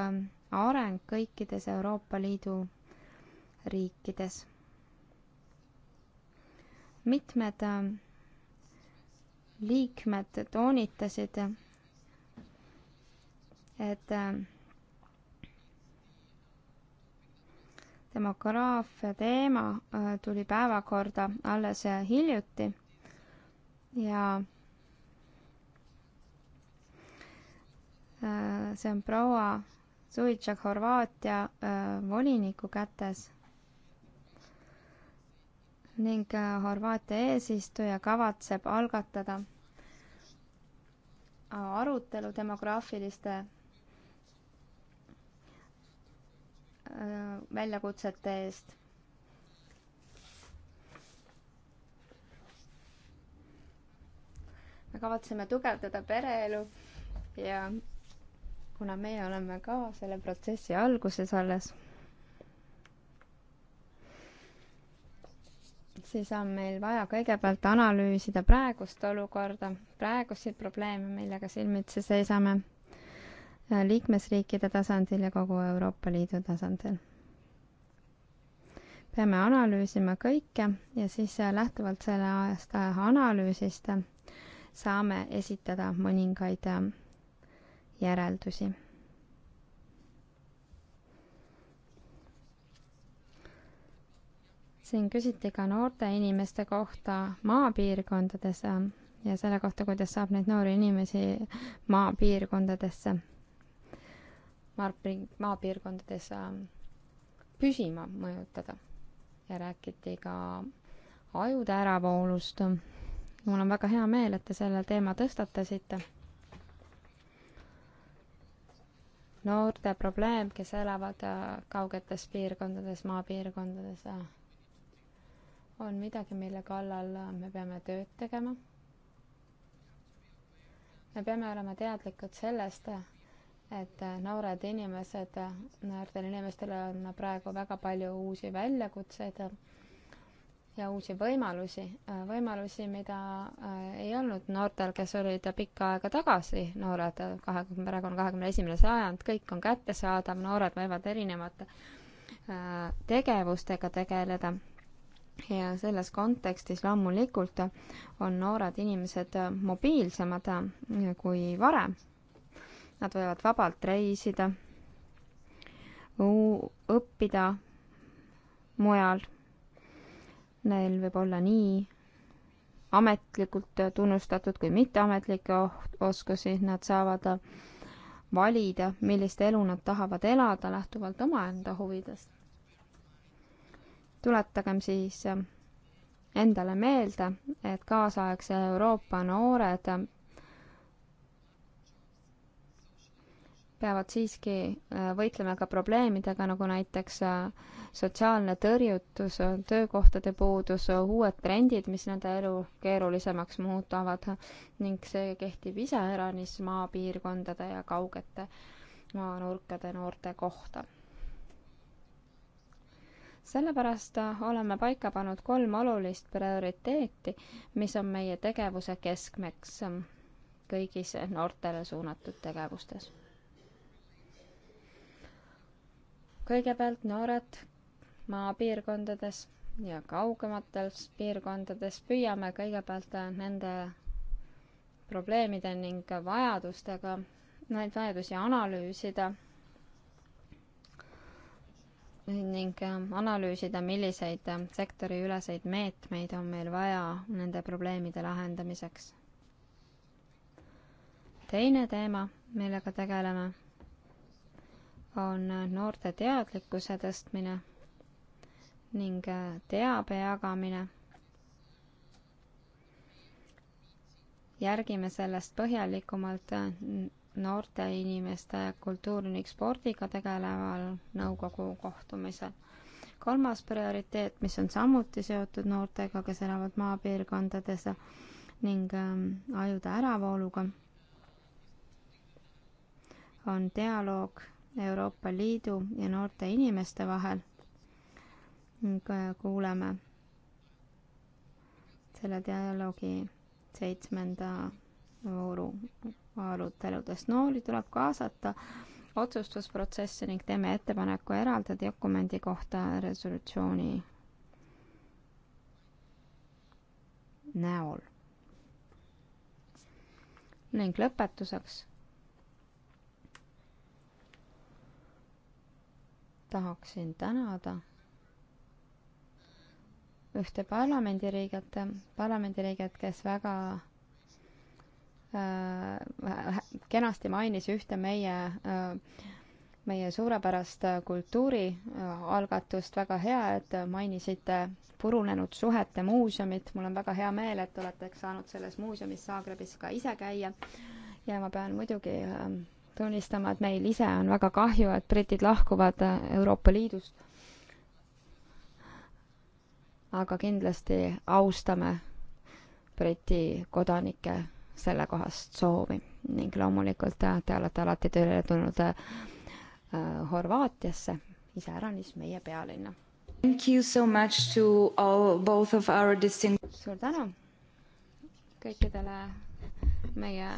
areng kõikides Euroopa Liidu riikides. mitmed liikmed toonitasid, et demograafia teema äh, tuli päevakorda alles hiljuti ja äh, see on proua Suitšak Horvaatia äh, voliniku kätes ning äh, Horvaatia eesistuja kavatseb algatada arutelu demograafiliste äh, väljakutsete eest me kavatseme tugevdada pereelu ja kuna meie oleme ka selle protsessi alguses alles, siis on meil vaja kõigepealt analüüsida praegust olukorda, praeguseid probleeme, millega silmitsi seisame äh, liikmesriikide tasandil ja kogu Euroopa Liidu tasandil. peame analüüsima kõike ja siis äh, lähtuvalt selle aasta analüüsist äh, saame esitada mõningaid järeldusi siin küsiti ka noorte inimeste kohta maapiirkondades ja selle kohta, kuidas saab neid noori inimesi maapiirkondadesse, maapiirkondades ähm, püsima mõjutada. ja räägiti ka ajude äravoolust. mul on väga hea meel, et te selle teema tõstatasite. noorte probleem, kes elavad äh, kaugetes piirkondades, maapiirkondades äh, on midagi, mille kallal äh, me peame tööd tegema. me peame olema teadlikud sellest, et äh, noored inimesed, äh, noortel inimestel on praegu väga palju uusi väljakutseid ja uusi võimalusi, võimalusi, mida ei olnud noortel, kes olid pikka aega tagasi noored, kahekümne, praegu on kahekümne esimene sajand, kõik on kättesaadav, noored võivad erinevate tegevustega tegeleda ja selles kontekstis loomulikult on noored inimesed mobiilsemad kui varem. Nad võivad vabalt reisida, õppida mujal. Neil võib olla nii ametlikult tunnustatud kui mitteametlikke oskusi, nad saavad valida, millist elu nad tahavad elada lähtuvalt omaenda huvidest tuletagem siis äh, endale meelde, et kaasaegse Euroopa noored äh, peavad siiski äh, võitlema ka probleemidega, nagu näiteks sotsiaalne tõrjutus, töökohtade puudus, uued trendid, mis nende elu keerulisemaks muudavad ning see kehtib iseäranis maapiirkondade ja kaugete maanurkade noorte kohta sellepärast oleme paika pannud kolm olulist prioriteeti, mis on meie tegevuse keskmeks kõigis noortele suunatud tegevustes. kõigepealt noored maapiirkondades ja kaugemates piirkondades püüame kõigepealt nende probleemide ning vajadustega, neid vajadusi analüüsida ning ähm, analüüsida, milliseid ähm, sektoriüleseid meetmeid on meil vaja nende probleemide lahendamiseks. teine teema, millega tegeleme, on äh, noorte teadlikkuse tõstmine ning äh, teabe jagamine. järgime sellest põhjalikumalt äh, noorte inimeste kultuuri ning spordiga tegeleval nõukogu kohtumisel. kolmas prioriteet, mis on samuti seotud noortega, kes elavad maapiirkondades ning äh, ajude äravooluga, on dialoog Euroopa Liidu ja noorte inimeste vahel ning äh, kuuleme selle dialoogi seitsmenda vooru aruteludest. noori tuleb kaasata otsustusprotsessi ning teeme ettepaneku eraldi dokumendi kohta resolutsiooni näol. ning lõpetuseks tahaksin tänada ühte parlamendiriiget, parlamendiriiget, kes väga Äh, kenasti mainis ühte meie äh, meie suurepärast äh, kultuurialgatust, väga hea, et mainisite purunenud suhete muuseumit, mul on väga hea meel, et olete saanud selles muuseumis Saagrebis ka ise käia ja ma pean muidugi tunnistama, et meil ise on väga kahju, et britid lahkuvad Euroopa Liidust. aga kindlasti austame Briti kodanike sellekohast soovi ning loomulikult äh, te olete alati tööle tulnud äh, äh, Horvaatiasse, iseäranis meie pealinna. Thank you so much to all both of our distinct-. suur tänu kõikidele meie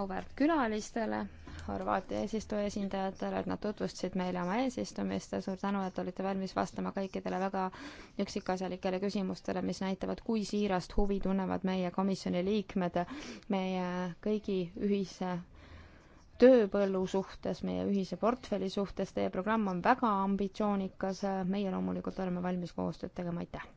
auväärt külalistele Horvaatia eesistuja esindajatele, et nad tutvustasid meile oma eesistumist ja suur tänu, et olite valmis vastama kõikidele väga üksikasjalikele küsimustele, mis näitavad, kui siirast huvi tunnevad meie komisjoni liikmed meie kõigi ühise tööpõllu suhtes, meie ühise portfelli suhtes, teie programm on väga ambitsioonikas, meie loomulikult oleme valmis koostööd tegema, aitäh!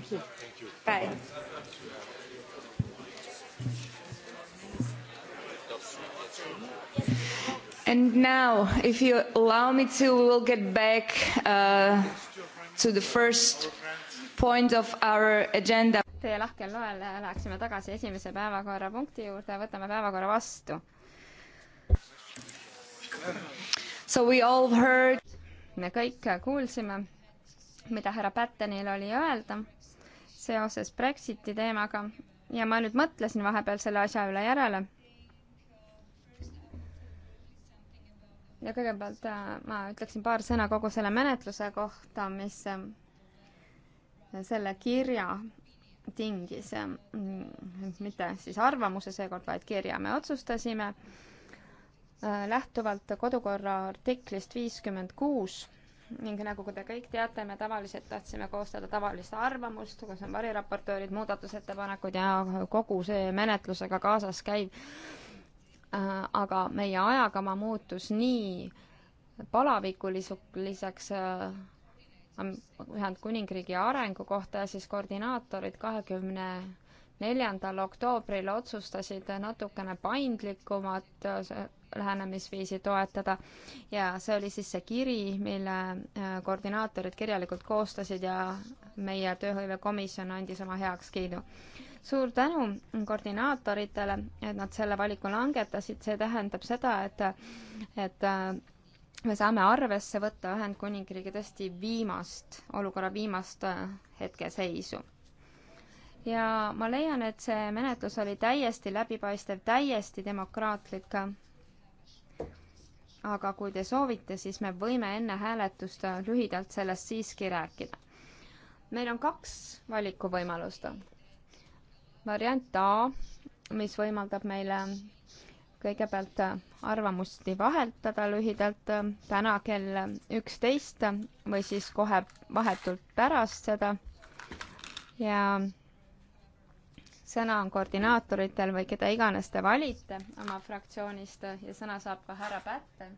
Thank you. Thank you. Bye. And now, if you allow me to, we'll get back uh, to the first point of our agenda. Teie lahkel loel äh, läheksime tagasi esimese päevakorrapunkti juurde ja võtame päevakorra vastu. So we all heard. me kõik kuulsime mida härra Pattenil oli öelda seoses Brexiti teemaga ja ma nüüd mõtlesin vahepeal selle asja üle järele. ja kõigepealt äh, ma ütleksin paar sõna kogu selle menetluse kohta, mis äh, selle kirja tingis, äh, mitte siis arvamuse seekord, vaid kirja, me otsustasime lähtuvalt kodukorra artiklist viiskümmend kuus ning nagu te kõik teate, me tavaliselt tahtsime koostada tavalist arvamust, kus on variraportöörid, muudatusettepanekud ja kogu see menetlusega kaasas käiv. aga meie ajakava muutus nii palavikuliseks äh, Ühendkuningriigi arengu kohta ja siis koordinaatorid kahekümne neljandal oktoobril otsustasid natukene paindlikumat äh, lähenemisviisi toetada. ja see oli siis see kiri, mille äh, koordinaatorid kirjalikult koostasid ja meie tööhõivekomisjon andis oma heakskiidu. suur tänu koordinaatoritele, et nad selle valiku langetasid, see tähendab seda, et, et äh, me saame arvesse võtta Ühendkuningriigi tõesti viimast, olukorra viimast äh, hetkeseisu. ja ma leian, et see menetlus oli täiesti läbipaistev, täiesti demokraatlik aga kui te soovite, siis me võime enne hääletust lühidalt sellest siiski rääkida. meil on kaks valikuvõimalust. variant A, mis võimaldab meile kõigepealt arvamusti vahetada lühidalt täna kell üksteist või siis kohe vahetult pärast seda ja sõna on koordinaatoritel või keda iganes te valite oma fraktsioonist ja sõna saab ka härra Pätte,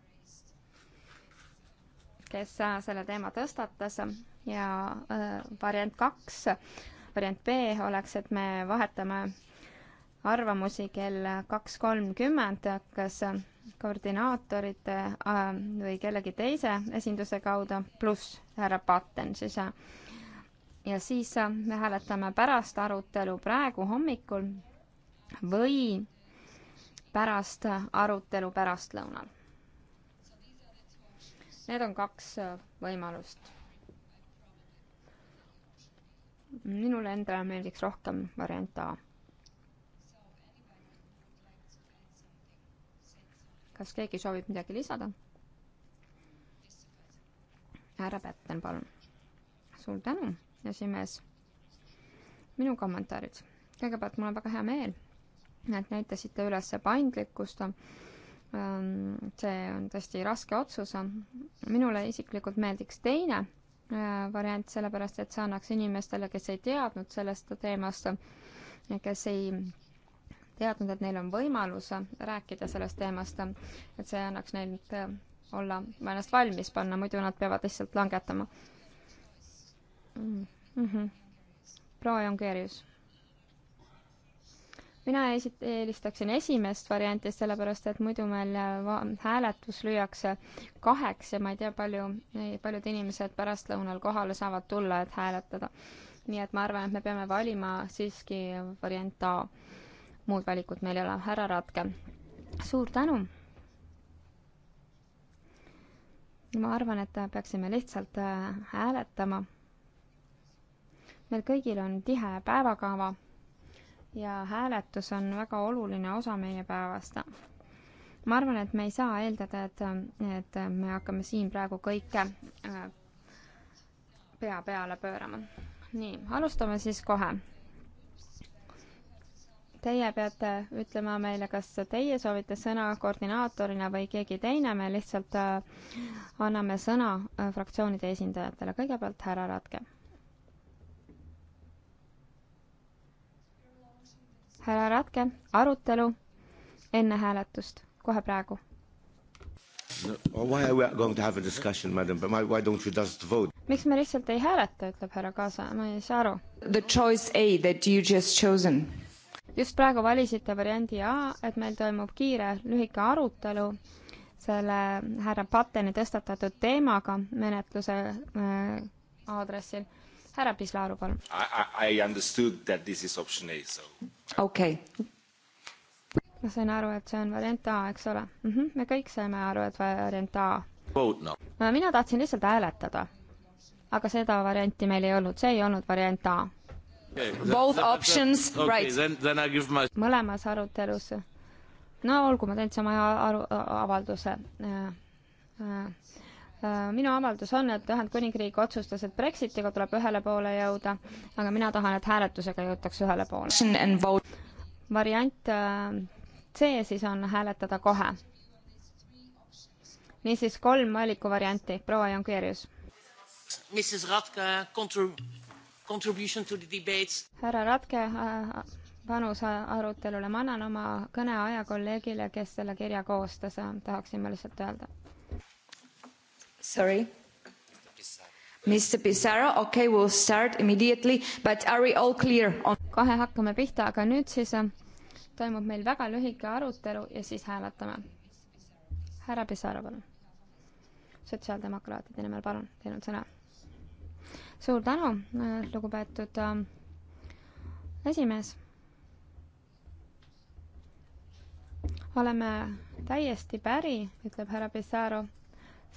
kes äh, selle teema tõstatas ja äh, variant kaks, variant B oleks, et me vahetame arvamusi kell kaks kolmkümmend, kas koordinaatorite äh, või kellegi teise esinduse kaudu, pluss härra Patten siis ja siis äh, me hääletame pärast arutelu praegu hommikul või pärast äh, arutelu pärastlõunal. Need on kaks äh, võimalust. minule endale meeldiks rohkem variant A. kas keegi soovib midagi lisada? härra Pätten, palun. suur tänu esimees. minu kommentaarid. kõigepealt mul on väga hea meel, et näitasite üles paindlikkust. Ähm, see on tõesti raske otsus. minule isiklikult meeldiks teine äh, variant, sellepärast et see annaks inimestele, kes ei teadnud sellest teemast, kes ei teadnud, et neil on võimalus rääkida sellest teemast, et see annaks neil äh, olla, ennast valmis panna, muidu nad peavad lihtsalt langetama mm -hmm. proua Jongeerius mina esit-, eelistaksin esimest varianti, sellepärast et muidu meil äh, hääletus lüüakse kaheks ja ma ei tea, palju, paljud inimesed pärastlõunal kohale saavad tulla, et hääletada. nii et ma arvan, et me peame valima siiski variant A. muud valikut meil ei ole, härra Ratke, suur tänu! ma arvan, et peaksime lihtsalt äh, hääletama äh, meil kõigil on tihe päevakava ja hääletus on väga oluline osa meie päevast. ma arvan, et me ei saa eeldada, et, et me hakkame siin praegu kõike äh, pea peale pöörama. nii, alustame siis kohe. Teie peate ütlema meile, kas teie soovite sõna koordinaatorina või keegi teine, me lihtsalt äh, anname sõna äh, fraktsioonide esindajatele, kõigepealt härra Ratke härra Ratke, arutelu enne hääletust, kohe praegu no,. miks me lihtsalt ei hääleta, ütleb härra Kaasa, ma ei saa aru. The choice A that you just chosen. just praegu valisite variandi A, et meil toimub kiire lühike arutelu selle härra Patteni tõstatatud teemaga menetluse äh, aadressil härra Pislaru, palun. I understood that this is option A, so. okei okay. ma sain aru, et see on variant A, eks ole mm. -hmm, me kõik saime aru, et variant A. No. mina tahtsin lihtsalt hääletada. aga seda varianti meil ei olnud, see ei olnud variant A. Okay, Both that, options that, okay, right. Then, then I give my... mõlemas arutelus. no olgu, ma teen sama aru, avalduse äh,. Äh, Äh, minu avaldus on, et Ühendkuningriik otsustas, et Brexitiga tuleb ühele poole jõuda, aga mina tahan, et hääletusega jõutaks ühele poole. variant äh, C siis on hääletada kohe. niisiis kolm valikuvarianti, proua Jonkeerius. härra Ratke panus äh, arutelule, ma annan oma kõne aja kolleegile, kes selle kirja koostas, tahaksin ma lihtsalt öelda Sorry? Mr Pissarro, okei okay,, we will start immediately, but are we all clear on? kohe hakkame pihta, aga nüüd siis äh, toimub meil väga lühike arutelu ja siis hääletame. härra Pissarro, palun. sotsiaaldemokraatide nimel, palun, teil on sõna. suur tänu, äh, lugupeetud äh, esimees. oleme täiesti päri, ütleb härra Pissarro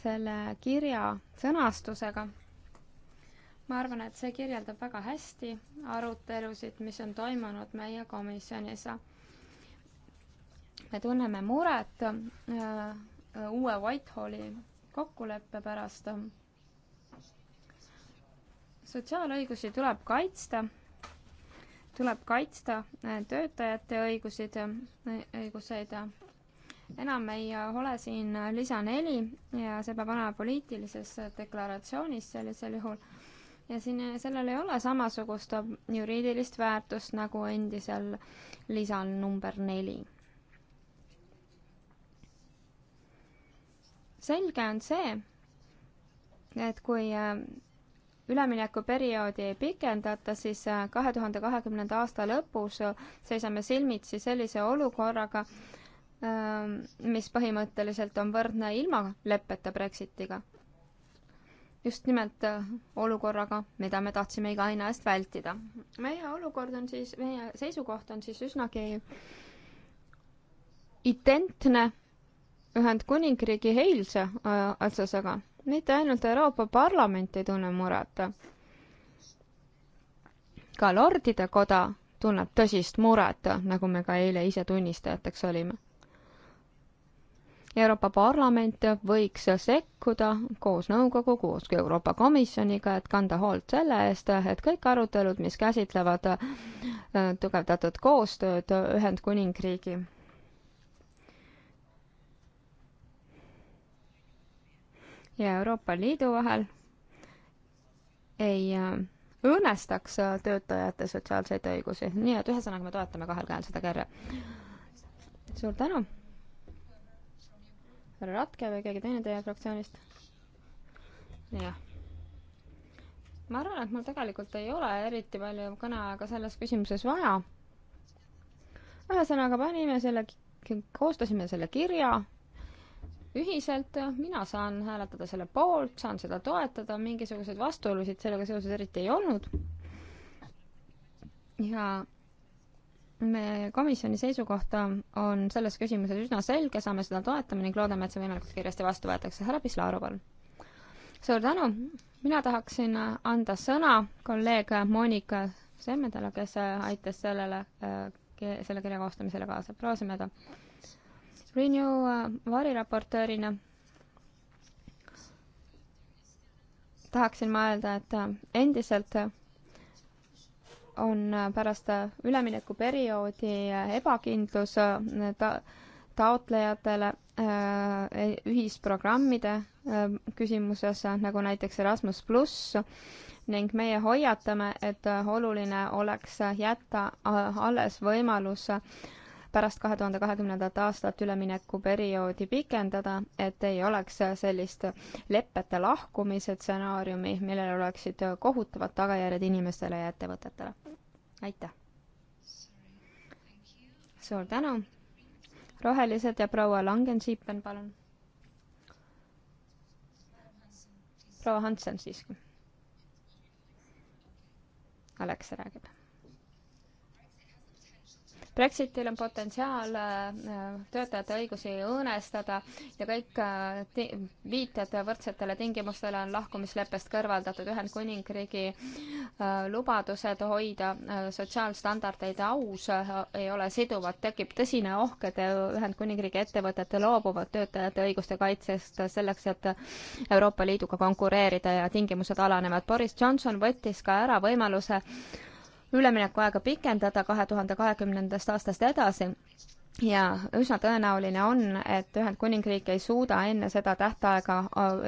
selle kirja sõnastusega. ma arvan, et see kirjeldab väga hästi arutelusid, mis on toimunud meie komisjonis. me tunneme muret äh, uue Whitehalli kokkuleppe pärast. sotsiaalõigusi tuleb kaitsta, tuleb kaitsta äh, töötajate õigusid, õiguseid enam ei ole siin lisa neli ja see peab olema poliitilises deklaratsioonis sellisel juhul. ja siin, sellel ei ole samasugust juriidilist väärtust nagu endisel lisal number neli. selge on see, et kui äh, üleminekuperioodi ei pikendata, siis äh, kahe tuhande kahekümnenda aasta lõpus seisame silmitsi sellise olukorraga, Ähm, mis põhimõtteliselt on võrdne ilma leppeta Brexitiga. just nimelt äh, olukorraga, mida me tahtsime iga hinna eest vältida. meie olukord on siis, meie seisukoht on siis üsnagi identne Ühendkuningriigi eilse äh, otsusega. mitte ainult Euroopa Parlament ei tunne muret. ka lordide koda tunneb tõsist muret, nagu me ka eile ise tunnistajateks olime Euroopa Parlament võiks sekkuda koos nõukogu, koos Euroopa Komisjoniga, et kanda hoolt selle eest, et kõik arutelud, mis käsitlevad äh, tugevdatud koostööd Ühendkuningriigi ja Euroopa Liidu vahel, ei äh, õõnestaks äh, töötajate sotsiaalseid õigusi, nii et ühesõnaga me toetame kahel käel seda kirja. suur tänu! härra Ratke või keegi teine teie fraktsioonist? jah. ma arvan, et mul tegelikult ei ole eriti palju kõneaega selles küsimuses vaja. ühesõnaga, panime selle, koostasime selle kirja ühiselt, mina saan hääletada selle poolt, saan seda toetada, mingisuguseid vastuolusid sellega seoses eriti ei olnud. ja me komisjoni seisukoht on selles küsimuses üsna selge, saame seda toetama ning loodame, et see võimalikult kiiresti vastu võetakse. härra Pislaru, palun. suur tänu. mina tahaksin anda sõna kolleeg Monika Semmedale, kes aitas sellele, äh, selle kirja koostamisele kaasa. proua Semmeda. Renew äh, variraportöörina tahaksin ma öelda, et äh, endiselt on äh, pärast äh, üleminekuperioodi äh, ebakindlus ta-, taotlejatele e-, ühisprogrammide küsimuses, nagu näiteks Erasmus pluss, ning meie hoiatame, et oluline oleks jätta alles võimalus pärast kahe tuhande kahekümnendat aastat üleminekuperioodi pikendada, et ei oleks sellist lepete lahkumise stsenaariumi, millel oleksid kohutavad tagajärjed inimestele ja ettevõtetele. aitäh! suur tänu! rohelised ja proua Langensiipen, palun! proua Hansen siiski. Aleksa räägib Brexitil on potentsiaal äh, töötajate õigusi õõnestada ja kõik äh, viited võrdsetele tingimustele on lahkumisleppest kõrvaldatud. Ühendkuningriigi äh, lubadused hoida sotsiaalstandardeid aus ei ole siduvad, tekib tõsine ohk, et Ühendkuningriigi ettevõtted loobuvad töötajate õiguste kaitsest selleks, et Euroopa Liiduga konkureerida ja tingimused alanevad. Boris Johnson võttis ka ära võimaluse üleminekuaega pikendada kahe tuhande kahekümnendast aastast edasi ja üsna tõenäoline on, et Ühendkuningriik ei suuda enne seda tähtaega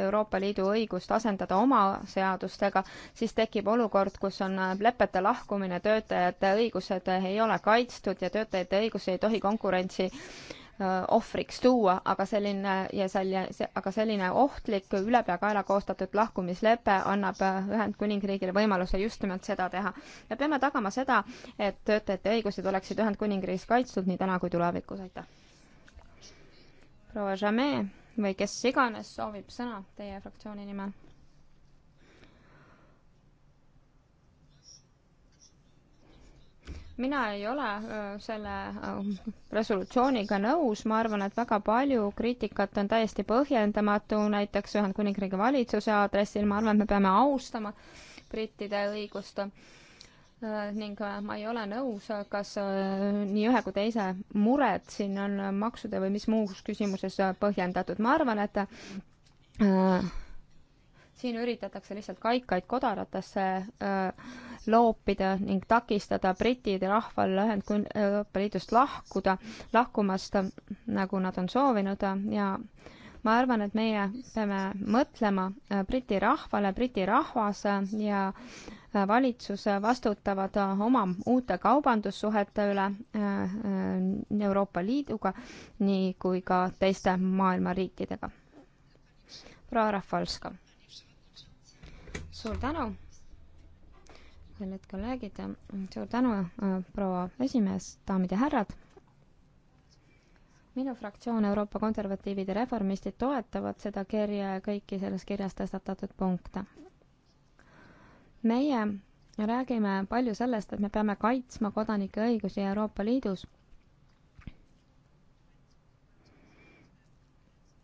Euroopa Liidu õigust asendada oma seadustega, siis tekib olukord, kus on lepete lahkumine, töötajate õigused ei ole kaitstud ja töötajate õigusi ei tohi konkurentsi äh, Äh, ohvriks tuua, aga selline ja selline, aga selline ohtlik ülepeakaela koostatud lahkumislepe annab äh, Ühendkuningriigile võimaluse just nimelt seda teha. me peame tagama seda, et töötajate õigused oleksid Ühendkuningriigis kaitstud nii täna kui tulevikus, aitäh. proua Jamet või kes iganes soovib sõna teie fraktsiooni nimel mina ei ole selle resolutsiooniga nõus, ma arvan, et väga palju kriitikat on täiesti põhjendamatu, näiteks Ühendkuningriigi valitsuse aadressil, ma arvan, et me peame austama brittide õigust ning ma ei ole nõus, kas nii ühe kui teise mured siin on maksude või mis muus küsimuses põhjendatud, ma arvan, et äh, siin üritatakse lihtsalt kaikaid kodaratesse äh, loopida ning takistada brittide rahval Ühendkun-, äh, Euroopa Liidust lahkuda, lahkumast, äh, nagu nad on soovinud äh, ja ma arvan, et meie peame mõtlema Briti rahvale, Briti rahvas ja valitsus vastutavad oma uute kaubandussuhete üle Euroopa Liiduga, nii kui ka teiste maailma riikidega. proua Rafalska. suur tänu kallid kolleegid, suur tänu, äh, proua esimees, daamid ja härrad. minu fraktsioon, Euroopa Konservatiivid ja Reformistid toetavad seda kirja ja kõiki selles kirjas tõstatatud punkte. meie räägime palju sellest, et me peame kaitsma kodanike õigusi Euroopa Liidus.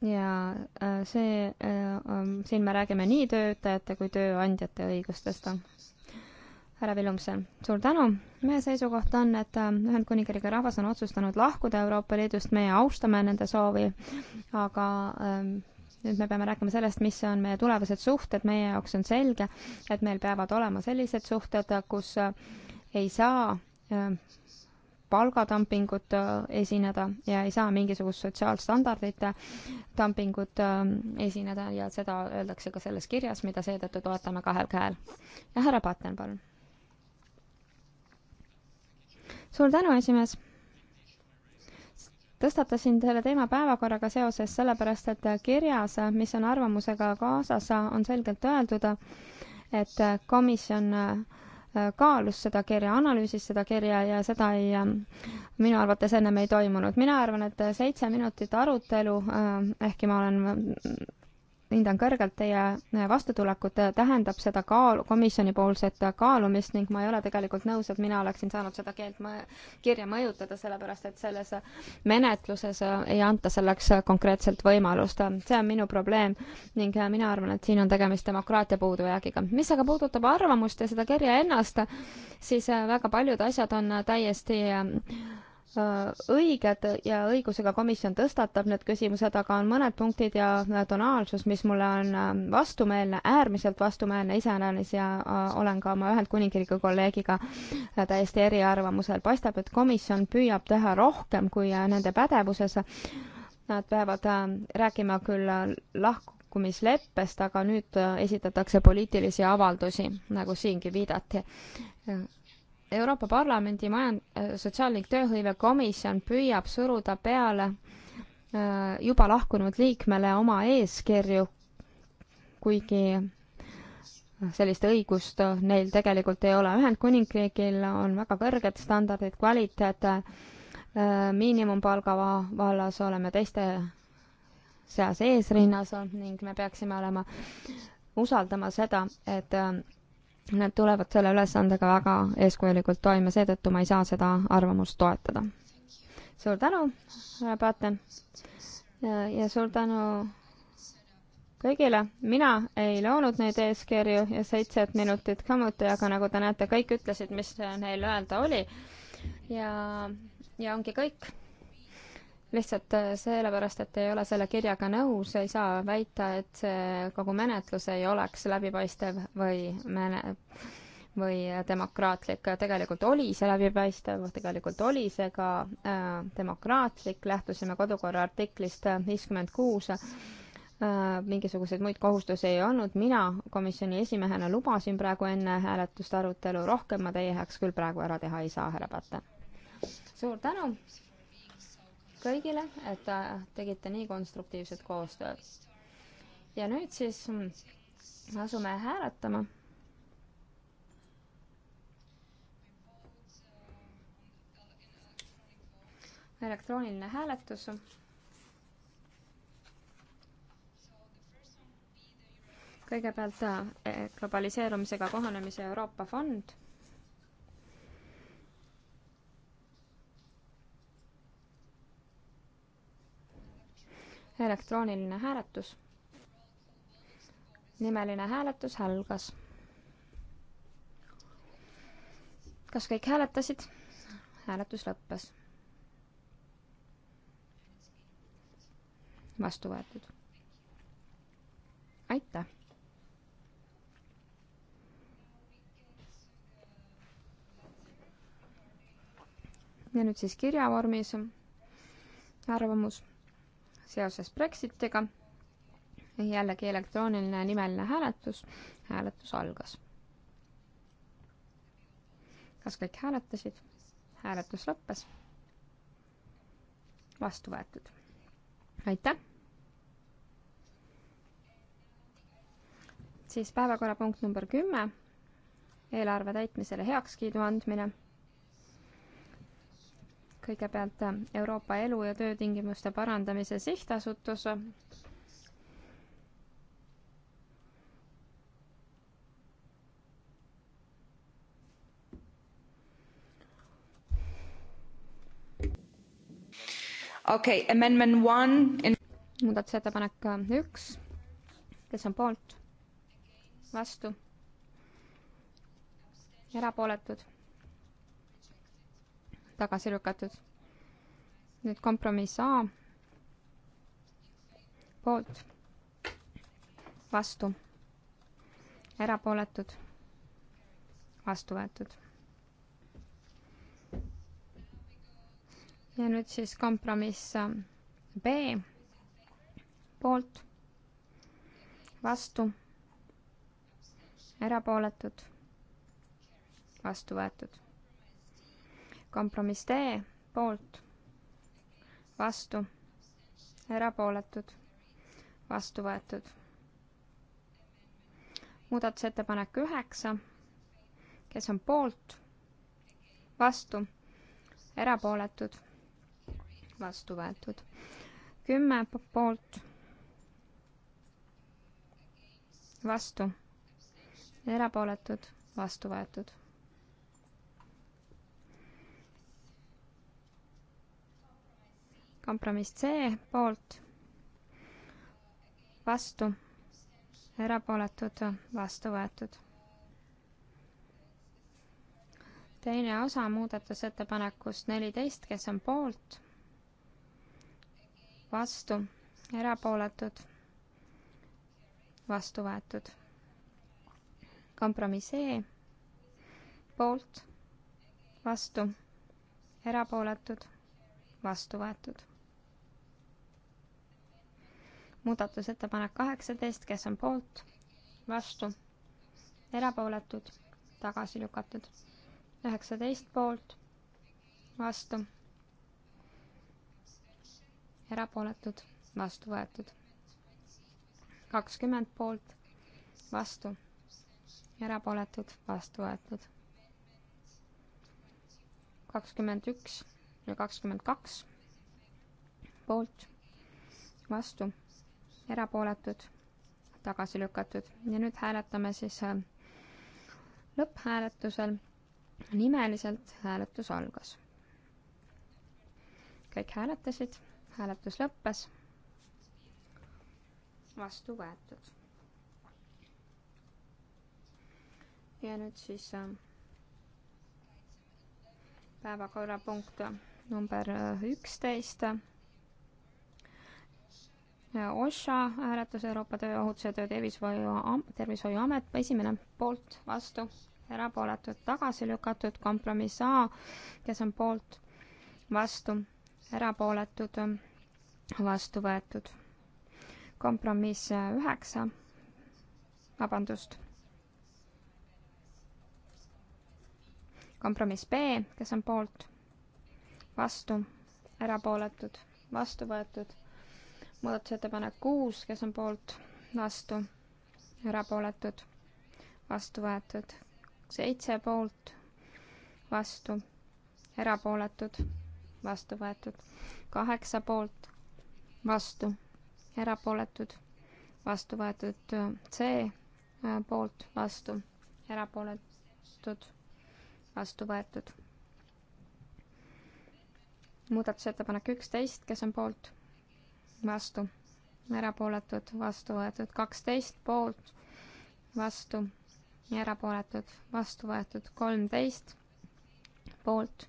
ja äh, see, äh, siin me räägime nii töötajate kui tööandjate õigustest härra Villumsen, suur tänu. meie seisukoht on, et äh, Ühendkuningriigi rahvas on otsustanud lahkuda Euroopa Liidust, meie austame nende soovi, aga ähm, nüüd me peame rääkima sellest, mis on meie tulevased suhted, meie jaoks on selge, et meil peavad olema sellised suhted, kus äh, ei saa ähm, äh, palgadampingut esineda ja ei saa mingisugust sotsiaalstandardite dumpingut äh, esineda ja seda öeldakse ka selles kirjas, mida seetõttu toetame kahel käel. ja härra Patten, palun suur tänu, esimees! tõstatasin selle teema päevakorraga seoses sellepärast, et kirjas, mis on arvamusega kaasas, on selgelt öeldud, et komisjon äh, kaalus seda kirja, analüüsis seda kirja ja seda ei, äh, minu arvates ennem ei toimunud. mina arvan, et seitse minutit arutelu, äh, ehkki ma olen hindan kõrgelt teie äh, vastutulekut, äh, tähendab seda kaalu, komisjonipoolset äh, kaalumist ning ma ei ole tegelikult nõus, et mina oleksin saanud seda keelt mõ-, kirja mõjutada, sellepärast et selles menetluses ei anta selleks konkreetselt võimalust. see on minu probleem ning mina arvan, et siin on tegemist demokraatia puudujäägiga. mis aga puudutab arvamust ja seda kirja ennast, siis väga paljud asjad on täiesti Äh, õiged ja õigusega komisjon tõstatab need küsimused, aga on mõned punktid ja tonaalsus, mis mulle on ähm, vastumeelne, äärmiselt vastumeelne iseäranis ja äh, olen ka oma Ühendkuningriigi kolleegiga äh, täiesti eriarvamusel. paistab, et komisjon püüab teha rohkem kui nende pädevuses. Nad peavad ähm, rääkima küll lahkumisleppest, aga nüüd esitatakse poliitilisi avaldusi, nagu siingi viidati Euroopa Parlamendi majand-, äh, sotsiaalne tööhõivekomisjon püüab suruda peale äh, juba lahkunud liikmele oma eeskirju, kuigi sellist õigust neil tegelikult ei ole. Ühendkuningriigil on väga kõrged standardid, kvaliteet, äh, miinimumpalga vallas oleme teiste seas eesrinnas ning me peaksime olema, usaldama seda, et Nad tulevad selle ülesandega väga eeskujulikult toime, seetõttu ma ei saa seda arvamust toetada. suur tänu, härra Paate. ja suur tänu kõigile. mina ei loonud neid eeskirju ja seitset minutit samuti, aga nagu te näete, kõik ütlesid, mis neil öelda oli. ja, ja ongi kõik lihtsalt äh, sellepärast, et ei ole selle kirjaga nõus, ei saa väita, et see kogu menetlus ei oleks läbipaistev või mene-, või demokraatlik. tegelikult oli see läbipaistev, tegelikult oli see ka äh, demokraatlik, lähtusime kodukorra artiklist viiskümmend kuus äh, mingisuguseid muid kohustusi ei olnud, mina komisjoni esimehena lubasin praegu enne hääletust arutelu, rohkem ma teie heaks küll praegu ära teha ei saa, härra Patten. suur tänu! kõigile, et äh, tegite nii konstruktiivset koostööd. ja nüüd siis mm, asume hääletama. elektrooniline hääletus. kõigepealt äh, globaliseerumisega kohanemise Euroopa fond elektrooniline hääletus. nimeline hääletus algas. kas kõik hääletasid? hääletus lõppes. vastu võetud. aitäh. ja nüüd siis kirjavormis arvamus seoses Brexitiga. jällegi elektrooniline nimeline hääletus. hääletus algas. kas kõik hääletasid? hääletus lõppes. vastu võetud. aitäh. siis päevakorrapunkt number kümme, eelarve täitmisele heakskiidu andmine kõigepealt Euroopa Elu- ja Töötingimuste Parandamise Sihtasutus. okei okay,, amendment one in.... muudatusettepanek üks, kes on poolt? vastu? erapooletud? tagasi lükatud. nüüd kompromiss A. poolt, vastu, erapooletud, vastu võetud. ja nüüd siis kompromiss B. poolt, vastu, erapooletud, vastu võetud kompromiss D poolt, vastu, erapooletud, vastu võetud. muudatusettepanek üheksa, kes on poolt, vastu, erapooletud, vastu võetud. kümme poolt, vastu, erapooletud, vastu võetud kompromiss C poolt, vastu, erapooletud, vastu võetud. teine osa muudatusettepanekust neliteist, kes on poolt, vastu, erapooletud, vastu võetud. kompromiss E poolt, vastu, erapooletud, vastu võetud muudatusettepanek kaheksateist, kes on poolt, vastu, erapooletud, tagasi lükatud. üheksateist poolt, vastu, erapooletud, vastu võetud. kakskümmend poolt, vastu, erapooletud, vastu võetud. kakskümmend üks ja kakskümmend kaks poolt, vastu erapooletud, tagasi lükatud ja nüüd hääletame siis äh, lõpphääletusel. nimeliselt hääletus algas. kõik hääletasid, hääletus lõppes. vastu võetud. ja nüüd siis äh, päevakorrapunkt äh, number üksteist OSHA hääletus Euroopa Tööohutuse ja Töötervishoiu, Tervishoiuamet, esimene poolt, vastu, erapooletud, tagasi lükatud, kompromiss A, kes on poolt, vastu, erapooletud, vastu võetud. kompromiss üheksa, vabandust. kompromiss B, kes on poolt, vastu, erapooletud, vastu võetud muudatusettepanek kuus, kes on poolt, vastu, erapooletud, vastu võetud. seitse poolt, vastu, erapooletud, vastu võetud. kaheksa poolt, vastu, erapooletud, vastu võetud. C äh, poolt, vastu, erapooletud, vastu võetud. muudatusettepanek üksteist, kes on poolt vastu, erapooletud, vastu võetud, kaksteist poolt, vastu, erapooletud, vastu võetud, kolmteist poolt,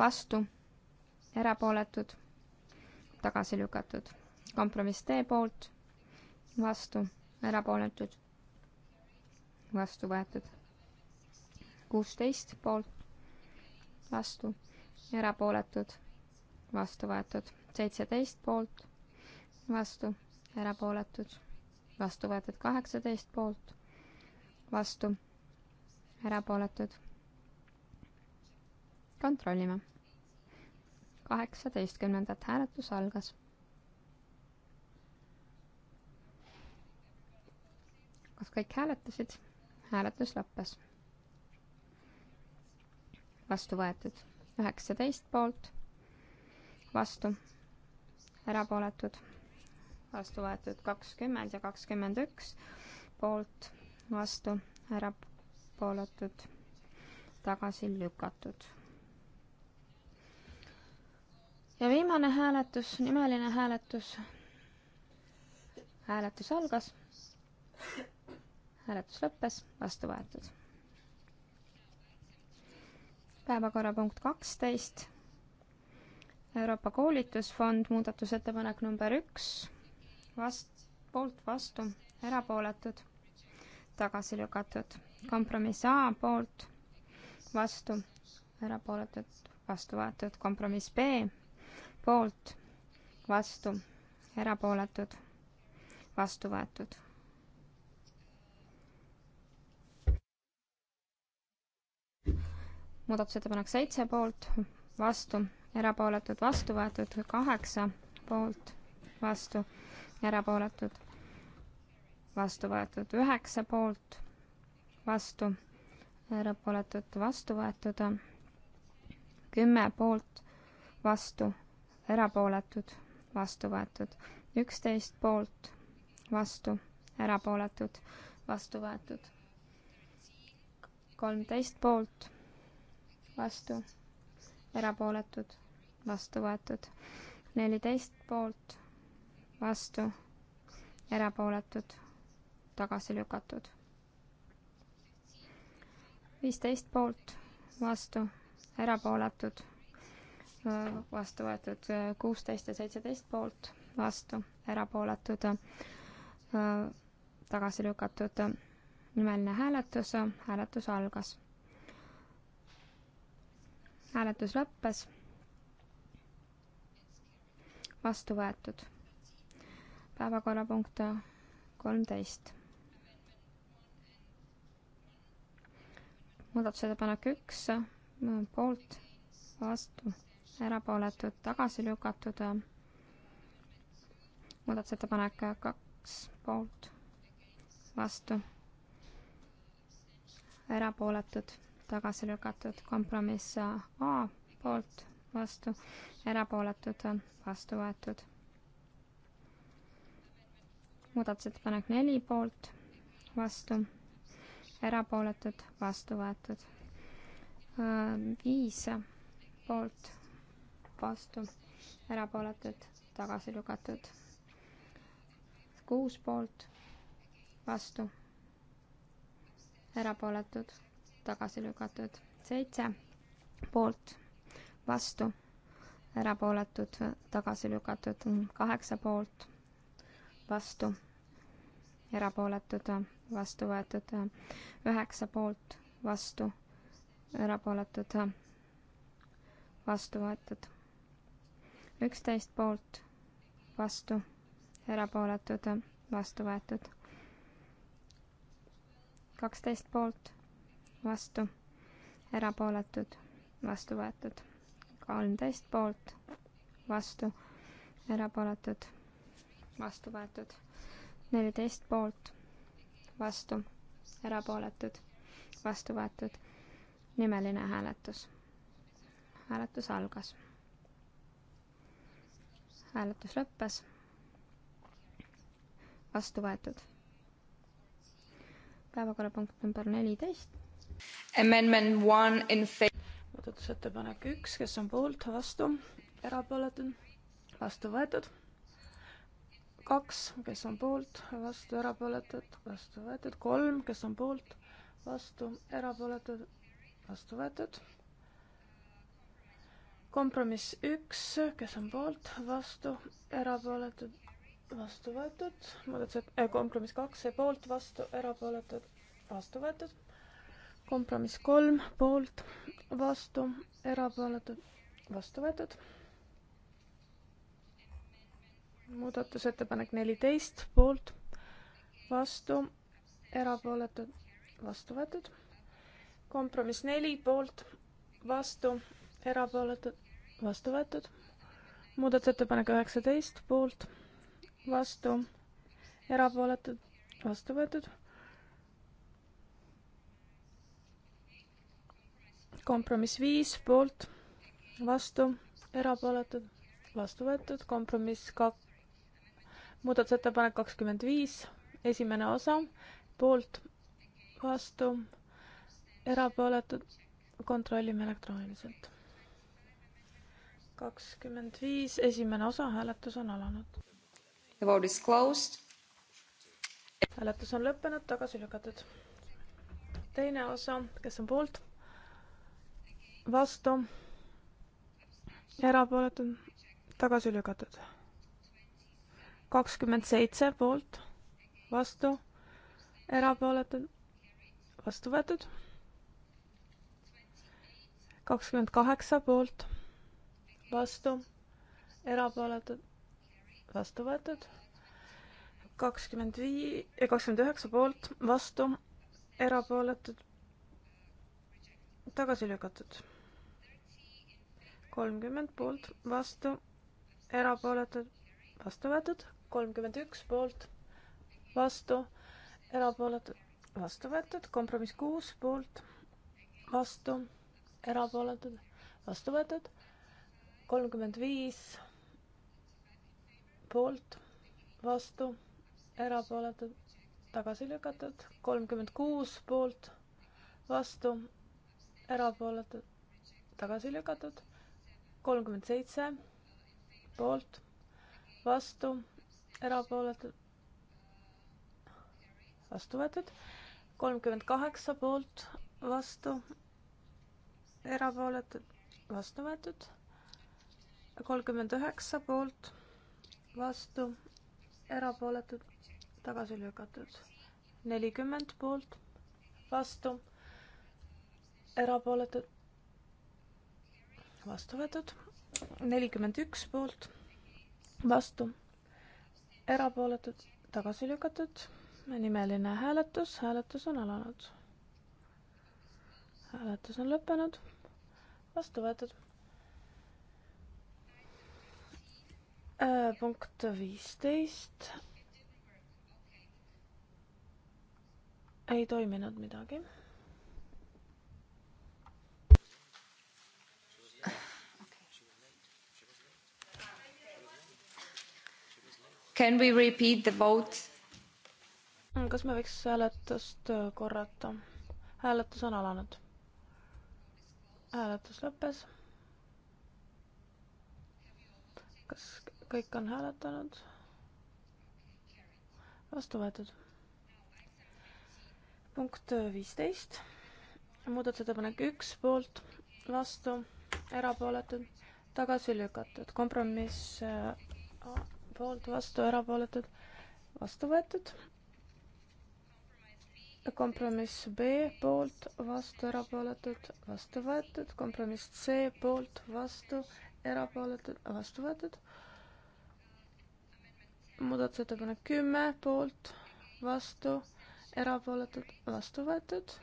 vastu, erapooletud, tagasi lükatud. kompromiss D poolt, vastu, erapooletud, vastu võetud. kuusteist poolt, vastu, erapooletud, vastu võetud seitseteist poolt, vastu, erapooletud, vastu võetud kaheksateist poolt, vastu, erapooletud. kontrollime. kaheksateistkümnendat hääletus algas. kas kõik hääletasid? hääletus lõppes. vastu võetud üheksateist poolt, vastu erapooletud, vastu võetud kakskümmend ja kakskümmend üks, poolt, vastu, erapooletud, tagasi lükatud. ja viimane hääletus, nimeline hääletus. hääletus algas, hääletus lõppes, vastu võetud päevakorrapunkt kaksteist Euroopa koolitusfond, muudatusettepanek number üks, vast-, poolt, vastu, erapooletud, tagasi lükatud. kompromiss A poolt, vastu, erapooletud, vastu võetud. kompromiss B poolt, vastu, erapooletud, vastu võetud muudatusettepanek seitse poolt, vastu, erapooletud, vastu võetud kaheksa poolt, vastu, erapooletud, vastu võetud üheksa poolt, vastu, erapooletud, vastu võetud kümme poolt, vastu, erapooletud, vastu võetud üksteist poolt, vastu, erapooletud, vastu võetud kolmteist poolt, vastu erapooletud, vastu võetud. neliteist poolt, vastu, erapooletud, tagasi lükatud. viisteist poolt, vastu, erapooletud, vastu võetud kuusteist ja seitseteist poolt, vastu, erapooletud, tagasi lükatud. nimeline hääletus, hääletus algas hääletus lõppes vastu võetud. päevakorrapunkt kolmteist. muudatusettepanek üks, poolt, vastu, erapooletud, tagasi lükatud. muudatusettepanek kaks, poolt, vastu, erapooletud, tagasi lükatud, kompromiss A poolt vastu, erapooletud, vastu võetud. muudatusettepanek neli poolt, vastu, erapooletud, vastu võetud. viis poolt, vastu, erapooletud, tagasi lükatud. kuus poolt, vastu, erapooletud, tagasi lükatud. seitse poolt vastu, erapooletud, tagasi lükatud, kaheksa poolt, vastu, erapooletud, vastu võetud, üheksa poolt, vastu, erapooletud, vastu võetud, üksteist poolt, vastu, erapooletud, vastu võetud, kaksteist poolt, vastu, erapooletud, vastu võetud kolmteist poolt, vastu, erapooletud, vastu võetud. neliteist poolt, vastu, erapooletud, vastu võetud. nimeline hääletus. hääletus algas. hääletus lõppes. vastu võetud. päevakorrapunkt number neliteist. Amendment one in favor muudatusettepanek üks, kes on poolt, vastu, erapooletud, vastu võetud. kaks, kes on poolt, vastu, erapooletud, vastu võetud. kolm, kes on poolt, vastu, erapooletud, vastu võetud. kompromiss üks, kes on poolt, vastu, erapooletud, vastu võetud. muudatused eh,, kompromiss kaks, poolt, vastu, erapooletud, vastu võetud kompromiss kolm poolt, vastu, erapooletud, vastu võetud. muudatusettepanek neliteist poolt, vastu, erapooletud, vastu võetud. kompromiss neli poolt, vastu, erapooletud, vastu võetud. muudatusettepanek üheksateist poolt, vastu, erapooletud, vastu võetud kompromiss viis poolt, vastu, erapooletud, vastu võetud, kompromiss kak-, muudatusettepanek kakskümmend viis, esimene osa, poolt, vastu, erapooletud, kontrollime elektrooniliselt. kakskümmend viis, esimene osa, hääletus on alanud. The vote is closed. hääletus on lõppenud, tagasi lükatud. teine osa, kes on poolt? vastu, erapooletud, tagasi lükatud. kakskümmend seitse poolt, vastu, erapooletud, vastu võetud. kakskümmend kaheksa poolt, vastu, erapooletud, vastu võetud. kakskümmend viis, eh, kakskümmend üheksa poolt, vastu, erapooletud, tagasi lükatud kolmkümmend poolt, vastu, erapooletud, vastu võetud, kolmkümmend üks poolt, vastu, erapooletud, vastu võetud, kompromiss kuus poolt, vastu, erapooletud, vastu võetud, kolmkümmend viis poolt, vastu, erapooletud, tagasi lükatud, kolmkümmend kuus poolt, vastu, erapooletud, tagasi lükatud kolmkümmend seitse poolt, vastu, erapooletud, vastu võetud, kolmkümmend kaheksa poolt, vastu, erapooletud, vastu võetud, kolmkümmend üheksa poolt, vastu, erapooletud, tagasi lükatud, nelikümmend poolt, vastu, erapooletud, vastu võetud, nelikümmend üks poolt, vastu, erapooletud, tagasi lükatud, nimeline hääletus, hääletus on alanud. hääletus on lõppenud, vastu võetud äh,. punkt viisteist. ei toiminud midagi Can we repeat the vote? Mm, kas me võiks hääletust äh, korrata? hääletus on alanud. hääletus lõppes. kas kõik on hääletanud? vastu võetud. punkt äh, viisteist, muudatusettepanek üks poolt, vastu, erapooletud, tagasi lükatud, kompromiss äh, poolt, vastu, erapooletud, vastu võetud. kompromiss B poolt, vastu, erapooletud, vastu võetud. kompromiss C poolt, vastu, erapooletud, vastu võetud. muudatusettepanek kümme poolt, vastu, erapooletud, vastu võetud.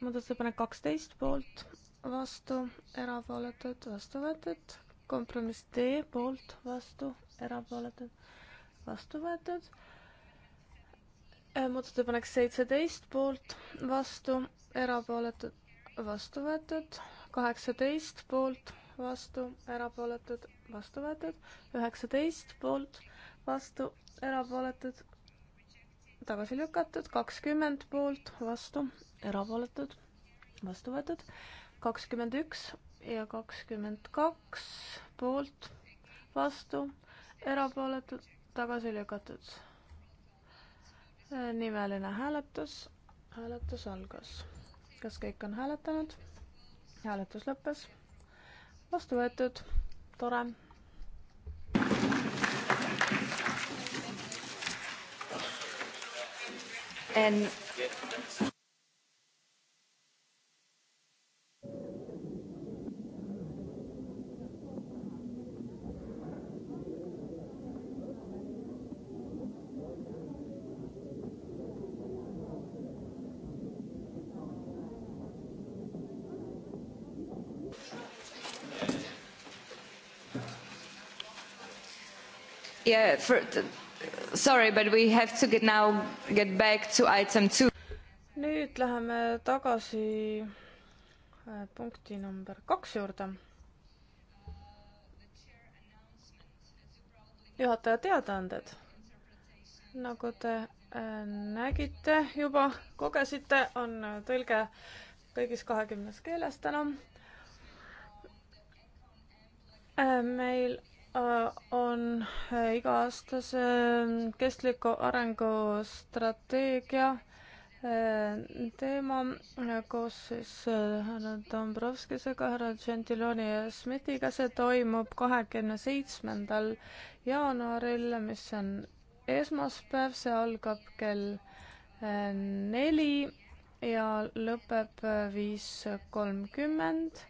muudatusettepanek kaksteist poolt, vastu, erapooletud, vastu võetud kompromiss D poolt vastu, erapooletud, vastu võetud. Äh, muudatusettepanek seitseteist poolt, vastu, erapooletud, vastu võetud, kaheksateist poolt, vastu, erapooletud, vastu võetud, üheksateist poolt, vastu, erapooletud, tagasi lükatud, kakskümmend poolt, vastu, erapooletud, vastu võetud, kakskümmend üks ja kakskümmend kaks poolt, vastu, erapooletud, tagasi lükatud. nimeline hääletus, hääletus algas. kas kõik on hääletanud? hääletus lõppes. vastu võetud, tore. And Yeah, for, sorry, but we have to get now get back to item two. nüüd läheme tagasi äh, punkti number kaks juurde. juhataja teadaanded. nagu te äh, nägite juba, kogesite, on äh, tõlge kõigis kahekümnes keeles täna. meil Äh, on äh, iga-aastase äh, kestliku arengu strateegia teema koos siis härra Dombrovskisega, härra Gentiloni ja Schmidtiga. see toimub kahekümne seitsmendal jaanuaril, mis on esmaspäev, see algab kell neli ja lõpeb viis kolmkümmend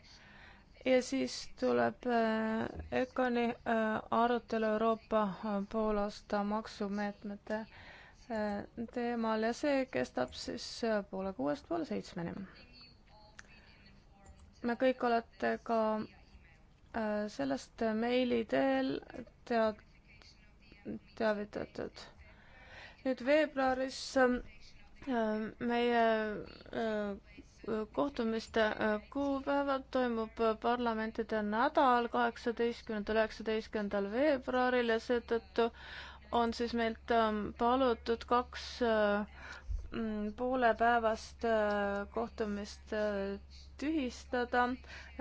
ja siis tuleb äh, ECONi äh, arutelu Euroopa äh, poolaasta maksumeetmete teemal ja see kestab siis poole kuuest poole seitsmeni. me kõik olete ka sellest meili teel tead-, teavitatud. nüüd veebruaris meie kohtumiste äh, kuupäeval toimub äh, parlamentide nädal kaheksateistkümnendal, üheksateistkümnendal veebruaril ja seetõttu on siis meilt ähm, palutud kaks äh, mm, poolepäevast kohtumist tühistada.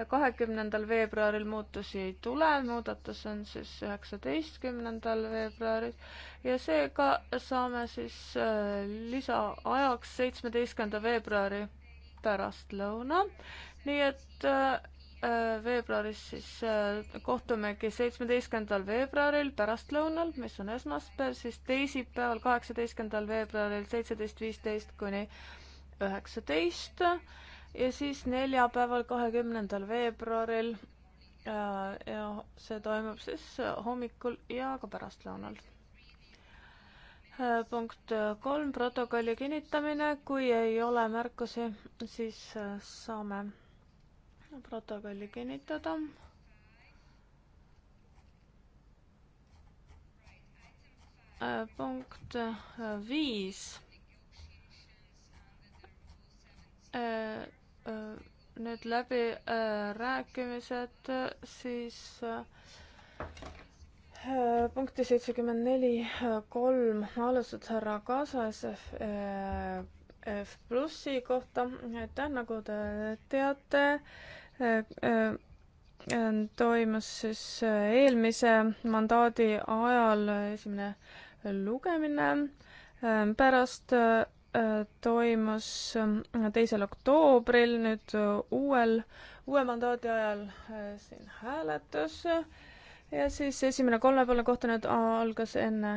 kahekümnendal veebruaril muutusi ei tule, muudatus on siis üheksateistkümnendal veebruaril ja seega saame siis lisaajaks seitsmeteistkümnenda veebruari pärastlõuna. nii et äh, veebruaris siis äh, kohtumegi seitsmeteistkümnendal veebruaril pärastlõunal, mis on esmaspäev, siis teisipäeval, kaheksateistkümnendal veebruaril seitseteist viisteist kuni üheksateist ja siis neljapäeval, kahekümnendal veebruaril äh, ja see toimub siis hommikul ja ka pärastlõunal Äh, punkt äh, kolm, protokolli kinnitamine, kui ei ole märkusi, siis äh, saame protokolli kinnitada. punkt viis nüüd läbirääkimised, siis punkti seitsekümmend neli kolm alustus härra Kaasa SF eh, F plussi kohta, aitäh, nagu te teate, eh, eh, toimus siis eelmise mandaadi ajal esimene lugemine, pärast toimus teisel oktoobril nüüd uuel, uue mandaadi ajal siin hääletus ja siis esimene kolmepoolne kohtumine algas enne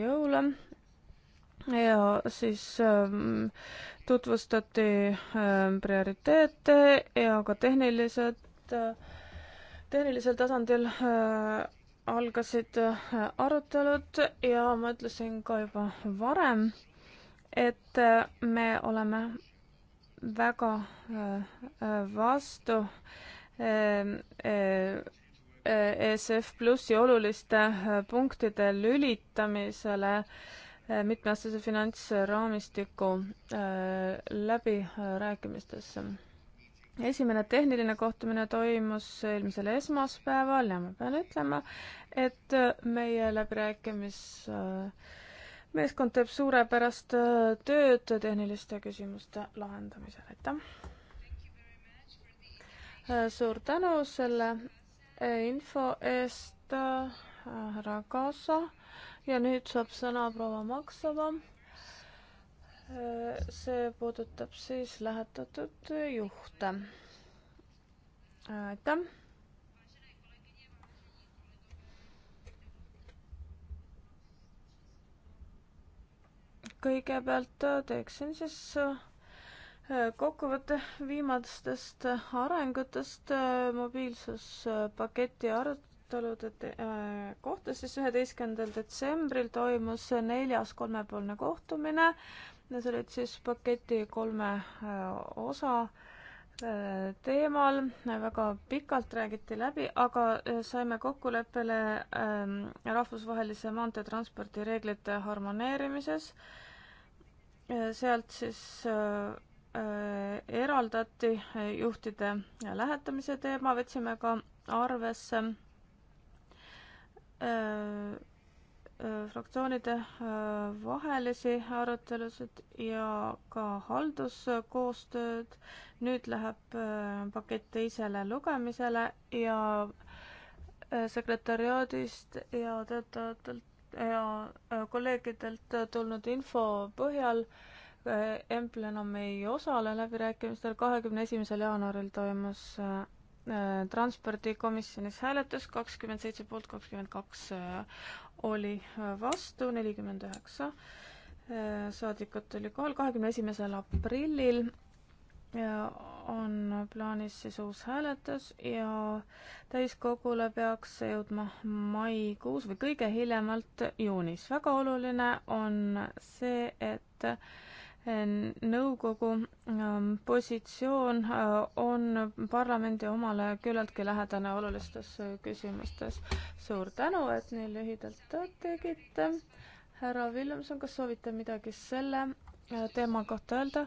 jõule ja siis ähm, tutvustati ähm, prioriteete ja ka tehnilised äh,, tehnilisel tasandil äh, algasid äh, arutelud ja ma ütlesin ka juba varem, et äh, me oleme väga äh, äh vastu äh, äh, ESF Plussi oluliste äh, punktide lülitamisele äh, mitmeaastase finantsraamistiku äh, läbirääkimistesse. esimene tehniline kohtumine toimus eelmisel esmaspäeval ja ma pean ütlema, et meie läbirääkimis meeskond teeb suurepärast tööd tehniliste küsimuste lahendamisel, aitäh! suur tänu selle info eest, äh, härra Kaasa ja nüüd saab sõna proua Maksava. Äh, see puudutab siis lähetatud juhte. aitäh. kõigepealt teeksin siis äh, kokkuvõte viimastest arengutest äh, mobiilsuspaketi äh, arutelude äh, kohta, siis üheteistkümnendal detsembril toimus neljas kolmepoolne kohtumine. Need olid siis paketi kolme osa teemal, väga pikalt räägiti läbi, aga saime kokkuleppele ähm, rahvusvahelise maanteetranspordi reeglite harmoneerimises sealt siis äh, Äh, eraldati juhtide lähetamise teema, võtsime ka arvesse äh, äh, fraktsioonide vahelisi arutelusid ja ka halduskoostööd. nüüd läheb pakett teisele lugemisele ja sekretäriaadist ja töötajatelt ja kolleegidelt tulnud info põhjal äh, Empl enam ei osale läbirääkimistel, kahekümne esimesel jaanuaril toimus äh, transpordikomisjonis hääletus, kakskümmend seitse poolt, kakskümmend kaks äh, oli äh, vastu, nelikümmend üheksa saadikut oli kohal, kahekümne esimesel aprillil ja on plaanis siis uus hääletus ja täiskogule peaks see jõudma maikuus või kõige hiljemalt juunis. väga oluline on see, et nõukogu ähm, positsioon äh, on parlamendi omale küllaltki lähedane olulistes äh, küsimustes. suur tänu, et nii lühidalt tegite. härra Villemson, kas soovite midagi selle äh, teema kohta öelda?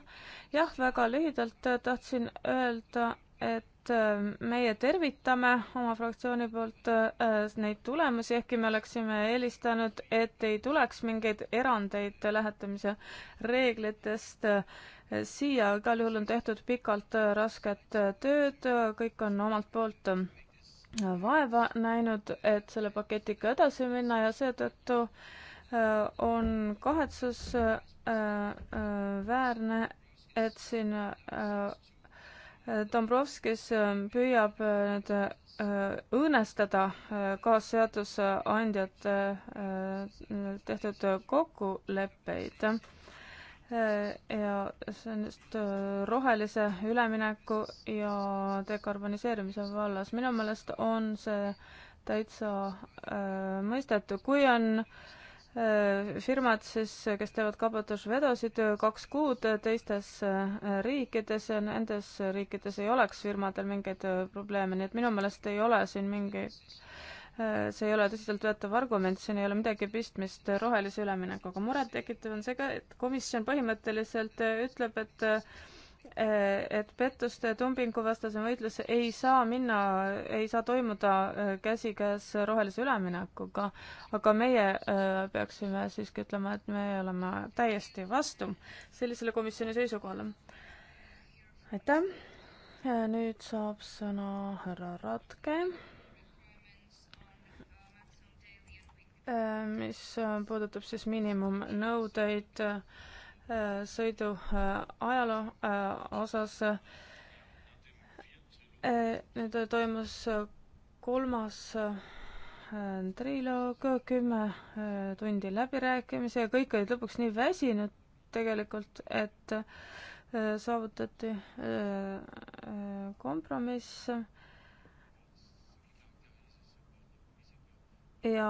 jah, väga lühidalt tahtsin öelda, et Äh, meie tervitame oma fraktsiooni poolt äh, neid tulemusi, ehkki me oleksime eelistanud, et ei tuleks mingeid erandeid lähetamise reeglitest äh, siia, igal juhul on tehtud pikalt rasket tööd, kõik on omalt poolt vaeva näinud, et selle paketiga edasi minna ja seetõttu on kahetsusväärne, et siin Dombrovskis äh, püüab äh, nüüd äh, õõnestada kaasseadusandjate tehtud kokkuleppeid. ja see on just rohelise ülemineku ja dekarboniseerimise vallas. minu meelest on see täitsa mõistetu, kui on äh, Äh, firmad siis, kes teevad kabotažvedusid äh, kaks kuud äh, teistes riikides ja nendes riikides ei oleks firmadel mingeid probleeme, nii et minu meelest ei ole siin mingi see ei ole tõsiseltvõetav argument, siin ei ole midagi pistmist rohelise üleminekuga. murettekitav on see ka, et komisjon põhimõtteliselt ütleb, et et pettuste dumpinguvastase võitlus ei saa minna, ei saa toimuda äh, käsikäes rohelise üleminekuga, aga meie äh, peaksime siiski ütlema, et me oleme täiesti vastu sellisele komisjoni seisukohale. aitäh. Äh, nüüd saab sõna härra Ratke mis puudutab siis miinimumnõudeid sõidu äh, ajaloo äh, osas. Äh, nüüd toimus kolmas triloog, kümme tundi läbirääkimisi ja kõik olid lõpuks nii väsinud tegelikult, et saavutati kompromiss. ja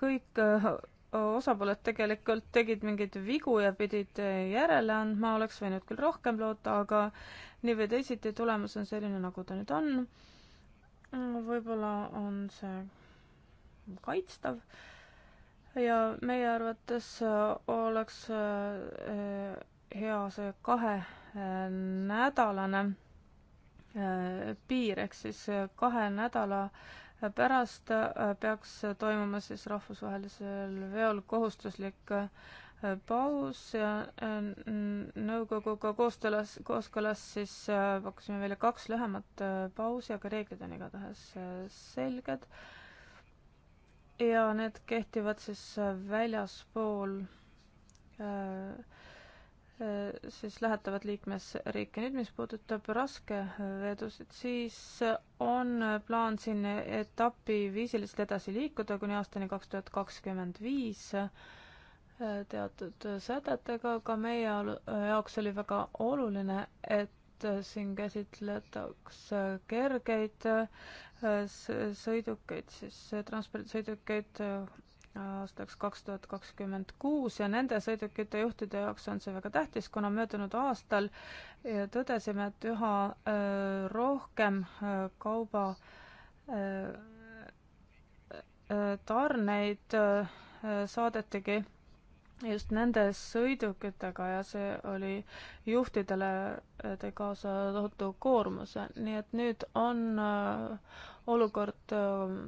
kõik osapooled tegelikult tegid mingeid vigu ja pidid järele andma, oleks võinud küll rohkem loota, aga nii või teisiti tulemus on selline, nagu ta nüüd on. võib-olla on see kaitstav ja meie arvates oleks eh, hea see kahenädalane eh, piir ehk siis kahe nädala pärast äh, peaks toimuma siis rahvusvahelisel veol kohustuslik äh, paus ja äh, nõukoguga kooskõlas, kooskõlas siis pakkusime välja kaks lühemat pausi, aga reeglid on igatahes selged. ja need kehtivad siis väljaspool äh, Äh, siis lähetavad liikmesriike. nüüd, mis puudutab raskevedusid, siis on plaan siin etapiviisiliselt edasi liikuda kuni aastani kaks tuhat kakskümmend viis äh, teatud sädetega, aga meie jaoks oli väga oluline, et siin käsitletakse kergeid äh, sõidukeid, siis transpordisõidukeid aastaks kaks tuhat kakskümmend kuus ja nende sõidukite juhtide jaoks on see väga tähtis, kuna möödunud aastal tõdesime, et üha äh, rohkem äh, kauba äh, tarneid saadetigi just nende sõidukitega ja see oli juhtidele, tõi kaasa tohutu koormuse, nii et nüüd on olukord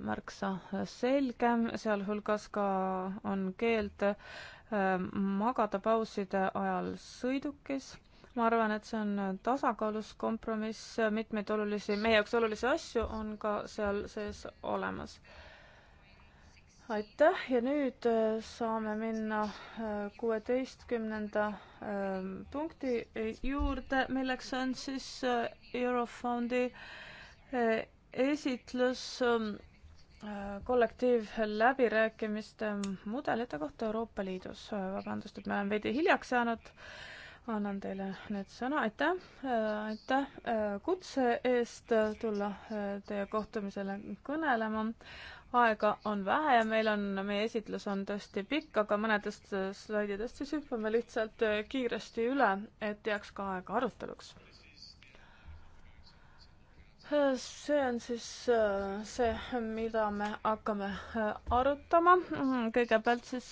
märksa selgem, sealhulgas ka on keeld magada pauside ajal sõidukis. ma arvan, et see on tasakaalus kompromiss, mitmeid olulisi, meie jaoks olulisi asju on ka seal sees olemas. aitäh ja nüüd saame minna kuueteistkümnenda punkti juurde, milleks on siis Eurofondi esitlus ähm, äh, kollektiivläbirääkimiste mudelite kohta Euroopa Liidus. Äh, vabandust, et ma olen veidi hiljaks jäänud. annan teile nüüd sõna, aitäh, äh, aitäh kutse eest tulla teie kohtumisele kõnelema. aega on vähe ja meil on, meie esitlus on tõesti pikk, aga mõnedest slaididest siis hüppame lihtsalt kiiresti üle, et jääks ka aega aruteluks Äh, see on siis äh, see, mida me hakkame äh, arutama. Mhm, kõigepealt siis,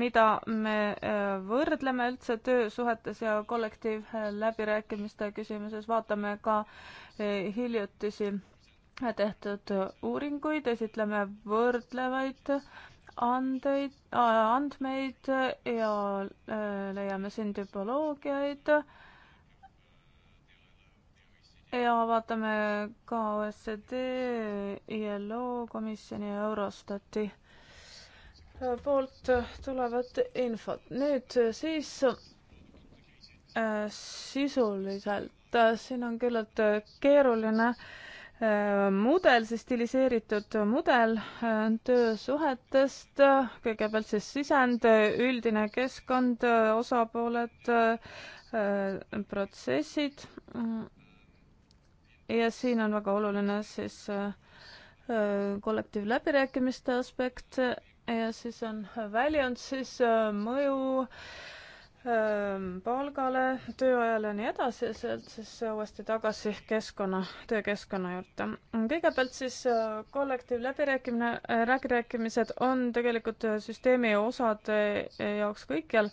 mida me võrdleme üldse töösuhetes ja kollektiivläbirääkimiste küsimuses, vaatame ka hiljutisi tehtud uuringuid, esitleme võrdlevaid andeid, andmeid ja leiame siin tüpoloogiaid ja vaatame ka OECD, ILO komisjoni ja Eurostati poolt tulevat infot. nüüd siis äh, sisuliselt, äh, siin on küllalt keeruline äh, mudel, see stiliseeritud mudel töösuhetest, kõigepealt siis sisend, üldine keskkond, osapooled, protsessid mm, ja siin on väga oluline siis äh, äh, kollektiivläbirääkimiste aspekt ja siis on väljund siis äh, mõju palgale, tööajale ja nii edasi ja sealt siis uuesti tagasi keskkonna, töökeskkonna juurde. kõigepealt siis kollektiivläbirääkimine, läbirääkimised on tegelikult süsteemi osade jaoks kõikjal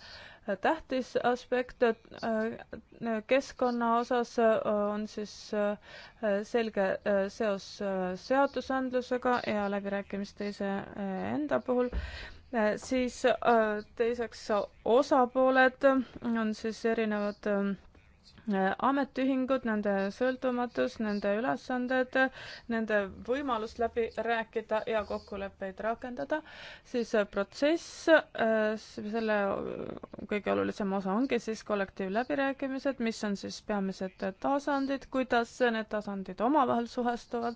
tähtis aspekt keskkonna osas on siis selge seos seadusandlusega ja läbirääkimiste iseenda puhul, siis teiseks osapooled on siis erinevad ametiühingud, nende sõltumatus, nende ülesanded, nende võimalus läbi rääkida ja kokkuleppeid rakendada, siis protsess, äh, selle kõige olulisem osa ongi siis kollektiivläbirääkimised, mis on siis peamised tasandid, kuidas need tasandid omavahel suhestuvad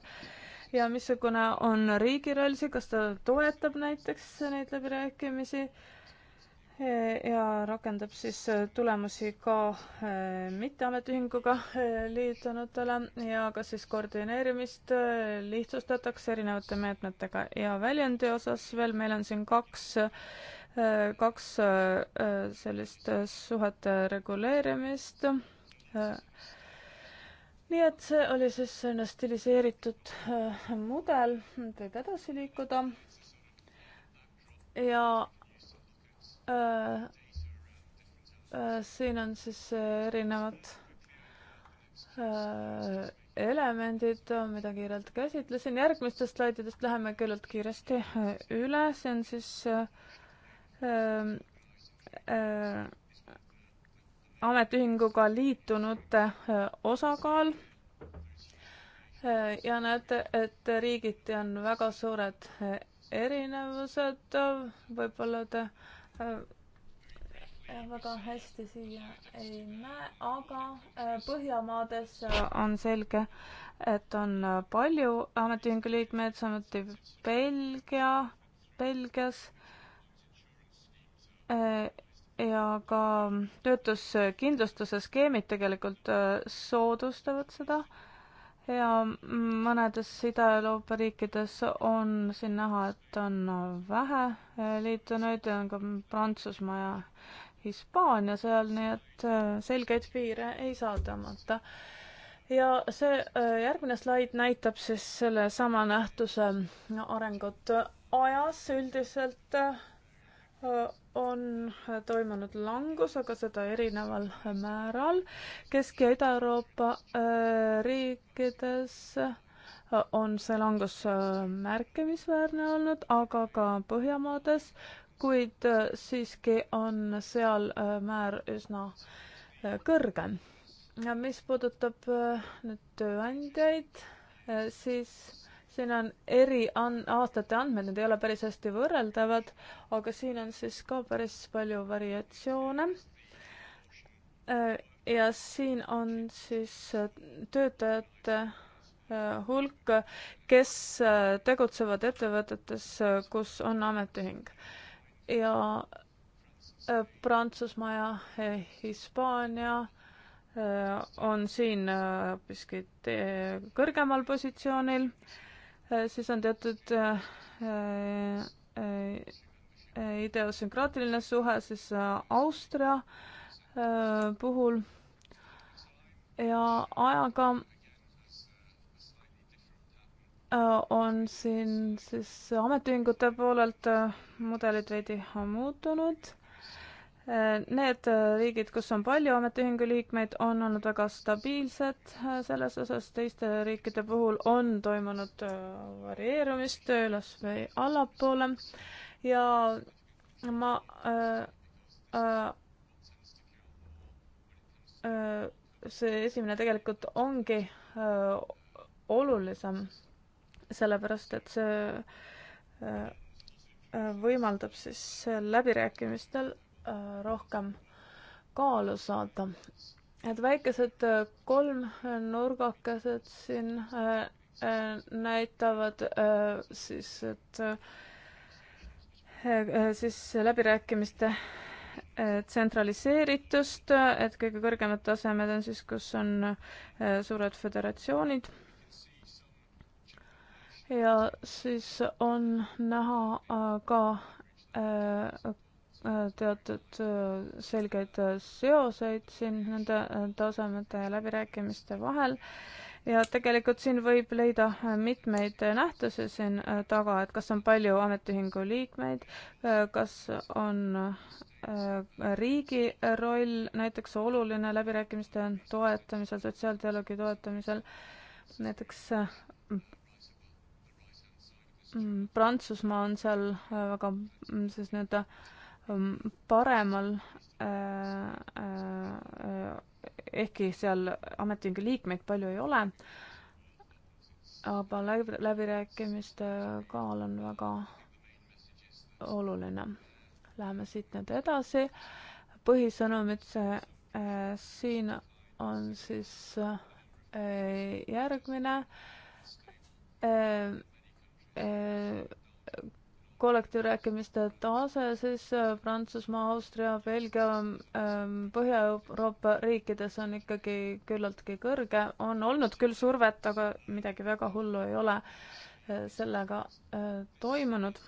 ja missugune on riigi roll siin, kas ta toetab näiteks neid läbirääkimisi E, ja rakendab siis e, tulemusi ka e, mitteametiühinguga liitunutele ja ka siis koordineerimist lihtsustatakse erinevate meetmetega ja väljendi osas veel meil on siin kaks kaks sellist suhete reguleerimist. nii et see oli siis selline stiliseeritud mudel, võib edasi liikuda. ja Äh, äh, siin on siis äh, erinevad elemendid, mida kiirelt käsitlesin, järgmistest slaididest läheme küllalt kiiresti üle, see on siis äh, äh, ametiühinguga liitunute äh, osakaal äh,. ja näete, et riigiti on väga suured äh, erinevused, võib-olla te äh, Äh, äh, väga hästi siia ei näe, aga äh, Põhjamaades on selge, et on palju ametiühingu liikmeid, samuti Belgia, Belgias ja ka töötuskindlustuse skeemid tegelikult soodustavad seda äh, ja mõnedes Ida-Euroopa riikides on siin näha, et on vähe liitunuid ja on ka Prantsusmaa ja Hispaania seal, nii et äh, selgeid piire ei saa tõmmata. ja see äh, järgmine slaid näitab siis sellesama nähtuse arengut ajas üldiselt äh, on toimunud langus, aga seda erineval määral. Kesk- ja Ida-Euroopa äh, riikides äh, on see langus äh, märkimisväärne olnud, aga ka Põhjamaades, kuid siiski on seal määr üsna kõrgem. ja mis puudutab nüüd tööandjaid, siis siin on eri an-, aastate andmed, need ei ole päris hästi võrreldavad, aga siin on siis ka päris palju variatsioone. Äh, ja siin on siis äh, töötajate äh, hulk, kes tegutsevad ettevõtetes, kus on ametiühing. ja Prantsusmaa ja Hispaania on siin hoopiski kõrgemal positsioonil Äh, siis on teatud äh, äh, ideosünkraatiline suhe siis Austria puhul ja ajaga on siin siis ametiühingute poolelt mudelid veidi muutunud Need äh, riigid, kus on palju ametiühingu liikmeid, on olnud väga stabiilsed äh, selles osas, teiste riikide puhul on toimunud äh, varieerumist üles või allapoole ja ma äh, äh, see esimene tegelikult ongi äh, olulisem, sellepärast et see äh, võimaldab siis läbirääkimistel Äh, rohkem kaalu saada. et väikesed äh, kolmnurgakesed siin äh, näitavad siis, et siis läbirääkimiste tsentraliseeritust, et kõige kõrgemad tasemed on siis, kus on suured föderatsioonid. ja siis on näha ka teatud äh, selgeid äh, seoseid siin nende äh, tasemete ja läbirääkimiste vahel ja tegelikult siin võib leida mitmeid nähtusi siin taga, et kas on palju ametiühingu liikmeid, kas on riigi roll näiteks oluline läbirääkimiste toetamisel, sotsiaaldialoogi toetamisel, näiteks mm, Prantsusmaa on seal väga mm, siis nii-öelda äh, Ähm, paremal äh, äh, ehkki seal ametiühingu liikmeid palju ei ole, aga läbi, läbirääkimiste kaal on väga oluline. Läheme siit nüüd edasi. põhisõnumid äh, siin on siis äh, järgmine äh,. Äh, kollektiivrääkimiste tase siis äh, Prantsusmaa, Austria, Belgia, ähm, Põhja-Euroopa riikides on ikkagi küllaltki kõrge, on olnud küll survet, aga midagi väga hullu ei ole äh, sellega äh, toimunud.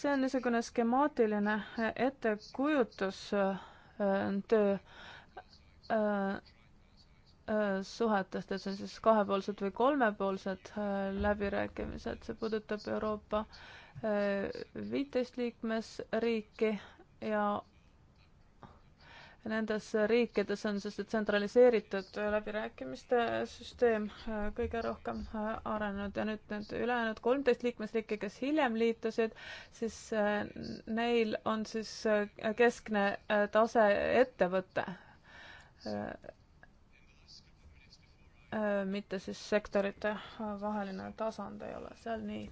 see on niisugune skemaatiline ettekujutus töö Äh, suhetest, et see on siis kahepoolsed või kolmepoolsed äh, läbirääkimised, see puudutab Euroopa äh, viiteist liikmesriiki ja nendes riikides on siis tsentraliseeritud läbirääkimiste süsteem kõige rohkem arenenud ja nüüd need ülejäänud kolmteist liikmesriiki, kes hiljem liitusid, siis neil on siis keskne tase ettevõte Äh, mitte siis sektorite äh, vaheline tasand ei ole seal nii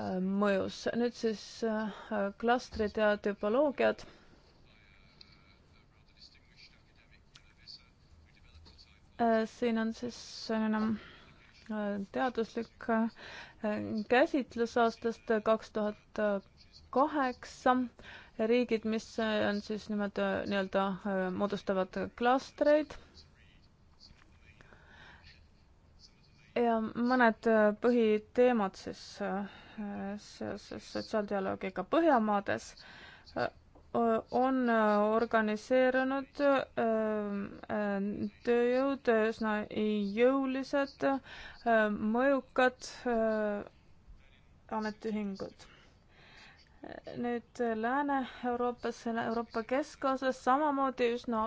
äh, mõjus. nüüd siis klastrid ja tüpoloogiad. siin on siis selline teaduslik käsitlus aastast kaks tuhat kaheksa. riigid, mis on siis nimelt nii-öelda moodustavad klastreid ja mõned äh, põhiteemad siis äh, seoses sotsiaaldialoogiga Põhjamaades äh, on organiseerunud tööjõud üsna jõulised, mõjukad ametiühingud nüüd Lääne-Euroopas, Euroopa keskosas samamoodi üsna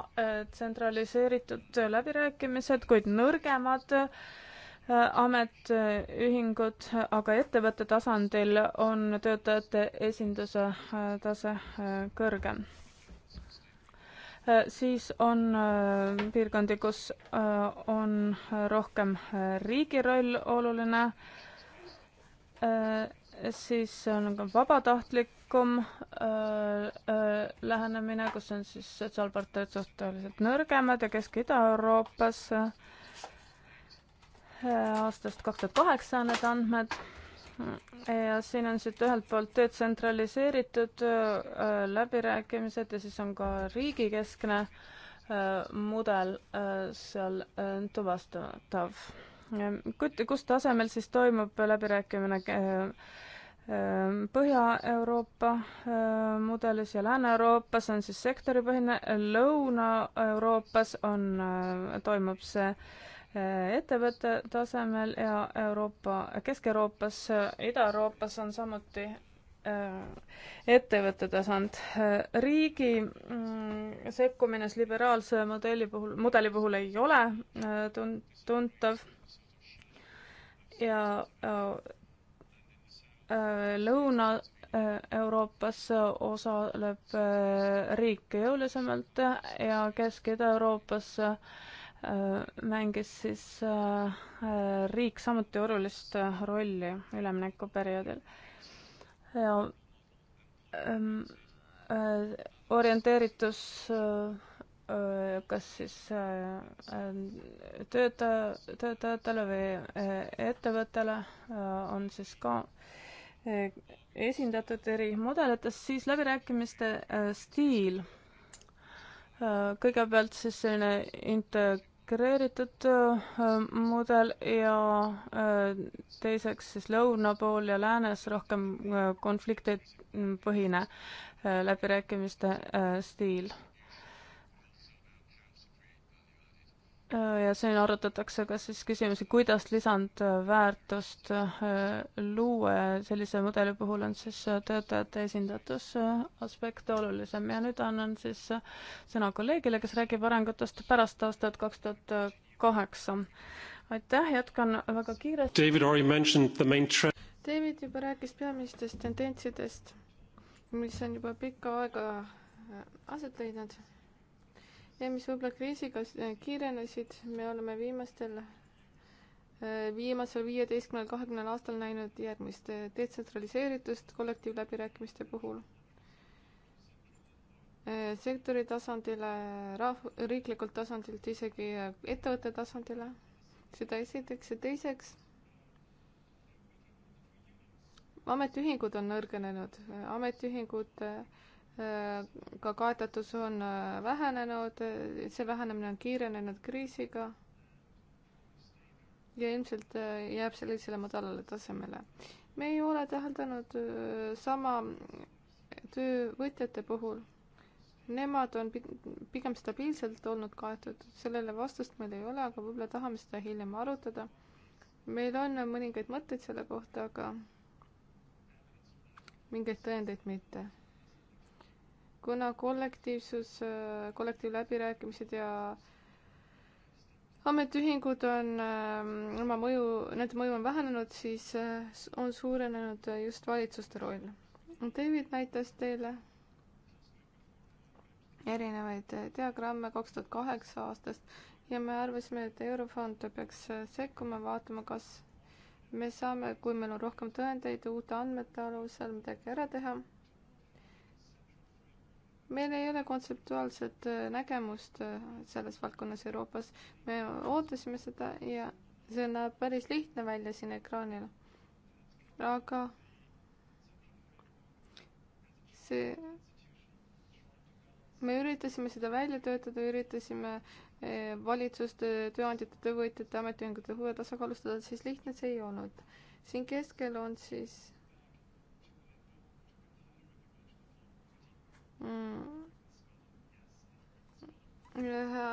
tsentraliseeritud läbirääkimised, kuid nõrgemad ametiühingud, aga ettevõtte tasandil on töötajate esinduse äh, tase äh, kõrgem. Äh, siis on piirkondi, kus on rohkem riigi roll oluline, siis on ka vabatahtlikum lähenemine, kus on siis sotsiaalpartnerid suhteliselt nõrgemad ja Kesk-Ida-Euroopas äh, aastast kaks tuhat kaheksa on need andmed ja siin on siit ühelt poolt detsentraliseeritud äh, läbirääkimised ja siis on ka riigikeskne äh, mudel äh, seal tuvastatav. kus tasemel siis toimub läbirääkimine Põhja-Euroopa mudelis ja Lääne-Euroopas on siis sektoripõhine, Lõuna-Euroopas on, toimub see ettevõtte tasemel ja Euroopa, Kesk-Euroopas, Ida-Euroopas on samuti äh, ettevõtte tasand. Äh, riigi mm, sekkumine liberaalse modeli puhul, mudeli puhul ei ole äh, tun-, tuntav ja Lõuna-Euroopas osaleb riik jõulisemalt ja Kesk-Ida-Euroopas Äh, mängis siis äh, äh, riik samuti olulist rolli üleminekuperioodil. ja ähm, orienteeritus kas siis töötaja, töötajatele või ettevõttele on siis ka esindatud eri mudelites, siis läbirääkimiste stiil. kõigepealt siis selline integ-, integreeritud äh, mudel ja äh, teiseks siis lõuna pool ja läänes rohkem äh, konfliktipõhine läbirääkimiste stiil ja siin arutatakse ka siis küsimusi, kuidas lisandväärtust äh, luua ja sellise mudeli puhul on siis äh, töötajate esindatus äh, aspekt olulisem ja nüüd annan siis sõna kolleegile, kes räägib arengutest pärast aastat kaks tuhat kaheksa. aitäh, jätkan väga kiiresti. David already mentioned the main trend. David juba rääkis peamistest tendentsidest, mis on juba pikka aega aset leidnud ja mis võib-olla kriisiga äh, kiirenesid, me oleme viimastel, äh, viimasel viieteistkümnel, kahekümnel aastal näinud järgmist äh, detsentraliseeritust kollektiivläbirääkimiste puhul sektori tasandile, rahv-, riiklikult tasandilt isegi ettevõtte tasandile, seda esiteks ja teiseks, ametiühingud on nõrgenenud, ametiühingute äh, Äh, ka kaetatus on äh, vähenenud, see vähenemine on kiirenenud kriisiga ja ilmselt äh, jääb sellisele madalale tasemele. me ei ole täheldanud sama töövõtjate puhul. Nemad on pigem stabiilselt olnud kaetud, sellele vastust meil ei ole, aga võib-olla tahame seda hiljem arutada. meil on mõningaid mõtteid selle kohta, aga mingeid tõendeid mitte kuna kollektiivsus, äh, kollektiivläbirääkimised ja ametiühingud on äh, oma mõju, nende mõju on vähenenud, siis äh, on suurenenud just valitsuste roll. David näitas teile erinevaid diagramme kaks tuhat kaheksa aastast ja me arvasime, et Eurofond peaks sekkuma, vaatama, kas me saame, kui meil on rohkem tõendeid uute andmete alusel midagi ära teha meil ei ole kontseptuaalset äh, nägemust äh, selles valdkonnas Euroopas. me ootasime seda ja see näeb päris lihtne välja siin ekraanil. aga see, me üritasime seda välja töötada, üritasime äh, valitsuste, tööandjate, töövõtjate, ametiühingute huve tasakaalustada, siis lihtne see ei olnud. siin keskel on siis Mm. ühe,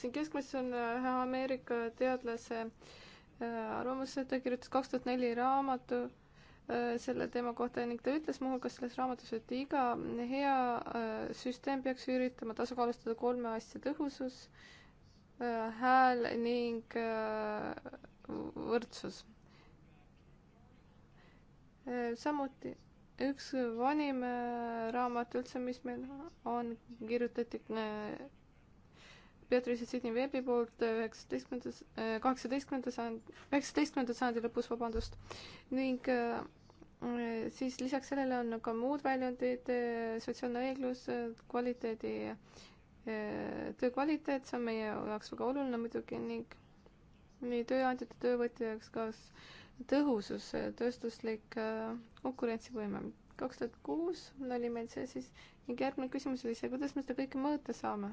siin keskmes on ühe Ameerika teadlase äh, arvamus, ta kirjutas kaks tuhat neli raamatu äh, selle teema kohta ning ta ütles muuhulgas selles raamatus, et iga hea äh, süsteem peaks üritama tasakaalustada kolme asja tõhusus, hääl ning võrdsus. samuti üks vanim äh, raamat üldse, mis meil on, kirjutati äh, Beatrice Sidney veebi poolt üheksateistkümnendas, äh, kaheksateistkümnenda sajand, üheksateistkümnenda sajandi lõpus, vabandust, ning siis lisaks sellele on ka muud väljundid, sotsiaalne õiglus, kvaliteedi, töö kvaliteet, see on meie jaoks väga oluline muidugi ning nii tööandjate, töövõtja jaoks, kas tõhusus, tööstuslik äh, konkurentsivõime. kaks tuhat kuus oli meil see siis ning järgmine küsimus oli see, kuidas me seda kõike mõõta saame.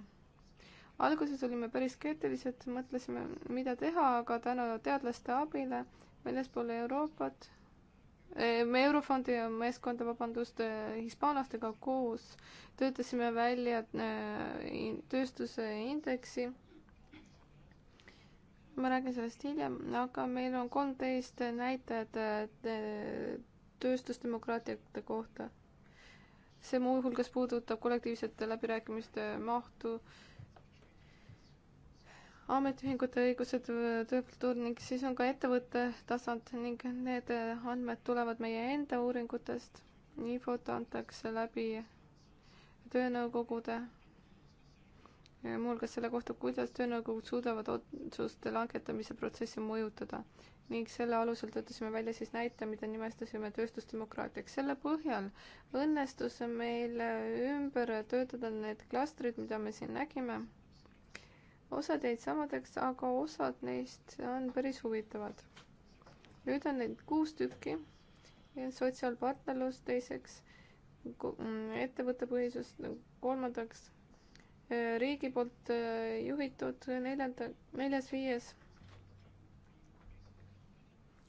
alguses olime päris skeptilised, mõtlesime, mida teha, aga tänu teadlaste abile väljaspool Euroopat, eh, me Eurofondi meeskonda, vabandust, eh, hispaanlastega koos töötasime välja eh, tööstuse indeksi ma räägin sellest hiljem, aga meil on kolmteist näitajat äh, tööstusdemokraatiate kohta. see muuhulgas puudutab kollektiivsete läbirääkimiste mahtu, ametiühingute õigused, töökultuur ning siis on ka ettevõtte tasand ning need andmed tulevad meie enda uuringutest. infot antakse läbi töönõukogude muuhulgas selle kohta, kuidas töönõukogud suudavad otsuste langetamise protsessi mõjutada ning selle alusel töötasime välja siis näite, mida nimestasime tööstusdemokraatiaks. selle põhjal õnnestus meil ümber töötada need klastrid, mida me siin nägime. osad jäid samadeks, aga osad neist on päris huvitavad. nüüd on neid kuus tükki. sotsiaalpartnerlus teiseks, mm, ettevõttepõhisus kolmandaks Äh, riigi poolt äh, juhitud neljanda, neljas, viies.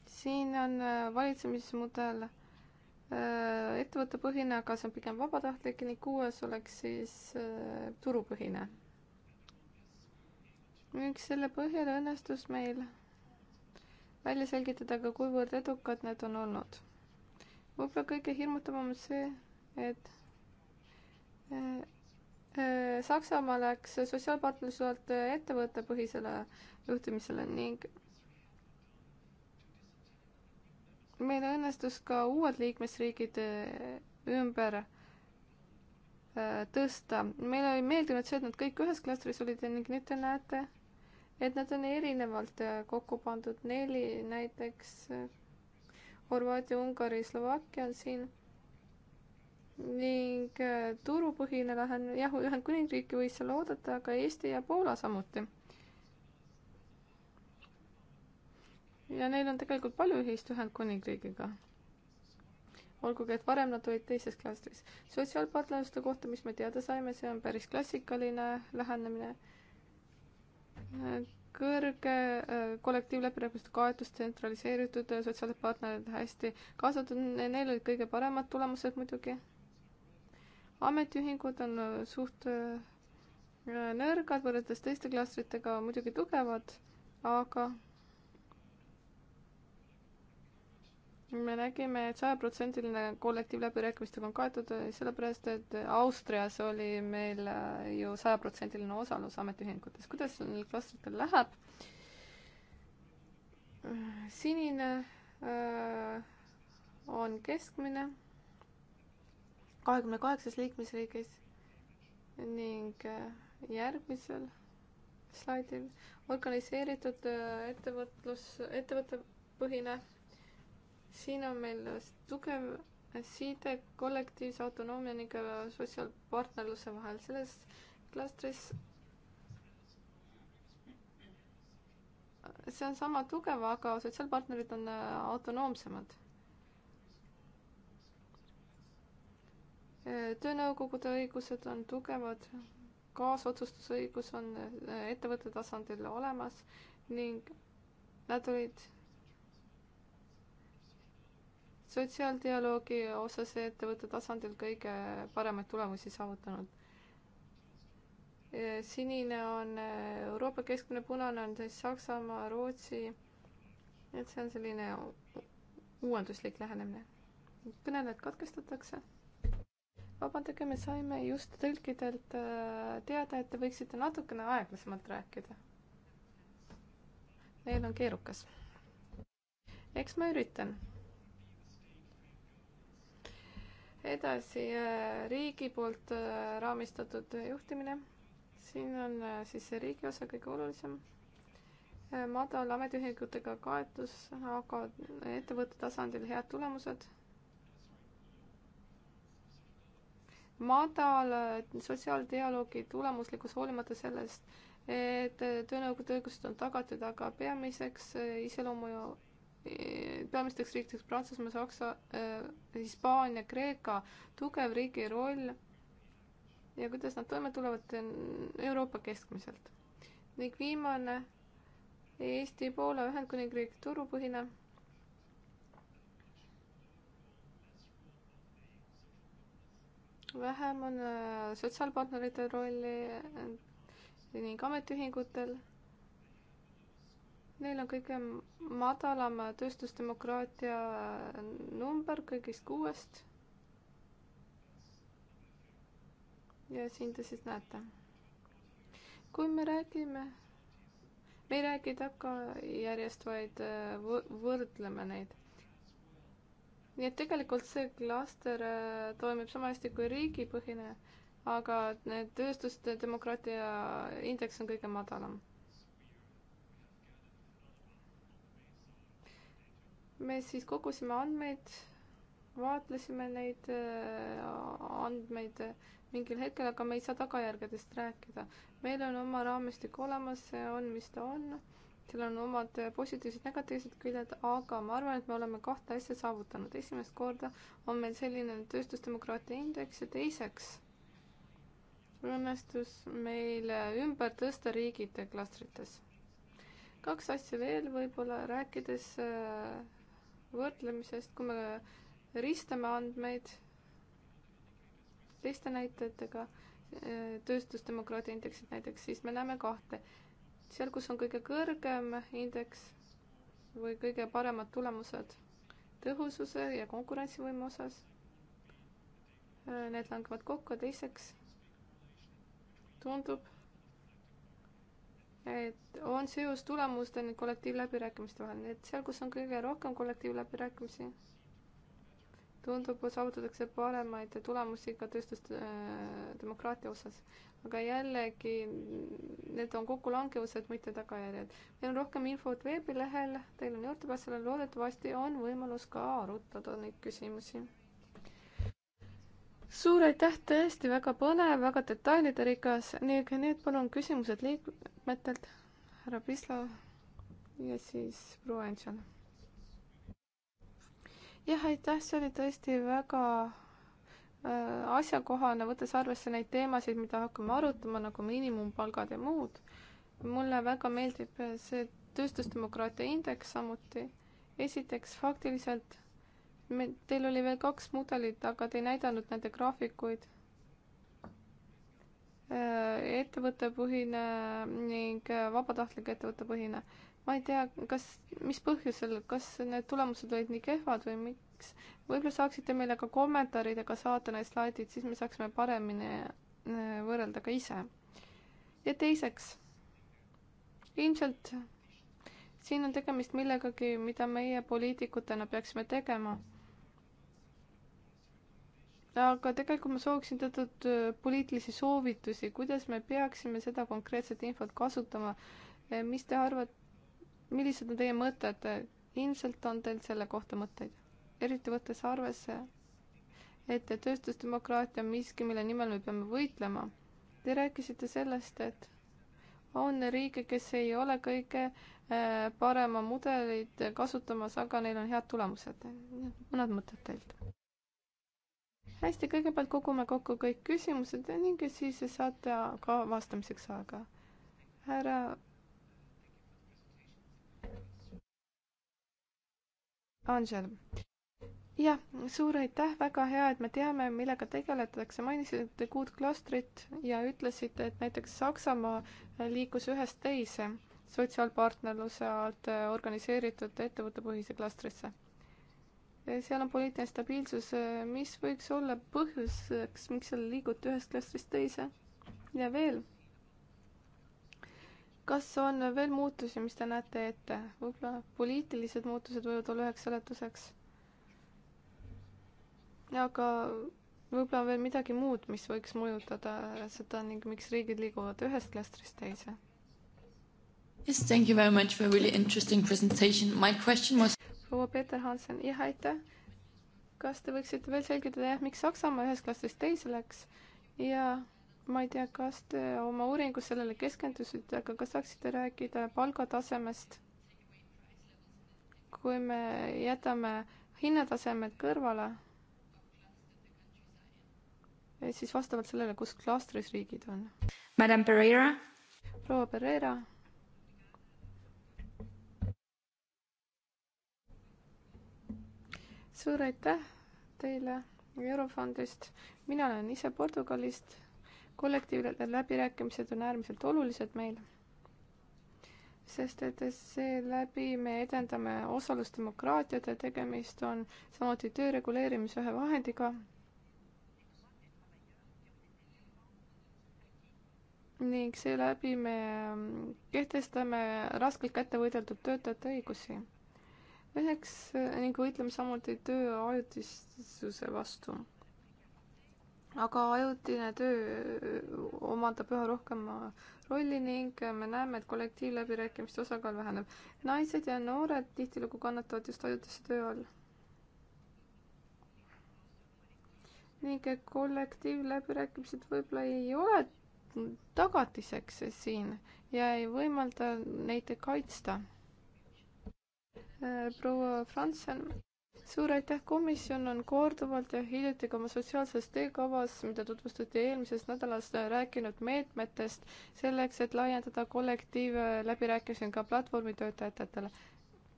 siin on äh, valitsemismudel ettevõttepõhine, aga see on pigem vabatahtlik ning kuues oleks siis turupõhine. üks selle põhjal õnnestus meil välja selgitada ka, kuivõrd edukad need on olnud. võib-olla kõige hirmutavam on see, et Äh, Saksamaa läks sotsiaalpartnerluselt ettevõttepõhisele juhtimisele ning meil õnnestus ka uued liikmesriigid äh, ümber äh, tõsta. meile ei meeldinud see, et nad kõik ühes klastris olid ning nüüd te näete, et nad on erinevalt kokku pandud. neli näiteks Horvaatia, Ungari, Slovakkia on siin ning äh, turupõhine lähen-, jah, Ühendkuningriiki võis seal oodata, aga Eesti ja Poola samuti. ja neil on tegelikult palju ühist Ühendkuningriigiga. olgugi, et varem nad olid teises klastris. sotsiaalpartnerluste kohta, mis me teada saime, see on päris klassikaline lähenemine. kõrge äh, kollektiivläbirääkimiste kaetus, tsentraliseeritud äh, sotsiaalpartnerid hästi kaasatud, neil olid kõige paremad tulemused muidugi ametiühingud on äh, suht äh, nõrgad võrreldes teiste klastritega, muidugi tugevad, aga me nägime et, et sajaprotsendiline kollektiiv läbirääkimistega on kaetud, äh, sellepärast et Austrias oli meil ju sajaprotsendiline osalus ametiühingutes. kuidas neil klastritel läheb? sinine öö, on keskmine kahekümne kaheksas liikmesriigis ning äh, järgmisel slaidil organiseeritud äh, ettevõtlus, ettevõttepõhine. siin on meil äh, tugev side kollektiivse autonoomia ning sotsiaalpartnerluse vahel. selles klastris see on sama tugev, aga sotsiaalpartnerid on autonoomsemad töönõukogude õigused on tugevad, kaasotsustusõigus on äh, ettevõtte tasandil olemas ning nad olid sotsiaaldialoogi osas ettevõtte tasandil kõige paremaid tulemusi saavutanud. Äh, sinine on äh, Euroopa keskmine, punane on siis Saksamaa, Rootsi. et see on selline uuenduslik lähenemine. kõnelejad katkestatakse vabandage, me saime just tõlkidelt äh, teada, et te võiksite natukene aeglasemalt rääkida. Neil on keerukas. eks ma üritan. edasi, äh, riigi poolt äh, raamistatud juhtimine. siin on siis see riigi osa kõige olulisem madal ametiühingutega kaetus, aga ettevõtte tasandil head tulemused madal sotsiaaldialoogi tulemuslikkus hoolimata sellest, et töönõukogude õigused on tagatud, aga peamiseks äh, iseloomu ja äh, peamisteks riikideks Prantsusmaa, Saksa, äh, Hispaania, Kreeka, tugev riigi roll ja kuidas nad toime tulevad Euroopa keskmiselt. ning viimane Eesti, Poola, Ühendkuningriik turupõhine vähem on äh, sotsiaalpartnerite rolli äh, ning ametiühingutel. Neil on kõige madalam tööstusdemokraatia äh, number kõigist kuuest. ja siin te siis näete. kui me räägime, me ei räägi tagajärjest, vaid võrdleme neid nii et tegelikult see klaster äh, toimib sama hästi kui riigipõhine, aga tööstuste demokraatia indeks on kõige madalam. me siis kogusime andmeid, vaatlesime neid äh, andmeid mingil hetkel, aga me ei saa tagajärgedest rääkida. meil on oma raamistik olemas, see on, mis ta on seal on omad äh, positiivsed, negatiivsed küljed, aga ma arvan, et me oleme kahte asja saavutanud. esimest korda on meil selline tööstusdemokraatia indeks ja teiseks õnnestus meil äh, ümber tõsta riigid klastrites. kaks asja veel võib-olla, rääkides äh, võrdlemisest, kui me ristame andmeid teiste näitajatega, tööstusdemokraatia indeksid näiteks, siis me näeme kahte seal, kus on kõige kõrgem indeks või kõige paremad tulemused tõhususe ja konkurentsivõime osas, äh, need langevad kokku, teiseks tundub, et on seos tulemuste ning kollektiivläbirääkimiste vahel, nii et seal, kus on kõige rohkem kollektiivläbirääkimisi tundub, saavutatakse paremaid tulemusi ka tööstusdemokraatia äh, osas. aga jällegi, need on kokkulangevused, mitte tagajärjed. meil on rohkem infot veebilehel, teil on juurdepääs sellele, loodetavasti on võimalus ka arutada neid küsimusi suur aitäh, tõesti väga põnev, väga detailide rikas ning nüüd palun küsimused liikmetelt, härra Pislav ja siis proua Enšal jah, aitäh, see oli tõesti väga äh, asjakohane, võttes arvesse neid teemasid, mida hakkame arutama, nagu miinimumpalgad ja muud. mulle väga meeldib äh, see tööstusdemokraatia indeks samuti. esiteks faktiliselt me, teil oli veel kaks mudelit, aga te ei näidanud nende graafikuid. Äh, ettevõttepõhine ning vabatahtlik ettevõttepõhine ma ei tea, kas, mis põhjusel, kas need tulemused olid nii kehvad või miks. võib-olla saaksite meile ka kommentaaridega saata need slaidid, siis me saaksime paremini äh, võrrelda ka ise. ja teiseks, ilmselt siin on tegemist millegagi, mida meie poliitikutena peaksime tegema. aga tegelikult ma sooviksin teatud äh, poliitilisi soovitusi, kuidas me peaksime seda konkreetset infot kasutama. Äh, mis te arvate? millised on teie mõtted? ilmselt on teil selle kohta mõtteid, eriti võttes arvesse, et tööstusdemokraatia on miski, mille nimel me peame võitlema. Te rääkisite sellest, et on riike, kes ei ole kõige äh, parema mudelit kasutamas, aga neil on head tulemused. mõned mõtted teilt? hästi, kõigepealt kogume kokku kõik küsimused ning siis saate ka vastamiseks aega. härra on seal. jah, suur aitäh, väga hea, et me teame, millega tegeletakse, mainisite kuut klastrit ja ütlesite, et näiteks Saksamaa liikus ühest teise sotsiaalpartnerluse alt organiseeritud ettevõttepõhise klastrisse. seal on poliitiline stabiilsus, mis võiks olla põhjuseks, miks seal liiguti ühest klastrist teise? ja veel kas on veel muutusi, mis te näete ette, võib-olla poliitilised muutused võivad olla üheks seletuseks? aga võib-olla on veel midagi muud, mis võiks mõjutada seda ning miks riigid liiguvad ühest klastrist teise? Yes, thank you very much for a really interesting presentation. My question was proua Peeter Hansen, jah, aitäh. kas te võiksite veel selgitada, jah, miks Saksamaa ühest klassist teise läks ja ma ei tea, kas te oma uuringus sellele keskendusite, aga kas saaksite rääkida palgatasemest? kui me jätame hinnatasemed kõrvale, eh, siis vastavalt sellele, kus klastris riigid on. Madam Pereira. proua Pereira. suur aitäh teile Eurofondist, mina olen ise Portugalist kollektiivsed läbirääkimised on äärmiselt olulised meil, sest et seeläbi me edendame osalusdemokraatiat ja tegemist on samuti töö reguleerimise ühe vahendiga. ning seeläbi me kehtestame raskelt kätte võideldud töötajate õigusi. üheks ning võitleme samuti töö ajutisuse vastu aga ajutine töö omandab üha rohkem äh, rolli ning äh, me näeme, et kollektiivläbirääkimiste osakaal väheneb. naised ja noored tihtilugu kannatavad just ajutise töö all. ning äh, kollektiivläbirääkimised võib-olla ei ole tagatiseks siin ja ei võimalda neid kaitsta. proua Franzen suur aitäh, komisjon on korduvalt ja hiljuti ka oma sotsiaalses teekavas, mida tutvustati eelmisest nädalast, rääkinud meetmetest selleks, et laiendada kollektiivläbirääkimisi ka platvormitöötajatele.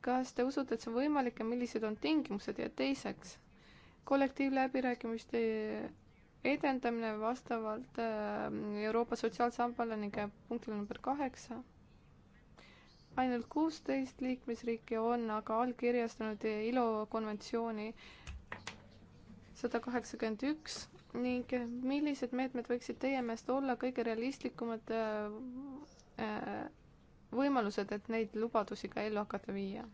kas te usute, et see on võimalik ja millised on tingimused ja teiseks, kollektiivläbirääkimiste edendamine vastavalt äh, Euroopa Sotsiaalsambale ning punktile number kaheksa ainult kuusteist liikmesriiki on aga allkirjastanud ILO konventsiooni sada kaheksakümmend üks ning millised meetmed võiksid teie meelest olla kõige realistlikumad äh, võimalused, et neid lubadusi ka ellu hakata viia?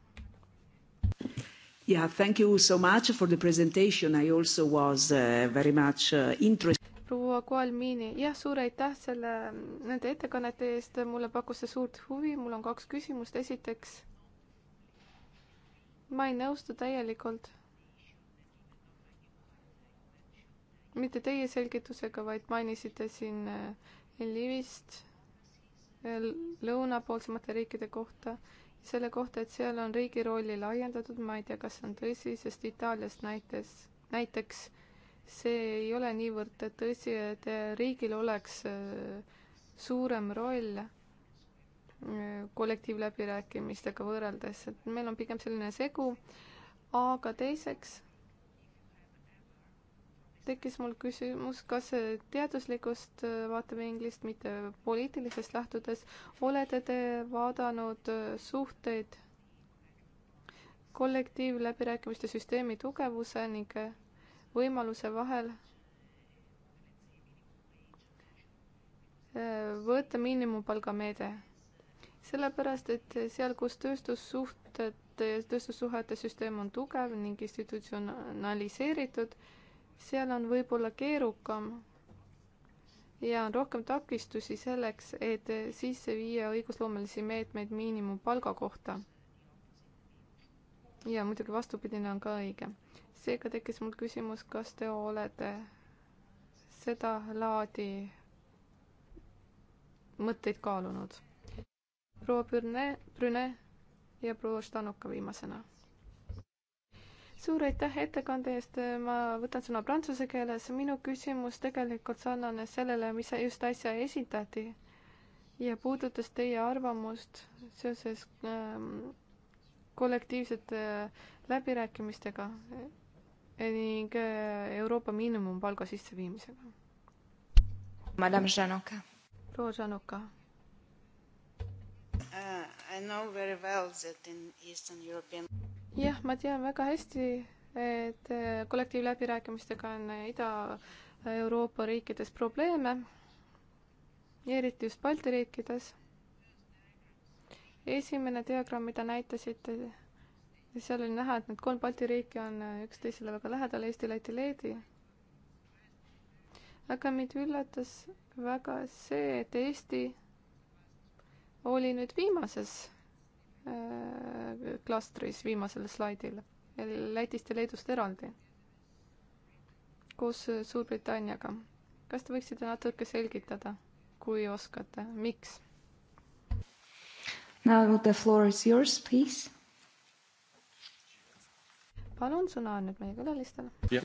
Yeah, thank you so much for the presentation. I also was uh, very much uh, interested proua Koalmini, jah, suur aitäh selle, nende ettekannete eest, mulle pakkus see suurt huvi, mul on kaks küsimust, esiteks ma ei nõustu täielikult mitte teie selgitusega, vaid mainisite siin äh, Lvivist, äh, lõunapoolsemate riikide kohta, selle kohta, et seal on riigi rolli laiendatud, ma ei tea, kas see on tõsi, sest Itaalias näites, näiteks see ei ole niivõrd tõsi, et riigil oleks äh, suurem roll äh, kollektiivläbirääkimistega võrreldes, et meil on pigem selline segu, aga teiseks tekkis mul küsimus, kas teaduslikust äh, vaatevinklist, mitte poliitilisest lähtudes, olete te vaadanud suhteid kollektiivläbirääkimiste süsteemi tugevuse ning võimaluse vahel äh, võtta miinimumpalga meede. sellepärast, et seal, kus tööstussuhted, tööstussuhete süsteem on tugev ning institutsionaliseeritud, seal on võib-olla keerukam ja on rohkem takistusi selleks, et sisse viia õigusloomelisi meetmeid miinimumpalga kohta. ja muidugi vastupidine on ka õige seega tekkis mul küsimus, kas te olete seda laadi mõtteid kaalunud? proua Brüne, Brüne ja proua Štanuka viimasena. suur aitäh ettekande eest, ma võtan sõna prantsuse keeles, minu küsimus tegelikult sarnane sellele, mis just äsja esitati ja puudutas teie arvamust seoses ähm, kollektiivsete äh, läbirääkimistega ning äh, Euroopa miinimumpalga sisseviimisega. Madame Žanoka. proua Žanoka. Uh, jah, ma tean väga hästi, et äh, kollektiivläbirääkimistega on äh, Ida-Euroopa riikides probleeme, eriti just Balti riikides. esimene diagramm, mida näitasite seal oli näha, et need kolm Balti riiki on äh, üksteisele väga lähedal, Eesti, Läti, Leedi. aga mind üllatas väga see, et Eesti oli nüüd viimases äh, klastris, viimasel slaidil, Lätist ja Leedust eraldi, koos äh, Suurbritanniaga. kas te võiksite natuke selgitada, kui oskate, miks? Now the floor is yours, please palun, sõna on nüüd meie külalistele yeah..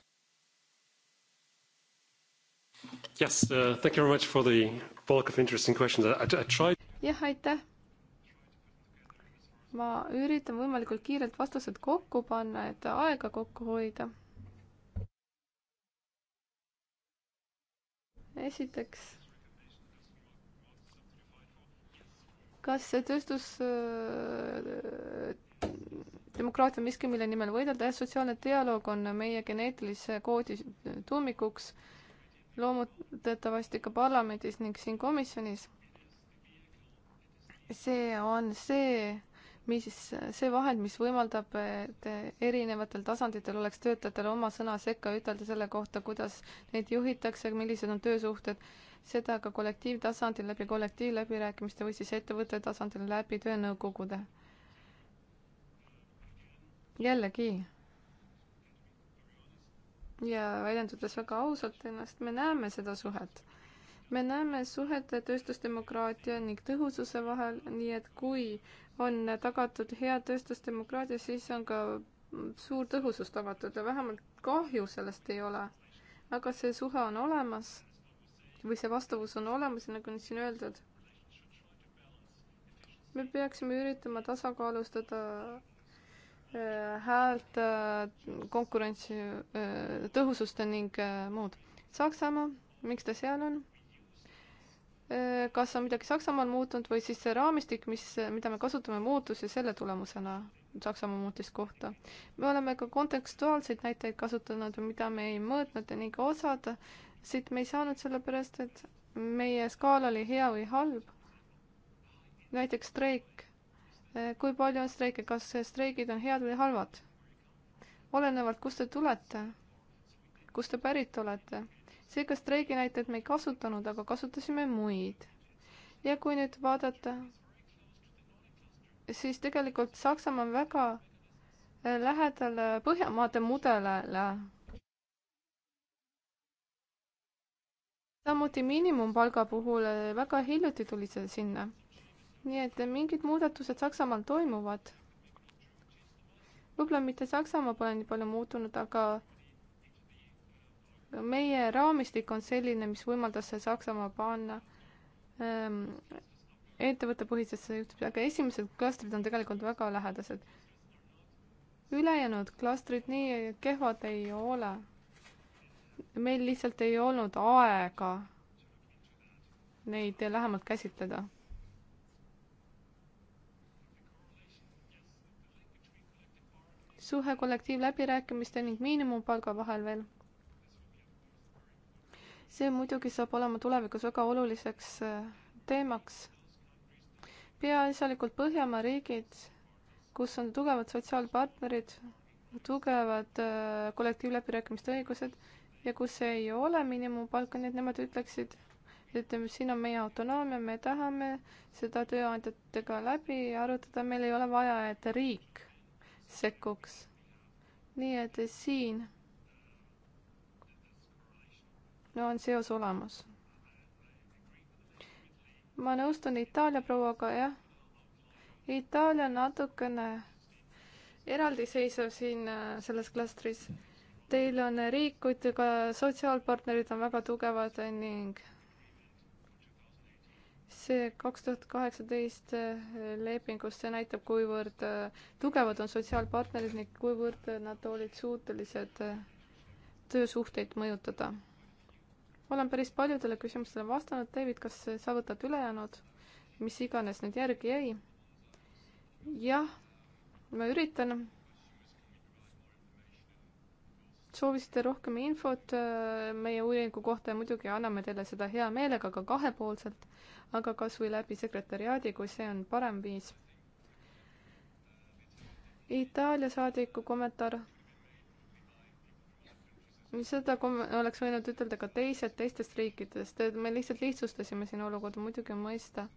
Yes uh,, thank you very much for the bulk of interesting questions, I, I tried. jah, aitäh. ma üritan võimalikult kiirelt vastused kokku panna, et aega kokku hoida. esiteks kas see tööstus äh, demokraatia on miski, mille nimel võidelda ja sotsiaalne dialoog on meie geneetilise koodi tuumikuks loomutatavasti ka parlamendis ning siin komisjonis. see on see, mis, see vahend, mis võimaldab, et erinevatel tasanditel oleks töötajatel oma sõna sekka ütelda selle kohta, kuidas neid juhitakse, millised on töösuhted, seda ka kollektiivtasandil läbi kollektiivläbirääkimiste või siis ettevõtte tasandil läbi töönõukogude jällegi ja väljendades väga ausalt ennast, me näeme seda suhet. me näeme suhet tööstusdemokraatia ning tõhususe vahel, nii et kui on tagatud hea tööstusdemokraatia, siis on ka suur tõhusus tagatud ja vähemalt kahju sellest ei ole. aga see suhe on olemas või see vastavus on olemas, nagu nüüd siin öeldud. me peaksime üritama tasakaalustada Äh, häält, äh, konkurentsi, äh, tõhusust ning muud. Saksamaa, miks ta seal on? kas on midagi Saksamaal muutunud või siis see raamistik, mis, mida me kasutame, muutus ja selle tulemusena Saksamaa muutis kohta. me oleme ka kontekstuaalseid näiteid kasutanud, mida me ei mõõtnud ja ning osad siit me ei saanud, sellepärast et meie skaal oli hea või halb. näiteks streik Eh, kui palju on streike, kas streigid on head või halvad? olenevalt, kust te tulete, kust te pärit olete. seega streigi näited me ei kasutanud, aga kasutasime muid. ja kui nüüd vaadata, siis tegelikult Saksamaa on väga eh, lähedal eh, Põhjamaade mudelile samuti miinimumpalga puhul väga hiljuti tuli see sinna nii et mingid muudatused Saksamaal toimuvad. võib-olla mitte Saksamaa pole nii palju muutunud, aga meie raamistik on selline, mis võimaldas Saksamaa panna ähm, ettevõttepõhisesse juhtimise, aga esimesed klastrid on tegelikult väga lähedased. ülejäänud klastrid nii kehvad ei ole. meil lihtsalt ei olnud aega neid lähemalt käsitleda suhe kollektiivläbirääkimiste ning miinimumpalga vahel veel. see muidugi saab olema tulevikus väga oluliseks äh, teemaks. peaasjalikult Põhjamaa riigid, kus on tugevad sotsiaalpartnerid, tugevad äh, kollektiivläbirääkimiste õigused ja kus ei ole miinimumpalka, nii et nemad ütleksid, ütleme, siin on meie autonoomia, me tahame seda tööandjatega läbi arutada, meil ei ole vaja, et riik sekkuks. nii et siin no on seos olemas. ma nõustun Itaalia prouaga, jah. Itaalia on natukene eraldiseisev siin äh, selles klastris. Teil on riik, kuid ka sotsiaalpartnerid on väga tugevad ning see kaks tuhat kaheksateist äh, lepingus, see näitab, kuivõrd äh, tugevad on sotsiaalpartnerid ning kuivõrd nad olid suutelised äh, töösuhteid mõjutada. olen päris paljudele küsimustele vastanud, David, kas sa võtad ülejäänud, mis iganes nüüd järgi jäi? jah, ma üritan soovisite rohkem infot äh, meie uuringu kohta ja muidugi anname teile seda hea meelega ka kahepoolselt, aga kas või läbi sekretäriaadi, kui see on parem viis. Itaalia saadiku kommentaar. seda kom-, oleks võinud ütelda ka teised teistest riikidest, et me lihtsalt lihtsustasime siin olukorda, muidugi mõista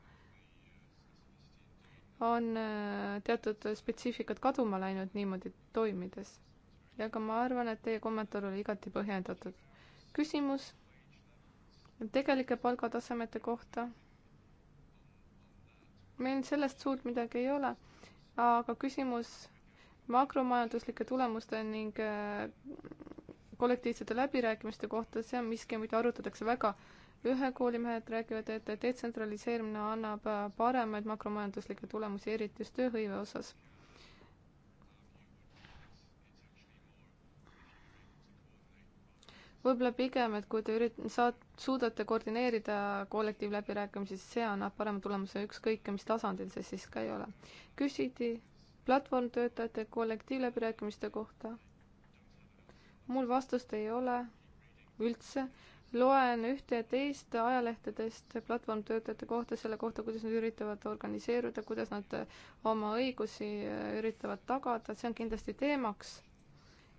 on äh, teatud spetsiifikad kaduma läinud niimoodi toimides ja ka ma arvan, et teie kommentaar oli igati põhjendatud. küsimus tegelike palgatasemete kohta. meil sellest suurt midagi ei ole, aga küsimus makromajanduslike tulemuste ning äh, kollektiivsete läbirääkimiste kohta, see on miski, mida arutatakse väga. ühe koolimehed räägivad, et detsentraliseerimine annab äh, paremaid makromajanduslikke tulemusi, eriti just tööhõive osas võib-olla pigem, et kui te ürit-, saat-, suudate koordineerida kollektiivläbirääkimisi, siis see annab parema tulemuse, ükskõik mis tasandil see siis ka ei ole. küsiti platvormtöötajate kollektiivläbirääkimiste kohta. mul vastust ei ole üldse. loen ühte ja teist ajalehtedest platvormtöötajate kohta, selle kohta, kuidas nad üritavad organiseeruda, kuidas nad oma õigusi äh, üritavad tagada, see on kindlasti teemaks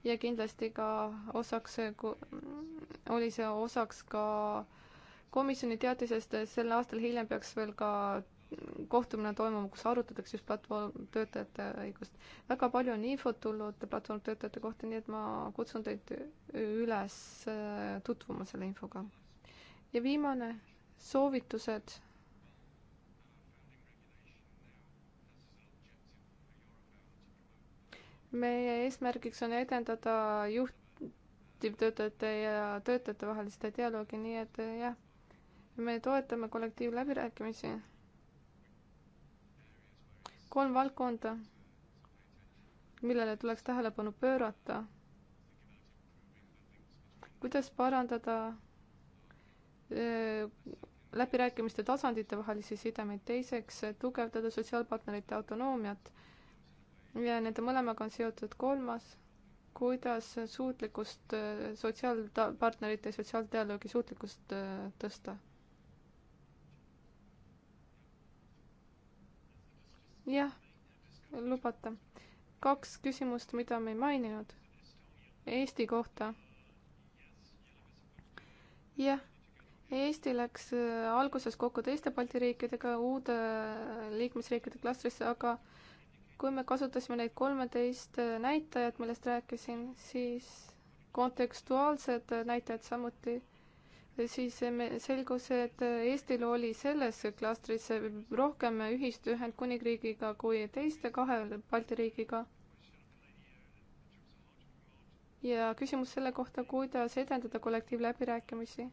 ja kindlasti ka osaks, oli see osaks ka komisjoni teatisest, sel aastal hiljem peaks veel ka kohtumine toimuma, kus arutatakse just platvormtöötajate õigust. väga palju on infot tulnud platvormtöötajate kohta, nii et ma kutsun teid üles äh, tutvuma selle infoga. ja viimane, soovitused meie eesmärgiks on edendada juhtivtöötajate ja töötajate vaheliste dialoogi, nii et jah, me toetame kollektiivläbirääkimisi. kolm valdkonda, millele tuleks tähelepanu pöörata. kuidas parandada öö, läbirääkimiste tasandite vahelisi sidemeid, teiseks tugevdada sotsiaalpartnerite autonoomiat ja nende mõlemaga on seotud kolmas, kuidas suutlikkust äh, sotsiaalpartnerite sotsiaaldialoogi suutlikkust äh, tõsta. jah, lubate. kaks küsimust, mida me ei maininud. Eesti kohta. jah Eesti läks äh, alguses kokku teiste Balti riikidega, uude liikmesriikide klastrisse, aga kui me kasutasime neid kolmeteist näitajat, millest rääkisin, siis kontekstuaalsed näitajad samuti, siis selgus, et Eestil oli selles klastris rohkem ühist Ühendkuningriigiga kui teiste kahe Balti riigiga. ja küsimus selle kohta, kuidas edendada kollektiivläbirääkimisi.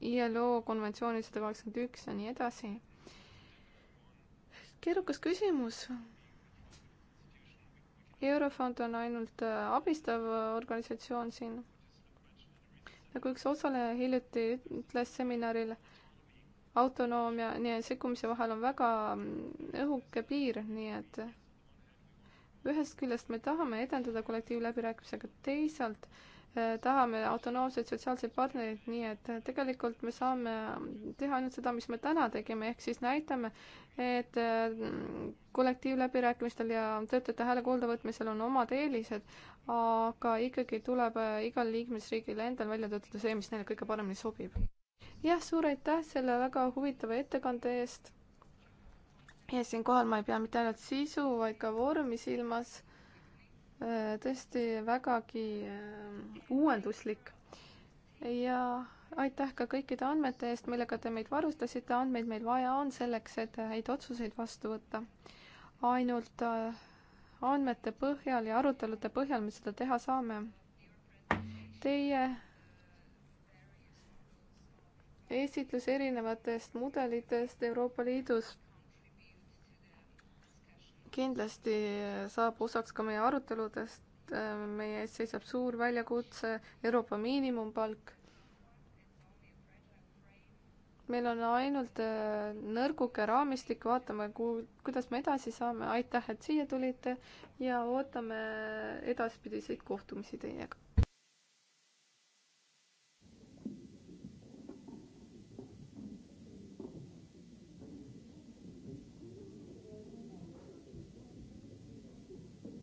ILO konventsiooni sada kaheksakümmend üks ja nii edasi keerukas küsimus. Eurofond on ainult äh, abistav organisatsioon siin. nagu üks osaleja hiljuti ütles seminarile, autonoomia ja sekkumise vahel on väga mm, õhuke piir, nii et ühest küljest me tahame edendada kollektiivläbirääkimisi, aga teisalt äh, Äh, tahame autonoomseid sotsiaalseid partnereid, nii et äh, tegelikult me saame äh, teha ainult seda, mis me täna tegime, ehk siis näitame, et kollektiivläbirääkimistel ja töötajate hääle kuuldavõtmisel on omad eelised, aga ikkagi tuleb igal liikmesriigil endal välja töötada see, mis neile kõige paremini sobib. jah, suur aitäh selle väga huvitava ettekande eest. ja siinkohal ma ei pea mitte ainult sisu, vaid ka vormi silmas Äh, tõesti vägagi äh, uuenduslik ja aitäh ka kõikide andmete eest, millega te meid varustasite, andmeid meil vaja on selleks, et häid otsuseid vastu võtta. ainult äh, andmete põhjal ja arutelude põhjal me seda teha saame. Teie esitlus erinevatest mudelitest Euroopa Liidus kindlasti saab osaks ka meie aruteludest, meie ees seisab suur väljakutse, Euroopa miinimumpalk. meil on ainult äh, nõrguke raamistik, vaatame, ku-, kuidas me edasi saame, aitäh, et siia tulite ja ootame edaspidiseid kohtumisi teiega